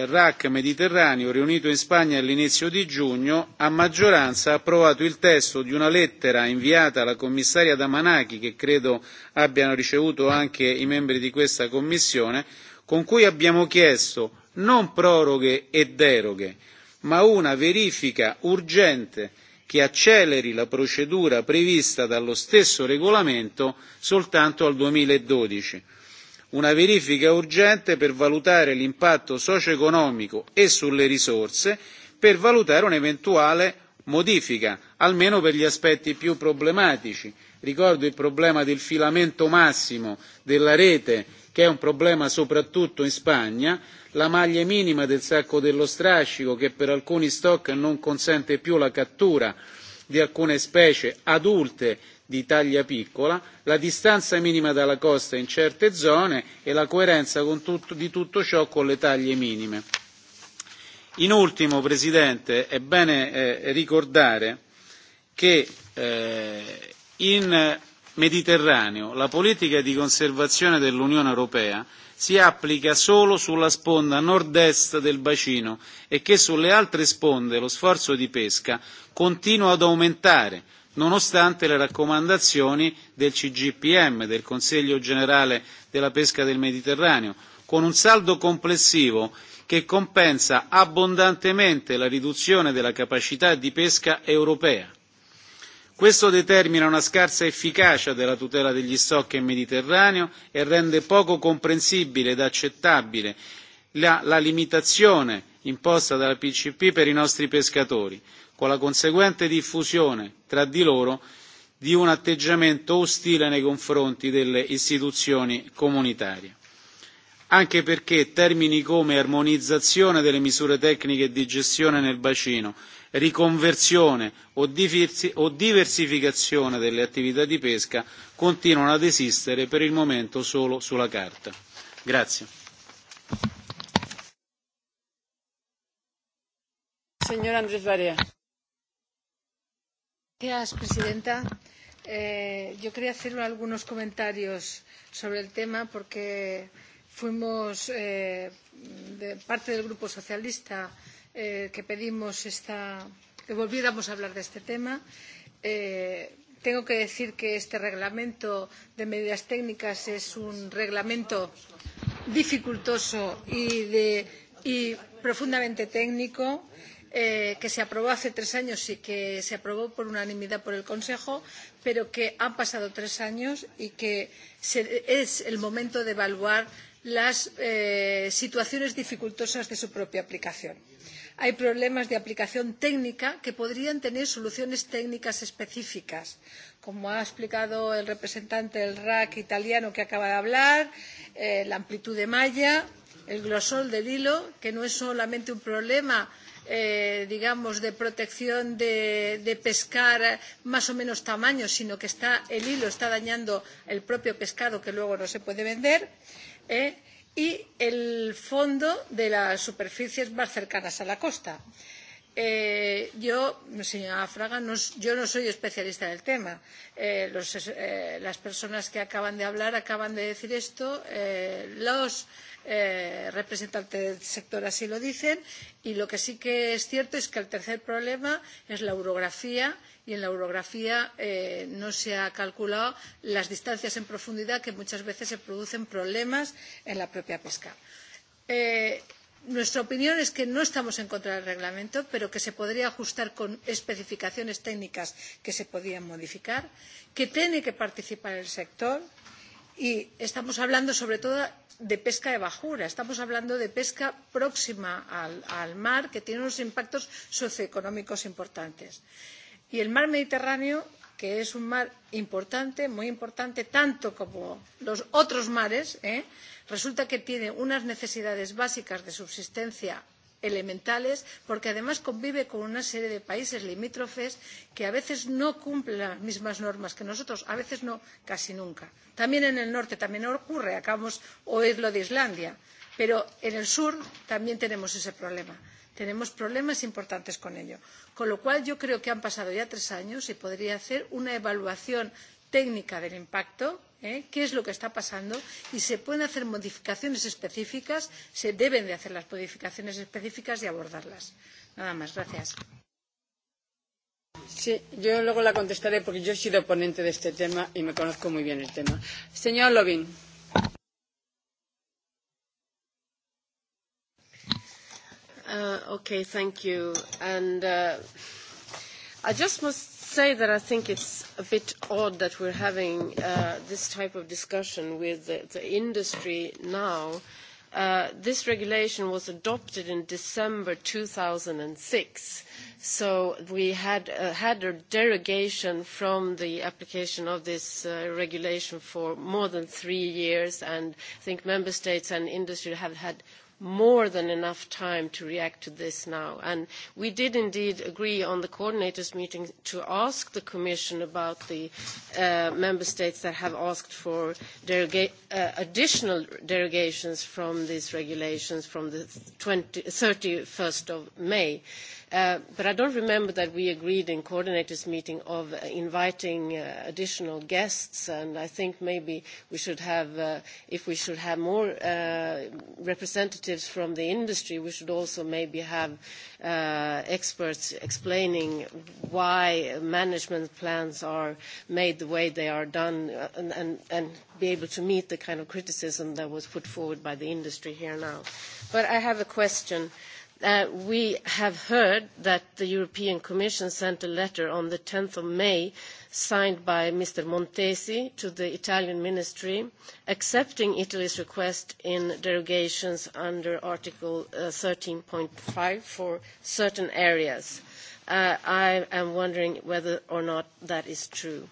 RAC mediterraneo, riunito in Spagna all'inizio di giugno, a maggioranza ha approvato il testo di una lettera inviata alla commissaria Damanaki, che credo abbiano ricevuto anche i membri di questa commissione, con cui abbiamo chiesto non proroghe e deroghe, ma una verifica urgente che acceleri la procedura prevista dallo stesso regolamento soltanto al duemiladodici una verifica urgente per valutare l'impatto socioeconomico e sulle risorse per valutare un'eventuale modifica almeno per gli aspetti più problematici ricordo il problema del filamento massimo della rete che è un problema soprattutto in Spagna la maglia minima del sacco dello strascico che per alcuni stock non consente più la cattura di alcune specie adulte di taglia piccola, la distanza minima dalla costa in certe zone e la coerenza di tutto ciò con le taglie minime. In ultimo, Presidente, è bene ricordare che in Mediterraneo la politica di conservazione dell'Unione Europea si applica solo sulla sponda nord-est del bacino e che sulle altre sponde lo sforzo di pesca continua ad aumentare nonostante le raccomandazioni del CGPM, del Consiglio generale della pesca del Mediterraneo, con un saldo complessivo che compensa abbondantemente la riduzione della capacità di pesca europea. Questo determina una scarsa efficacia della tutela degli stock in Mediterraneo e rende poco comprensibile ed accettabile la limitazione imposta dalla PCP per i nostri pescatori, con la conseguente diffusione tra di loro di un atteggiamento ostile nei confronti delle istituzioni comunitarie anche perché termini come armonizzazione delle misure tecniche di gestione nel bacino riconversione o diversificazione delle attività di pesca continuano ad esistere per il momento solo sulla carta. Señora presidenta. yo quería hacer algunos comentarios sobre el tema porque fuimos de parte del Grupo Socialista que pedimos que volviéramos a hablar de este tema. tengo que decir que este reglamento de medidas técnicas es un reglamento dificultoso y, profundamente técnico que se aprobó hace tres años y que se aprobó por unanimidad por el Consejo, pero que han pasado tres años y que es el momento de evaluar las situaciones dificultosas de su propia aplicación. Hay problemas de aplicación técnica que podrían tener soluciones técnicas específicas, como ha explicado el representante del RAC italiano que acaba de hablar, la amplitud de malla, el glosol del hilo, que no es solamente un problema eh, digamos, de protección de, de pescar más o menos tamaño, sino que está, el hilo está dañando el propio pescado que luego no se puede vender. Eh, y el fondo de las superficies más cercanas a la costa. Eh, Eh, yo, señora Fraga, no, yo no soy especialista del tema. Eh, los, eh, las personas que acaban de hablar acaban de decir esto. Eh, los eh, representantes del sector así lo dicen. Y lo que sí que es cierto es que el tercer problema es la urografía y en la urografía eh, no se ha calculado las distancias en profundidad que muchas veces se producen problemas en la propia pesca. Eh, Nuestra opinión es que no estamos en contra del reglamento, pero que se podría ajustar con especificaciones técnicas que se podían modificar, que tiene que participar el sector y estamos hablando sobre todo de pesca de bajura, estamos hablando de pesca próxima al, mar, que tiene unos impactos socioeconómicos importantes. Y el mar Mediterráneo que es un mar importante, muy importante, tanto como los otros mares, ¿eh? resulta que tiene unas necesidades básicas de subsistencia elementales, porque además convive con una serie de países limítrofes que a veces no cumplen las mismas normas que nosotros, a veces no, casi nunca. También en el norte también ocurre, acabamos de oírlo de Islandia, pero en el sur también tenemos ese problema tenemos problemas importantes con ello. Con lo cual, yo creo que han pasado ya tres años y podría hacer una evaluación técnica del impacto, qué es lo que está pasando, y se pueden hacer modificaciones específicas, se deben de hacer las modificaciones específicas y abordarlas. Nada más, gracias. Sí, yo luego la contestaré porque yo he sido ponente de este tema y me conozco muy bien el tema. Señor Lovin. Okay, thank you. And I just must say that I think it's a bit odd that we're having this type of discussion with the industry now. This regulation was adopted in December 2006, so we had a derogation from the application of this regulation for more than three years, and I think member states and industry have had more than enough time to react to this now. And we did indeed agree on the coordinators' meeting to ask the Commission about the member states that have asked for additional derogations from these regulations from the 20, 31st of May but I don't remember that we agreed in coordinators' meeting of inviting additional guests, and I think maybe we should have, if we should have more representatives from the industry, we should also maybe have experts explaining why management plans are made the way they are done and be able to meet the kind of criticism that was put forward by the industry here now. But I have a question. Uh, we have heard that the European Commission sent a letter on the of May signed by Mr. Montesi to the Italian Ministry accepting Italy's request in derogations under Article thirteen five for certain areas. I am wondering whether or not that is true.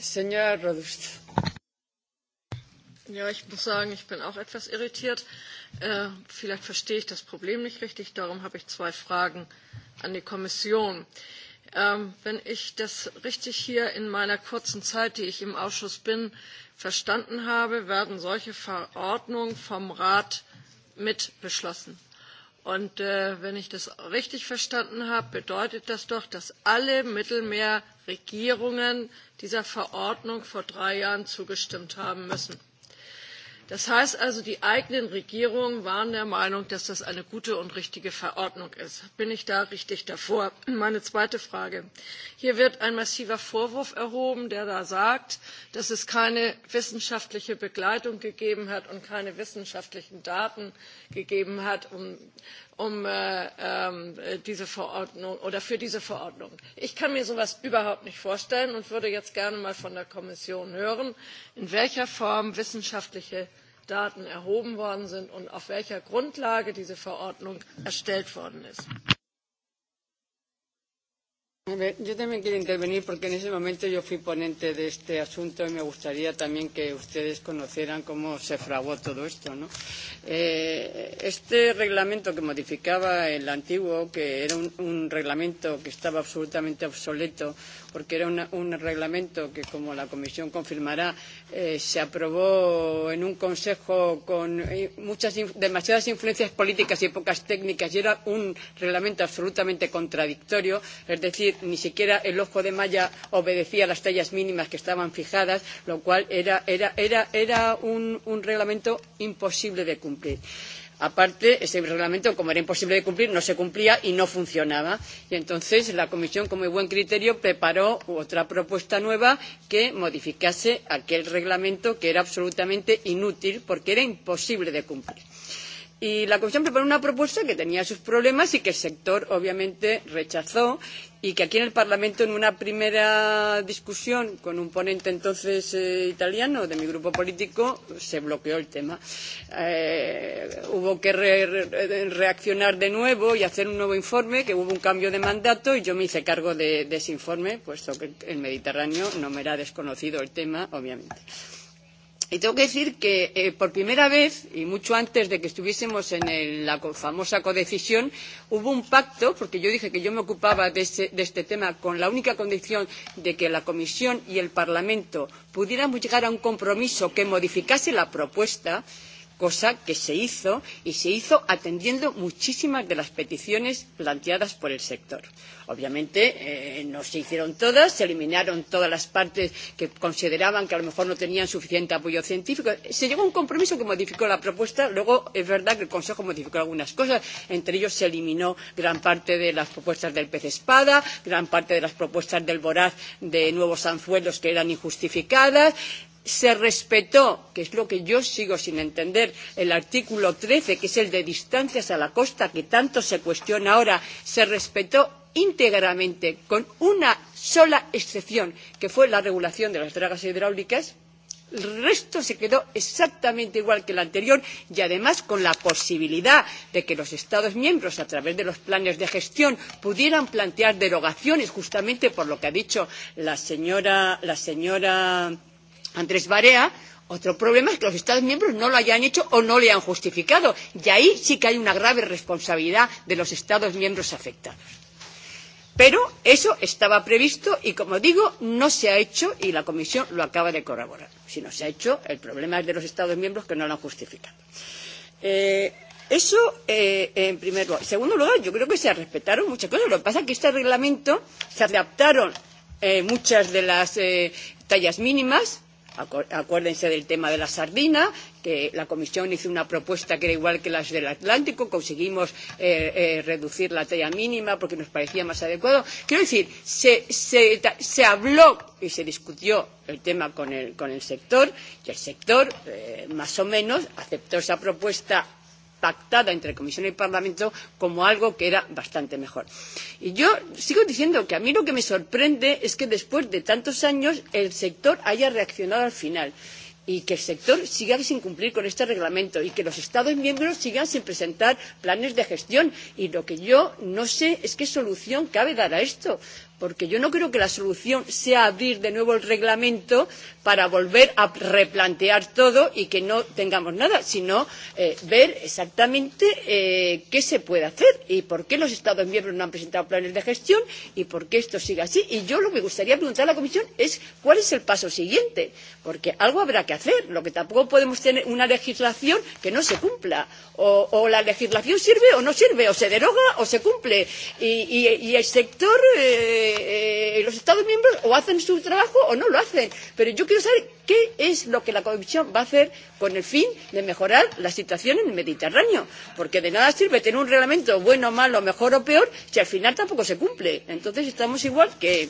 Senor Rodust. Ja, ich muss sagen, ich bin auch etwas irritiert. Äh, vielleicht verstehe ich das Problem nicht richtig. Darum habe ich zwei Fragen an die Kommission. Ähm, wenn ich das richtig hier in meiner kurzen Zeit, die ich im Ausschuss bin, verstanden habe, werden solche Verordnungen vom Rat mit beschlossen. Und wenn ich das richtig verstanden habe, bedeutet das doch, dass alle Mittelmeerregierungen dieser Verordnung vor drei Jahren zugestimmt haben müssen. Das heißt also, die eigenen Regierungen waren der Meinung, dass das eine gute und richtige Verordnung ist. Bin ich da richtig davor? Meine zweite Frage. Hier wird ein massiver Vorwurf erhoben, der da sagt, dass es keine wissenschaftliche Begleitung gegeben hat und keine wissenschaftlichen Daten gegeben hat, um um diese Verordnung oder für diese Verordnung. Ich kann mir so etwas überhaupt nicht vorstellen und würde jetzt gerne mal von der Kommission hören, in welcher Form wissenschaftliche Daten erhoben worden sind und auf welcher Grundlage diese Verordnung erstellt worden ist. A ver, yo también quiero intervenir porque en ese momento yo fui ponente de este asunto y me gustaría también que ustedes conocieran cómo se fraguó todo esto. ¿no? Eh, este reglamento que modificaba el antiguo, que era un, un reglamento que estaba absolutamente obsoleto, porque era una, un reglamento que, como la Comisión confirmará, eh, se aprobó en un consejo con muchas, demasiadas influencias políticas y pocas técnicas, y era un reglamento absolutamente contradictorio, es decir, ni siquiera el ojo de malla obedecía las tallas mínimas que estaban fijadas, lo cual era, era, era, era un, un reglamento imposible de cumplir. Aparte, ese reglamento, como era imposible de cumplir, no se cumplía y no funcionaba. Y entonces la Comisión, con muy buen criterio, preparó otra propuesta nueva que modificase aquel reglamento que era absolutamente inútil porque era imposible de cumplir. Y la Comisión preparó una propuesta que tenía sus problemas y que el sector obviamente rechazó y que aquí en el Parlamento en una primera discusión con un ponente entonces italiano de mi grupo político se bloqueó el tema. hubo que reaccionar de nuevo y hacer un nuevo informe, que hubo un cambio de mandato y yo me hice cargo de, ese informe, puesto que el Mediterráneo no me era desconocido el tema, obviamente. Y tengo que decir que eh, por primera vez, y mucho antes de que estuviésemos en el, la famosa codecisión, hubo un pacto, porque yo dije que yo me ocupaba de, ese, de este tema con la única condición de que la Comisión y el Parlamento pudiéramos llegar a un compromiso que modificase la propuesta, cosa que se hizo y se hizo atendiendo muchísimas de las peticiones planteadas por el sector. Obviamente no se hicieron todas, se eliminaron todas las partes que consideraban que a lo mejor no tenían suficiente apoyo científico. Se llegó a un compromiso que modificó la propuesta. Luego es verdad que el Consejo modificó algunas cosas. Entre ellos se eliminó gran parte de las propuestas del pez espada, gran parte de las propuestas del voraz de nuevos anzuelos que eran injustificadas se respetó, que es lo que yo sigo sin entender, el artículo 13, que es el de distancias a la costa, que tanto se cuestiona ahora, se respetó íntegramente, con una sola excepción, que fue la regulación de las dragas hidráulicas. El resto se quedó exactamente igual que el anterior y además con la posibilidad de que los Estados miembros, a través de los planes de gestión, pudieran plantear derogaciones, justamente por lo que ha dicho la señora, la señora Andrés Barea, otro problema es que los Estados miembros no lo hayan hecho o no le han justificado. Y ahí sí que hay una grave responsabilidad de los Estados miembros afectados. Pero eso estaba previsto y, como digo, no se ha hecho y la Comisión lo acaba de corroborar. Si no se ha hecho, el problema es de los Estados miembros que no lo han justificado. Eh, eso, eh, en primer lugar. En segundo lugar, yo creo que se respetaron muchas cosas. Lo que pasa es que este reglamento se adaptaron eh, muchas de las eh, tallas mínimas Acuérdense del tema de la sardina, que la Comisión hizo una propuesta que era igual que las del Atlántico, conseguimos reducir la talla mínima porque nos parecía más adecuado. Quiero decir, se, habló y se discutió el tema con el, sector y el sector, más o menos, aceptó esa propuesta pactada entre Comisión y Parlamento como algo que era bastante mejor. Y yo sigo diciendo que a mí lo que me sorprende es que después de tantos años el sector haya reaccionado al final y que el sector siga sin cumplir con este reglamento y que los Estados miembros sigan sin presentar planes de gestión. Y lo que yo no sé es qué solución cabe dar a esto, porque yo no creo que la solución sea abrir de nuevo el reglamento para volver a replantear todo y que no tengamos nada, sino ver exactamente qué se puede hacer y por qué los Estados miembros no han presentado planes de gestión y por qué esto sigue así. Y yo lo que me gustaría preguntar a la Comisión es cuál es el paso siguiente, porque algo habrá que hacer. Lo que tampoco podemos tener una legislación que no se cumpla. O, o la legislación sirve o no sirve, o se deroga o se cumple. Y, y, y el sector. Eh, eh, los Estados miembros o hacen su trabajo o no lo hacen. Pero yo quiero saber qué es lo que la Comisión va a hacer con el fin de mejorar la situación en el Mediterráneo. Porque de nada sirve tener un reglamento bueno, malo, mejor o peor si al final tampoco se cumple. Entonces estamos igual que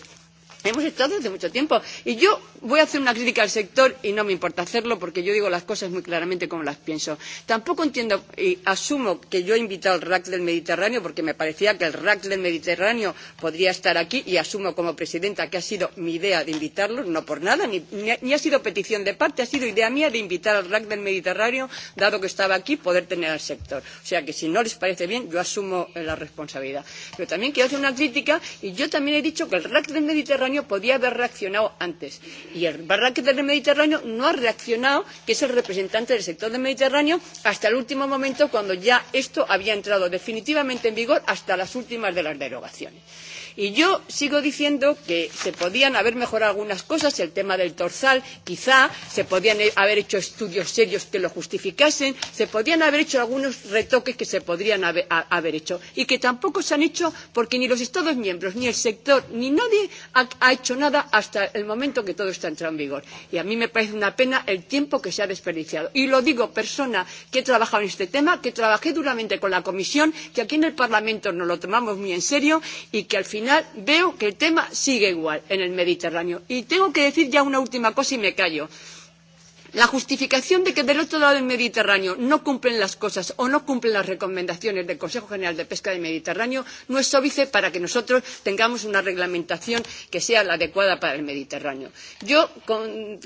Hemos estado desde mucho tiempo. Y yo voy a hacer una crítica al sector y no me importa hacerlo porque yo digo las cosas muy claramente como las pienso. Tampoco entiendo y asumo que yo he invitado al RAC del Mediterráneo porque me parecía que el RAC del Mediterráneo podría estar aquí y asumo como presidenta que ha sido mi idea de invitarlos, no por nada, ni, ni, ni ha sido petición de parte, ha sido idea mía de invitar al RAC del Mediterráneo, dado que estaba aquí, poder tener al sector. O sea que si no les parece bien, yo asumo la responsabilidad. Pero también quiero hacer una crítica y yo también he dicho que el RAC del Mediterráneo Mediterráneo podía haber reaccionado antes. Y el Barranque del Mediterráneo no ha reaccionado, que es el representante del sector del Mediterráneo, hasta el último momento cuando ya esto había entrado definitivamente en vigor hasta las últimas de las derogaciones. Y yo sigo diciendo que se podían haber mejorado algunas cosas, el tema del torsal, quizá, se podían haber hecho estudios serios que lo justificasen, se podían haber hecho algunos retoques que se podrían haber, haber hecho y que tampoco se han hecho porque ni los Estados miembros, ni el sector, ni nadie ha, ha hecho nada hasta el momento que todo está entrado en vigor. Y a mí me parece una pena el tiempo que se ha desperdiciado. Y lo digo persona que he trabajado en este tema, que trabajé duramente con la Comisión, que aquí en el Parlamento nos lo tomamos muy en serio y que al final final veo que el tema sigue igual en el Mediterráneo. Y tengo que decir ya una última cosa y me callo. La justificación de que del otro lado del Mediterráneo no cumplen las cosas o no cumplen las recomendaciones del Consejo General de Pesca del Mediterráneo no es óbice para que nosotros tengamos una reglamentación que sea la adecuada para el Mediterráneo. Yo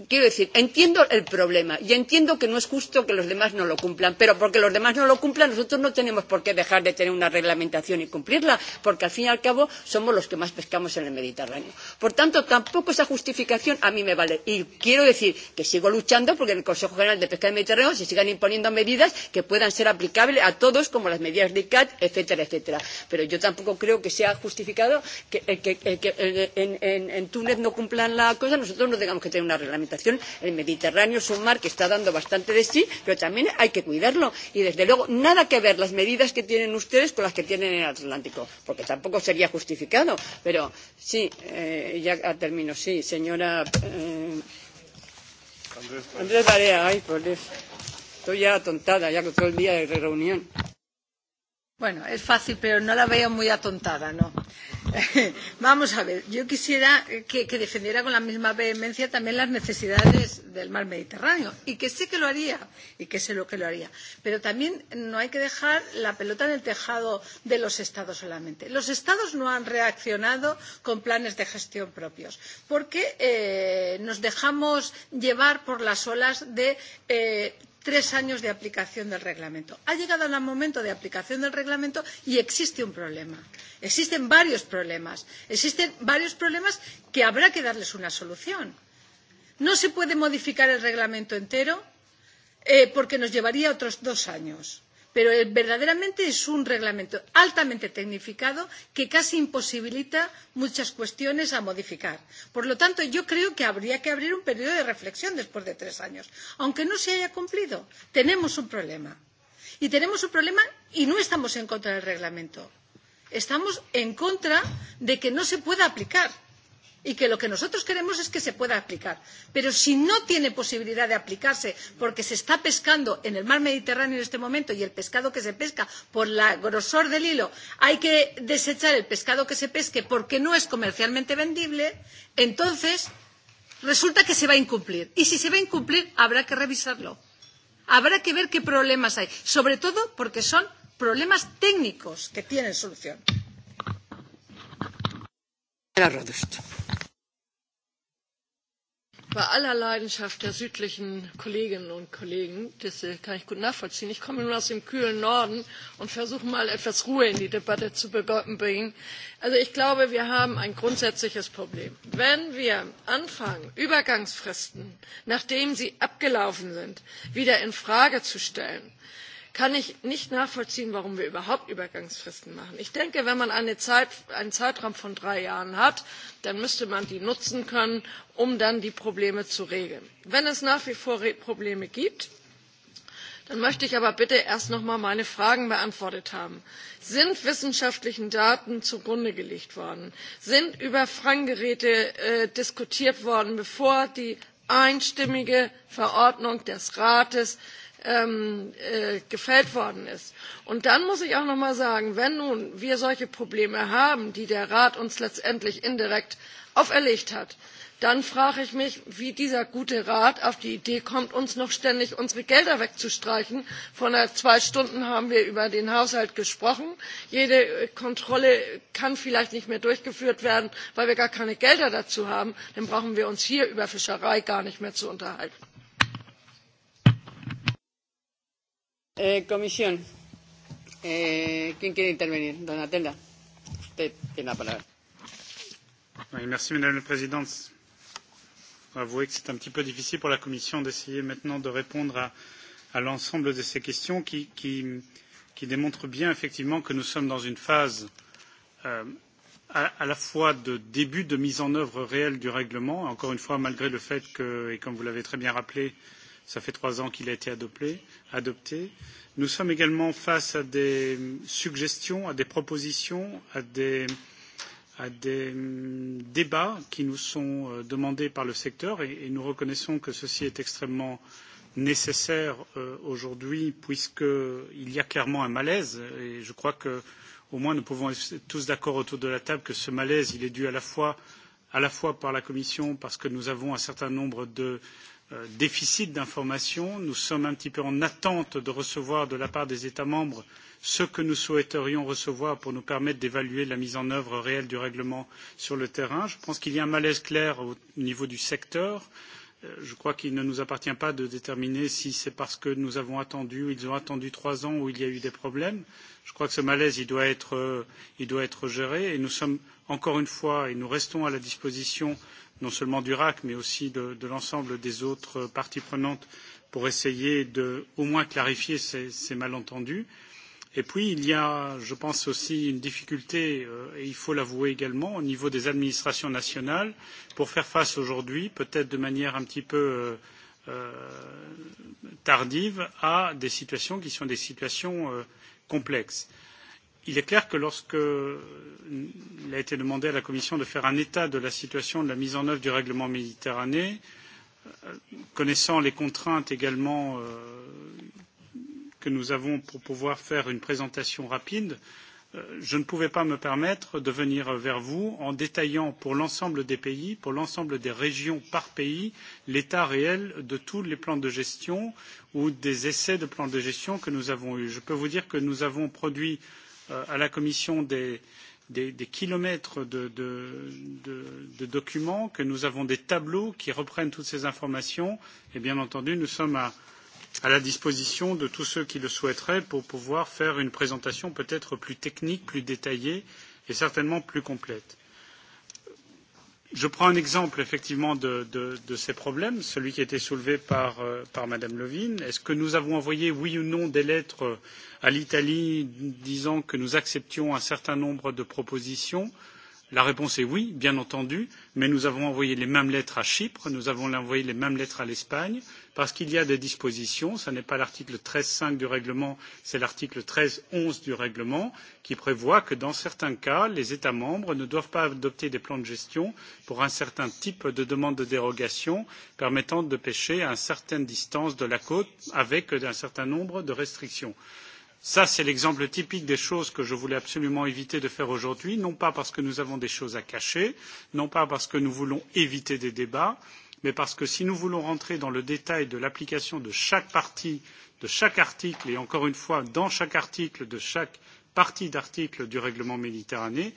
quiero decir, entiendo el problema y entiendo que no es justo que los demás no lo cumplan, pero porque los demás no lo cumplan nosotros no tenemos por qué dejar de tener una reglamentación y cumplirla, porque al fin y al cabo somos los que más pescamos en el Mediterráneo. Por tanto, tampoco esa justificación a mí me vale. Y quiero decir que sigo luchando porque en el Consejo General de Pesca del Mediterráneo se sigan imponiendo medidas que puedan ser aplicables a todos, como las medidas de ICAT, etcétera, etcétera. Pero yo tampoco creo que sea justificado que, que, que en, en, en Túnez no cumplan la cosa. Nosotros no tengamos que tener una reglamentación. El Mediterráneo es un mar que está dando bastante de sí, pero también hay que cuidarlo. Y desde luego, nada que ver las medidas que tienen ustedes con las que tienen en el Atlántico, porque tampoco sería justificado. Pero sí, eh, ya termino. Sí, señora. Eh, Andrés Barea, ay, por Dios. Estoy ya atontada, ya con todo el día de reunión. Bueno, es fácil, pero no la veo muy atontada, ¿no? Vamos a ver, yo quisiera que, que defendiera con la misma vehemencia también las necesidades del mar Mediterráneo, y que sé que lo haría, y que sé lo que lo haría. Pero también no hay que dejar la pelota en el tejado de los Estados solamente. Los Estados no han reaccionado con planes de gestión propios, porque eh, nos dejamos llevar por las olas de eh, tres años de aplicación del reglamento. Ha llegado el momento de aplicación del reglamento y existe un problema. Existen varios problemas. Existen varios problemas que habrá que darles una solución. No se puede modificar el reglamento entero porque nos llevaría otros dos años pero verdaderamente es un reglamento altamente tecnificado que casi imposibilita muchas cuestiones a modificar. Por lo tanto, yo creo que habría que abrir un periodo de reflexión después de tres años. Aunque no se haya cumplido, tenemos un problema. Y tenemos un problema y no estamos en contra del reglamento. Estamos en contra de que no se pueda aplicar y que lo que nosotros queremos es que se pueda aplicar. Pero si no tiene posibilidad de aplicarse porque se está pescando en el mar Mediterráneo en este momento y el pescado que se pesca por el grosor del hilo hay que desechar el pescado que se pesque porque no es comercialmente vendible, entonces resulta que se va a incumplir. Y si se va a incumplir habrá que revisarlo. Habrá que ver qué problemas hay, sobre todo porque son problemas técnicos que tienen solución radost. Bei aller Leidenschaft der südlichen Kolleginnen und Kollegen, das kann ich gut nachvollziehen. Ich komme nur aus dem kühlen Norden und versuche mal etwas Ruhe in die Debatte zu bringen. Also ich glaube, wir haben ein grundsätzliches Problem. Wenn wir anfangen, Übergangsfristen, nachdem sie abgelaufen sind, wieder in Frage zu stellen, kann ich nicht nachvollziehen warum wir überhaupt übergangsfristen machen. ich denke wenn man einen zeitraum von drei jahren hat dann müsste man die nutzen können um dann die probleme zu regeln. wenn es nach wie vor probleme gibt dann möchte ich aber bitte erst noch einmal meine fragen beantwortet haben sind wissenschaftlichen daten zugrunde gelegt worden? sind über fanggeräte diskutiert worden bevor die einstimmige verordnung des rates gefällt worden ist. Und dann muss ich auch noch mal sagen, wenn nun wir solche Probleme haben, die der Rat uns letztendlich indirekt auferlegt hat, dann frage ich mich, wie dieser gute Rat auf die Idee kommt, uns noch ständig unsere Gelder wegzustreichen. Vor zwei Stunden haben wir über den Haushalt gesprochen. Jede Kontrolle kann vielleicht nicht mehr durchgeführt werden, weil wir gar keine Gelder dazu haben. Dann brauchen wir uns hier über Fischerei gar nicht mehr zu unterhalten Eh, comisión, eh, ¿quién quiere intervenir? Donatella, usted tiene la palabra. Oui, merci Madame la Présidente. Avouez que c'est un petit peu difficile pour la Commission d'essayer maintenant de répondre à, à l'ensemble de ces questions qui, qui, qui démontrent bien effectivement que nous sommes dans une phase euh, à la fois de début de mise en œuvre réelle du règlement, encore une fois malgré le fait que, et comme vous l'avez très bien rappelé, ça fait trois ans qu'il a été adopté, adopté. Nous sommes également face à des suggestions, à des propositions, à des, à des débats qui nous sont demandés par le secteur et, nous reconnaissons que ceci est extrêmement nécessaire aujourd'hui puisqu'il y a clairement un malaise et je crois que au moins nous pouvons être tous d'accord autour de la table que ce malaise est dû à la fois à la fois par la Commission parce que nous avons un certain nombre de déficit d'information. Nous sommes un petit peu en attente de recevoir de la part des États membres ce que nous souhaiterions recevoir pour nous permettre d'évaluer la mise en œuvre réelle du règlement sur le terrain. Je pense qu'il y a un malaise clair au niveau du secteur. Je crois qu'il ne nous appartient pas de déterminer si c'est parce que nous avons attendu, ils ont attendu trois ans ou il y a eu des problèmes. Je crois que ce malaise, il doit être, il doit être géré. Et nous sommes encore une fois, et nous restons à la disposition non seulement d'URAC, mais aussi de, de l'ensemble des autres parties prenantes pour essayer de au moins clarifier ces, ces malentendus. Et puis, il y a, je pense aussi, une difficulté, et il faut l'avouer également, au niveau des administrations nationales, pour faire face aujourd'hui, peut-être de manière un petit peu tardive, à des situations qui sont des situations complexe. Il est clair que lorsqu'il a été demandé à la Commission de faire un état de la situation de la mise en œuvre du règlement Méditerranée, connaissant les contraintes également que nous avons pour pouvoir faire une présentation rapide, euh, je ne pouvais pas me permettre de venir vers vous en détaillant pour l'ensemble des pays, pour l'ensemble des régions par pays, l'état réel de tous les plans de gestion ou des essais de plans de gestion que nous avons eus. Je peux vous dire que nous avons produit à la Commission des, des, des kilomètres de, de, de, de documents, que nous avons des tableaux qui reprennent toutes ces informations et bien entendu nous sommes à, à la disposition de tous ceux qui le souhaiteraient pour pouvoir faire une présentation peut-être plus technique, plus détaillée et certainement plus complète. Je prends un exemple effectivement de, de, de ces problèmes, celui qui a été soulevé par, par Madame Levine. Est-ce que nous avons envoyé, oui ou non, des lettres à l'Italie disant que nous acceptions un certain nombre de propositions euh, La réponse est oui, bien entendu, mais nous avons envoyé les mêmes lettres à Chypre, nous avons envoyé les mêmes lettres à l'Espagne, parce qu'il y a des dispositions, ce n'est pas l'article treize cinq du règlement, c'est l'article treize onze du règlement, qui prévoit que dans certains cas, les États membres ne doivent pas adopter des plans de gestion pour un certain type de demande de dérogation permettant de pêcher à une certaine distance de la côte avec un certain nombre de restrictions. Ça, c'est l'exemple typique des choses que je voulais absolument éviter de faire aujourd'hui, non pas parce que nous avons des choses à cacher, non pas parce que nous voulons éviter des débats, mais parce que si nous voulons rentrer dans le détail de l'application de chaque partie, de chaque article, et encore une fois, dans chaque article, de chaque partie d'article du règlement méditerranée,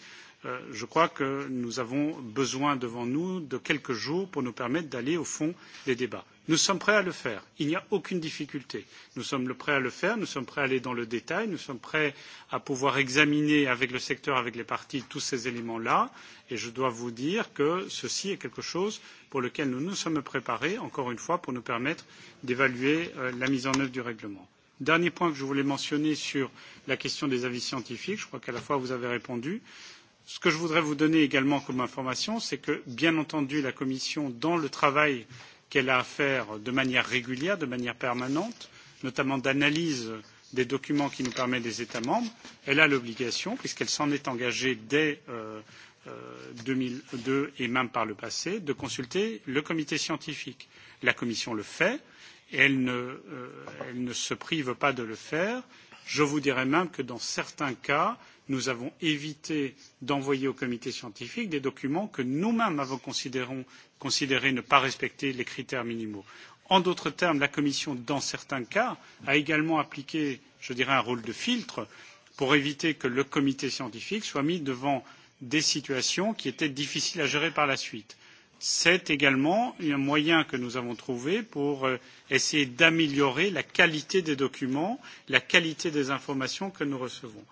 je crois que nous avons besoin devant nous de quelques jours pour nous permettre d'aller au fond des débats. Nous sommes prêts à le faire, il n'y a aucune difficulté. Nous sommes prêts à le faire, nous sommes prêts à aller dans le détail, nous sommes prêts à pouvoir examiner avec le secteur, avec les partis, tous ces éléments-là. Et je dois vous dire que ceci est quelque chose pour lequel nous nous sommes préparés, encore une fois, pour nous permettre d'évaluer la mise en œuvre du règlement. Dernier point que je voulais mentionner sur la question des avis scientifiques, je crois qu'à la fois vous avez répondu. Euh, Ce que je voudrais vous donner également comme information, c'est que, bien entendu, la Commission, dans le travail qu'elle a à faire de manière régulière, de manière permanente, notamment d'analyse des documents qui nous permettent des États membres, elle a l'obligation, puisqu'elle s'en est engagée dès deux mille deux et même par le passé, de consulter le comité scientifique. La Commission le fait et elle ne, se prive pas de le faire. Je vous dirais même que dans certains cas, nous avons évité d'envoyer au comité scientifique des documents que nous-mêmes avons considéré ne pas respecter les critères minimaux. En d'autres termes, la Commission, dans certains cas, a également appliqué, je dirais, un rôle de filtre pour éviter que le comité scientifique soit mis devant des situations qui étaient difficiles à gérer par la suite. C'est également un moyen que nous avons trouvé pour essayer d'améliorer la qualité des documents, la qualité des informations que nous recevons.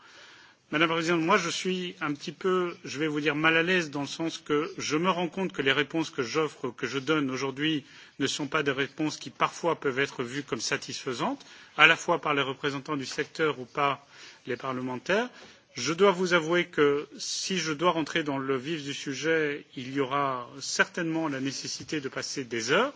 Madame la Présidente, moi je suis un petit peu, je vais vous dire, mal à l'aise dans le sens que je me rends compte que les réponses que j'offre, que je donne aujourd'hui ne sont pas des réponses qui parfois peuvent être vues comme satisfaisantes, à la fois par les représentants du secteur ou par les parlementaires. Je dois vous avouer que si je dois rentrer dans le vif du sujet, il y aura certainement la nécessité de passer des heures.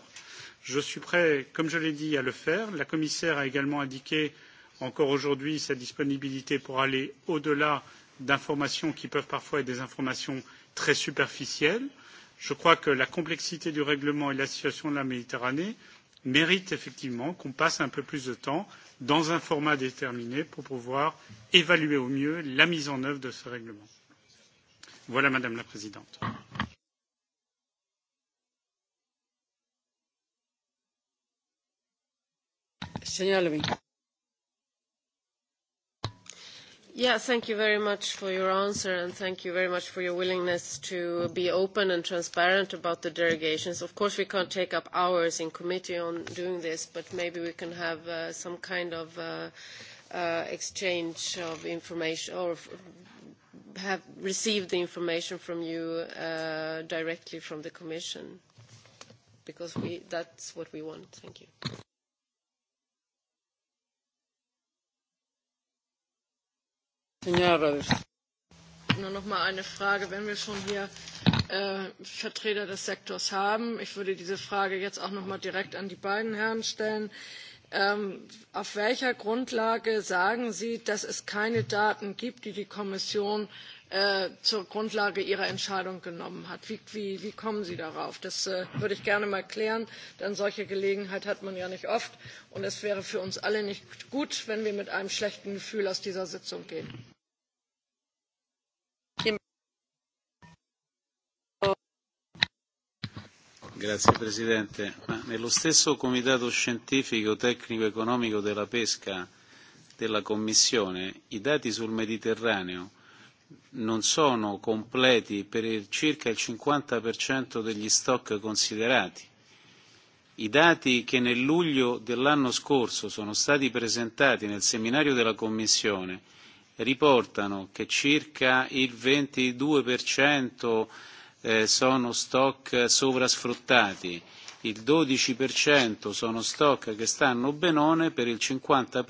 Je suis prêt, comme je l'ai dit, à le faire. La commissaire a également indiqué encore aujourd'hui sa disponibilité pour aller au-delà d'informations qui peuvent parfois être des informations très superficielles. Je crois que la complexité du règlement et la situation de la Méditerranée méritent effectivement qu'on passe un peu plus de temps dans un format déterminé pour pouvoir évaluer au mieux la mise en œuvre de ce règlement. Voilà, Madame la Présidente. Levin. Yeah, thank you very much for your answer, and thank you very much for your willingness to be open and transparent about the derogations. Of course, we can't take up hours in committee on doing this, but maybe we can have some kind of exchange of information or have received the information from you directly from the Commission, because we that's what we want. Thank you. Nur noch mal eine Frage, wenn wir schon hier Vertreter des Sektors haben. Ich würde diese Frage jetzt auch noch mal direkt an die beiden Herren stellen. auf welcher Grundlage sagen Sie, dass es keine Daten gibt, die die Kommission zur Grundlage Ihrer Entscheidung genommen hat? Wie, kommen Sie darauf? Das würde ich gerne mal klären, denn solche Gelegenheit hat man ja nicht oft. Und es wäre für uns alle nicht gut, wenn wir mit einem schlechten Gefühl aus dieser Sitzung gehen. Grazie Presidente. Ma nello stesso Comitato Scientifico Tecnico Economico della Pesca della Commissione i dati sul Mediterraneo non sono completi per circa il 50% degli stock considerati. I dati che nel luglio dell'anno scorso sono stati presentati nel seminario della Commissione riportano che circa il 22% sono stock sovrasfruttati, il dodici sono stock che stanno benone, per il cinquanta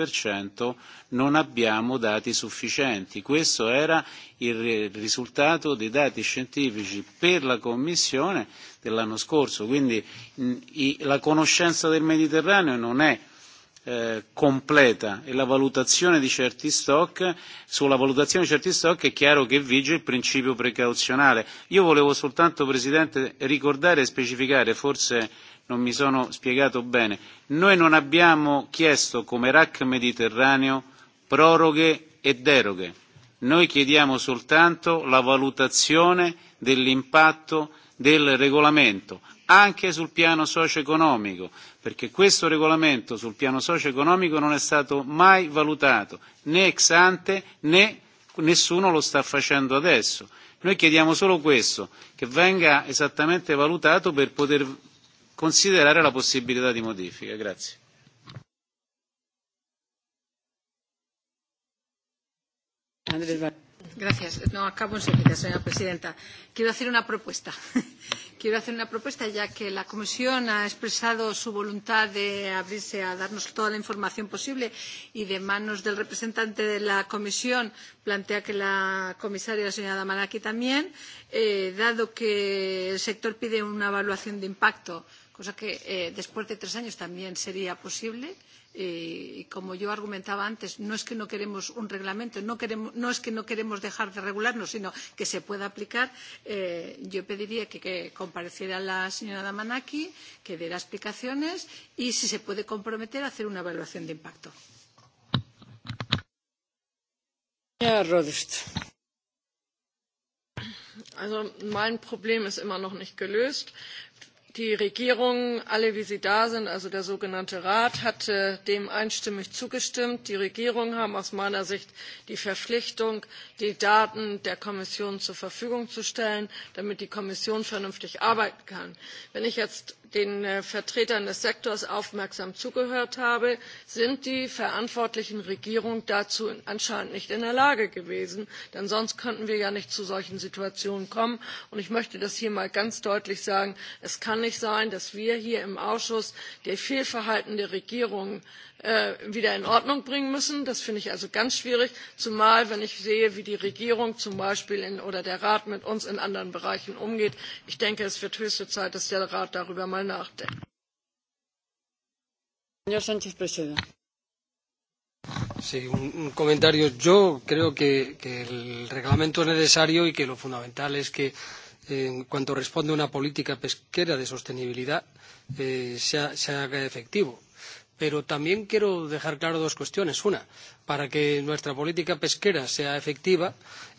non abbiamo dati sufficienti. Questo era il risultato dei dati scientifici per la Commissione dell'anno scorso, quindi la conoscenza del Mediterraneo non è completa e la valutazione di certi stock, sulla valutazione di certi stock è chiaro che vige il principio precauzionale. Io volevo soltanto, Presidente, ricordare e specificare, forse non mi sono spiegato bene, noi non abbiamo chiesto come RAC Mediterraneo proroghe e deroghe, noi chiediamo soltanto la valutazione dell'impatto del regolamento anche sul piano socio-economico, perché questo regolamento sul piano socio-economico non è stato mai valutato né ex ante né nessuno lo sta facendo adesso. Noi chiediamo solo questo, che venga esattamente valutato per poter considerare la possibilità di modifica. Grazie. Gracias. No, acabo enseguida, señora presidenta. Quiero hacer una propuesta. Quiero hacer una propuesta, ya que la Comisión ha expresado su voluntad de abrirse a darnos toda la información posible y de manos del representante de la Comisión plantea que la comisaria, la señora Damanaki, también, dado que el sector pide una evaluación de impacto, cosa que después de tres años también sería posible, eh, y como yo argumentaba antes, no es que no queremos un reglamento, no, es que no queremos dejar de regularnos, sino que se pueda aplicar, yo pediría que, compareciera la señora Damanaki, que diera explicaciones y, si se puede comprometer, a hacer una evaluación de impacto. Also mein Problem ist immer noch nicht gelöst Die Regierung, alle wie sie da sind, also der sogenannte Rat, hat dem einstimmig zugestimmt. Die Regierungen haben aus meiner Sicht die Verpflichtung, die Daten der Kommission zur Verfügung zu stellen, damit die Kommission vernünftig arbeiten kann. Wenn ich jetzt den vertretern des sektors aufmerksam zugehört habe sind die verantwortlichen regierungen dazu anscheinend nicht in der lage gewesen denn sonst könnten wir ja nicht zu solchen situationen kommen. ich möchte das hier mal ganz deutlich sagen es kann nicht sein dass wir hier im ausschuss das fehlverhalten der regierungen wieder in ordnung bringen müssen. das finde ich also ganz schwierig zumal wenn ich sehe wie die regierung zum beispiel oder der rat mit uns in anderen bereichen umgeht. ich denke es wird höchste zeit dass der rat darüber mal nachdenkt. un comentario. Yo creo que, el reglamento es necesario y que lo fundamental es que en cuanto responde a una política pesquera de sostenibilidad se haga efectivo Pero también quiero dejar claro dos cuestiones. Una, para que nuestra política pesquera sea efectiva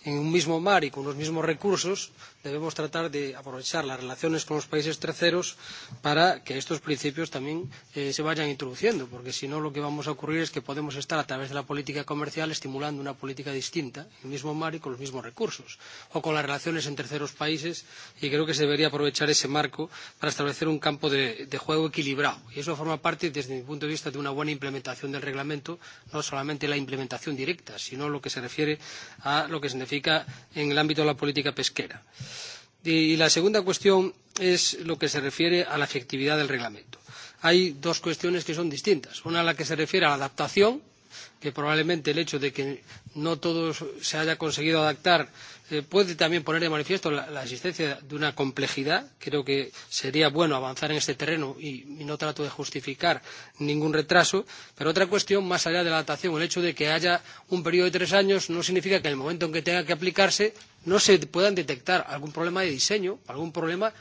en un mismo mar y con los mismos recursos debemos tratar de aprovechar las relaciones con los países terceros para que estos principios también se vayan introduciendo porque si no lo que vamos a ocurrir es que podemos estar a través de la política comercial estimulando una política distinta en el mismo mar y con los mismos recursos o con las relaciones en terceros países y creo que se debería aprovechar ese marco para establecer un campo de juego equilibrado y eso forma parte desde mi punto de vista de una buena implementación del reglamento no solamente la implementación directa, sino lo que se refiere a lo que significa en el ámbito de la política pesquera. Y la segunda cuestión es lo que se refiere a la efectividad del reglamento. Hay dos cuestiones que son distintas. Una a la que se refiere a la adaptación que probablemente el hecho de que no todo se haya conseguido adaptar puede también poner de manifiesto la existencia de una complejidad. Creo que sería bueno avanzar en este terreno y no trato de justificar ningún retraso. Pero otra cuestión, más allá de la adaptación, el hecho de que haya un periodo de tres años no significa que en el momento en que tenga que aplicarse no se puedan detectar algún problema de diseño, algún problema,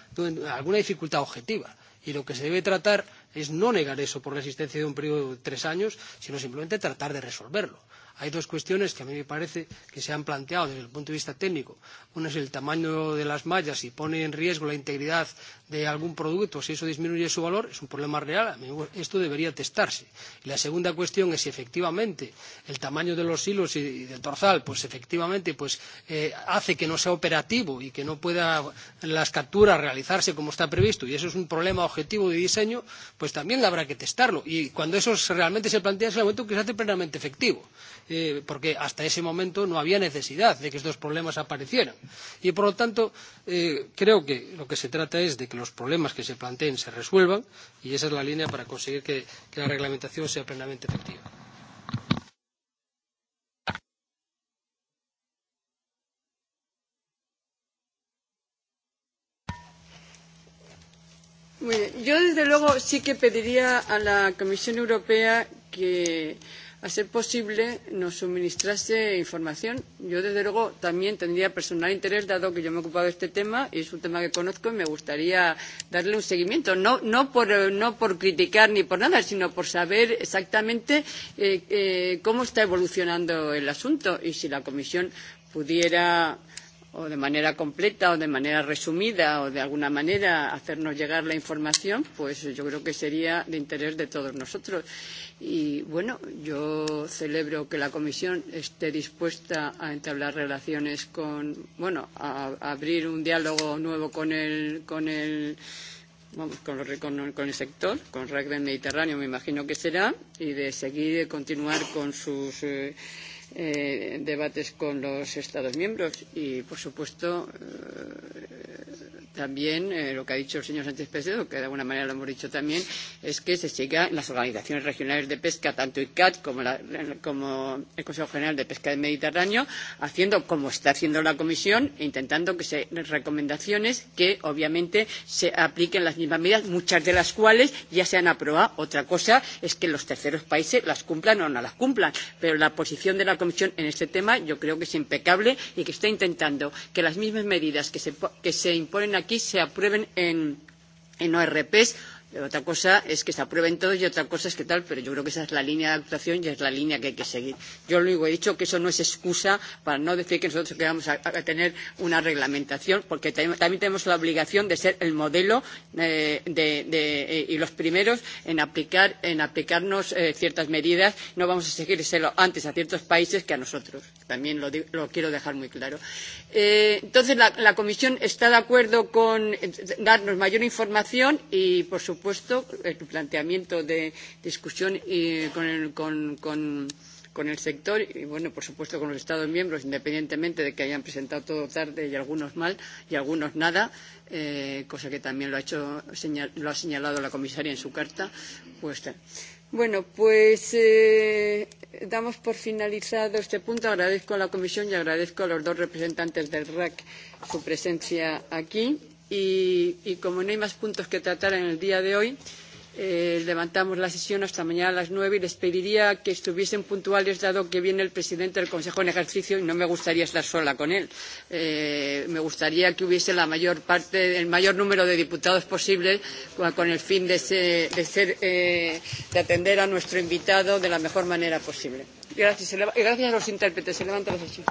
alguna dificultad objetiva Y lo que se debe tratar es no negar eso por la existencia de un periodo de tres años, sino simplemente tratar de resolverlo. Hay dos cuestiones que a mí me parece que se han planteado desde el punto de vista técnico. Una es el tamaño de las mallas, si pone en riesgo la integridad de algún producto, si eso disminuye su valor, es un problema real. Esto debería testarse. Y la segunda cuestión es si efectivamente el tamaño de los hilos y del torzal, pues efectivamente pues, eh, hace que no sea operativo y que no pueda las capturas realizarse como está previsto. Y eso es un problema objetivo de diseño, pues también habrá que testarlo. Y cuando eso realmente se plantea es el momento que se hace plenamente efectivo porque hasta ese momento no había necesidad de que estos problemas aparecieran. Y, por lo tanto, creo que lo que se trata es de que los problemas que se planteen se resuelvan y esa es la línea para conseguir que la reglamentación sea plenamente efectiva. Yo, desde luego, sí que pediría a la Comisión Europea que a ser posible, nos suministrase información. Yo, desde luego, también tendría personal interés, dado que yo me he ocupado de este tema y es un tema que conozco y me gustaría darle un seguimiento. No, no, por, no por criticar ni por nada, sino por saber exactamente eh, eh, cómo está evolucionando el asunto y si la Comisión pudiera o de manera completa o de manera resumida o de alguna manera hacernos llegar la información, pues yo creo que sería de interés de todos nosotros. Y bueno, yo celebro que la Comisión esté dispuesta a entablar relaciones con, bueno, a, a abrir un diálogo nuevo con el, con el vamos, con, los, con, con el sector, con RAC del Mediterráneo me imagino que será, y de seguir, de continuar con sus. Eh, debates con los Estados miembros y, por supuesto, también eh, lo que ha dicho el señor Sánchez Pesedo, que de alguna manera lo hemos dicho también, es que se siga en las organizaciones regionales de pesca, tanto ICAT como, la, como el Consejo General de Pesca del Mediterráneo, haciendo como está haciendo la Comisión, intentando que se recomendaciones que obviamente se apliquen las mismas medidas, muchas de las cuales ya se han aprobado. Otra cosa es que los terceros países las cumplan o no las cumplan, pero la posición de la Comisión en este tema yo creo que es impecable y que está intentando que las mismas medidas que se, que se imponen aquí aquí se aprueben en, en ORPs Otra cosa es que se aprueben todos y otra cosa es que tal, pero yo creo que esa es la línea de actuación y es la línea que hay que seguir. Yo lo digo, he dicho que eso no es excusa para no decir que nosotros queramos a, a tener una reglamentación, porque también, tenemos la obligación de ser el modelo eh, de, de, eh, y los primeros en, aplicar, en aplicarnos eh, ciertas medidas. No vamos a exigírselo antes a ciertos países que a nosotros. También lo, lo quiero dejar muy claro. Eh, entonces, la, la Comisión está de acuerdo con darnos mayor información y, por supuesto, supuesto, el planteamiento de discusión y con, el, con, con, con el sector y, bueno, por supuesto, con los Estados miembros, independientemente de que hayan presentado todo tarde y algunos mal y algunos nada, eh, cosa que también lo ha, hecho, señal, lo ha señalado la comisaria en su carta. Pues, bueno, pues eh, damos por finalizado este punto. Agradezco a la comisión y agradezco a los dos representantes del RAC su presencia aquí. Y, y como no hay más puntos que tratar en el día de hoy, eh, levantamos la sesión hasta mañana a las nueve y les pediría que estuviesen puntuales dado que viene el presidente del Consejo en ejercicio y no me gustaría estar sola con él. Eh, me gustaría que hubiese la mayor parte, el mayor número de diputados posible con, con el fin de, ser, de, ser, eh, de atender a nuestro invitado de la mejor manera posible. Gracias, y gracias a los intérpretes. Se levanta la sesión.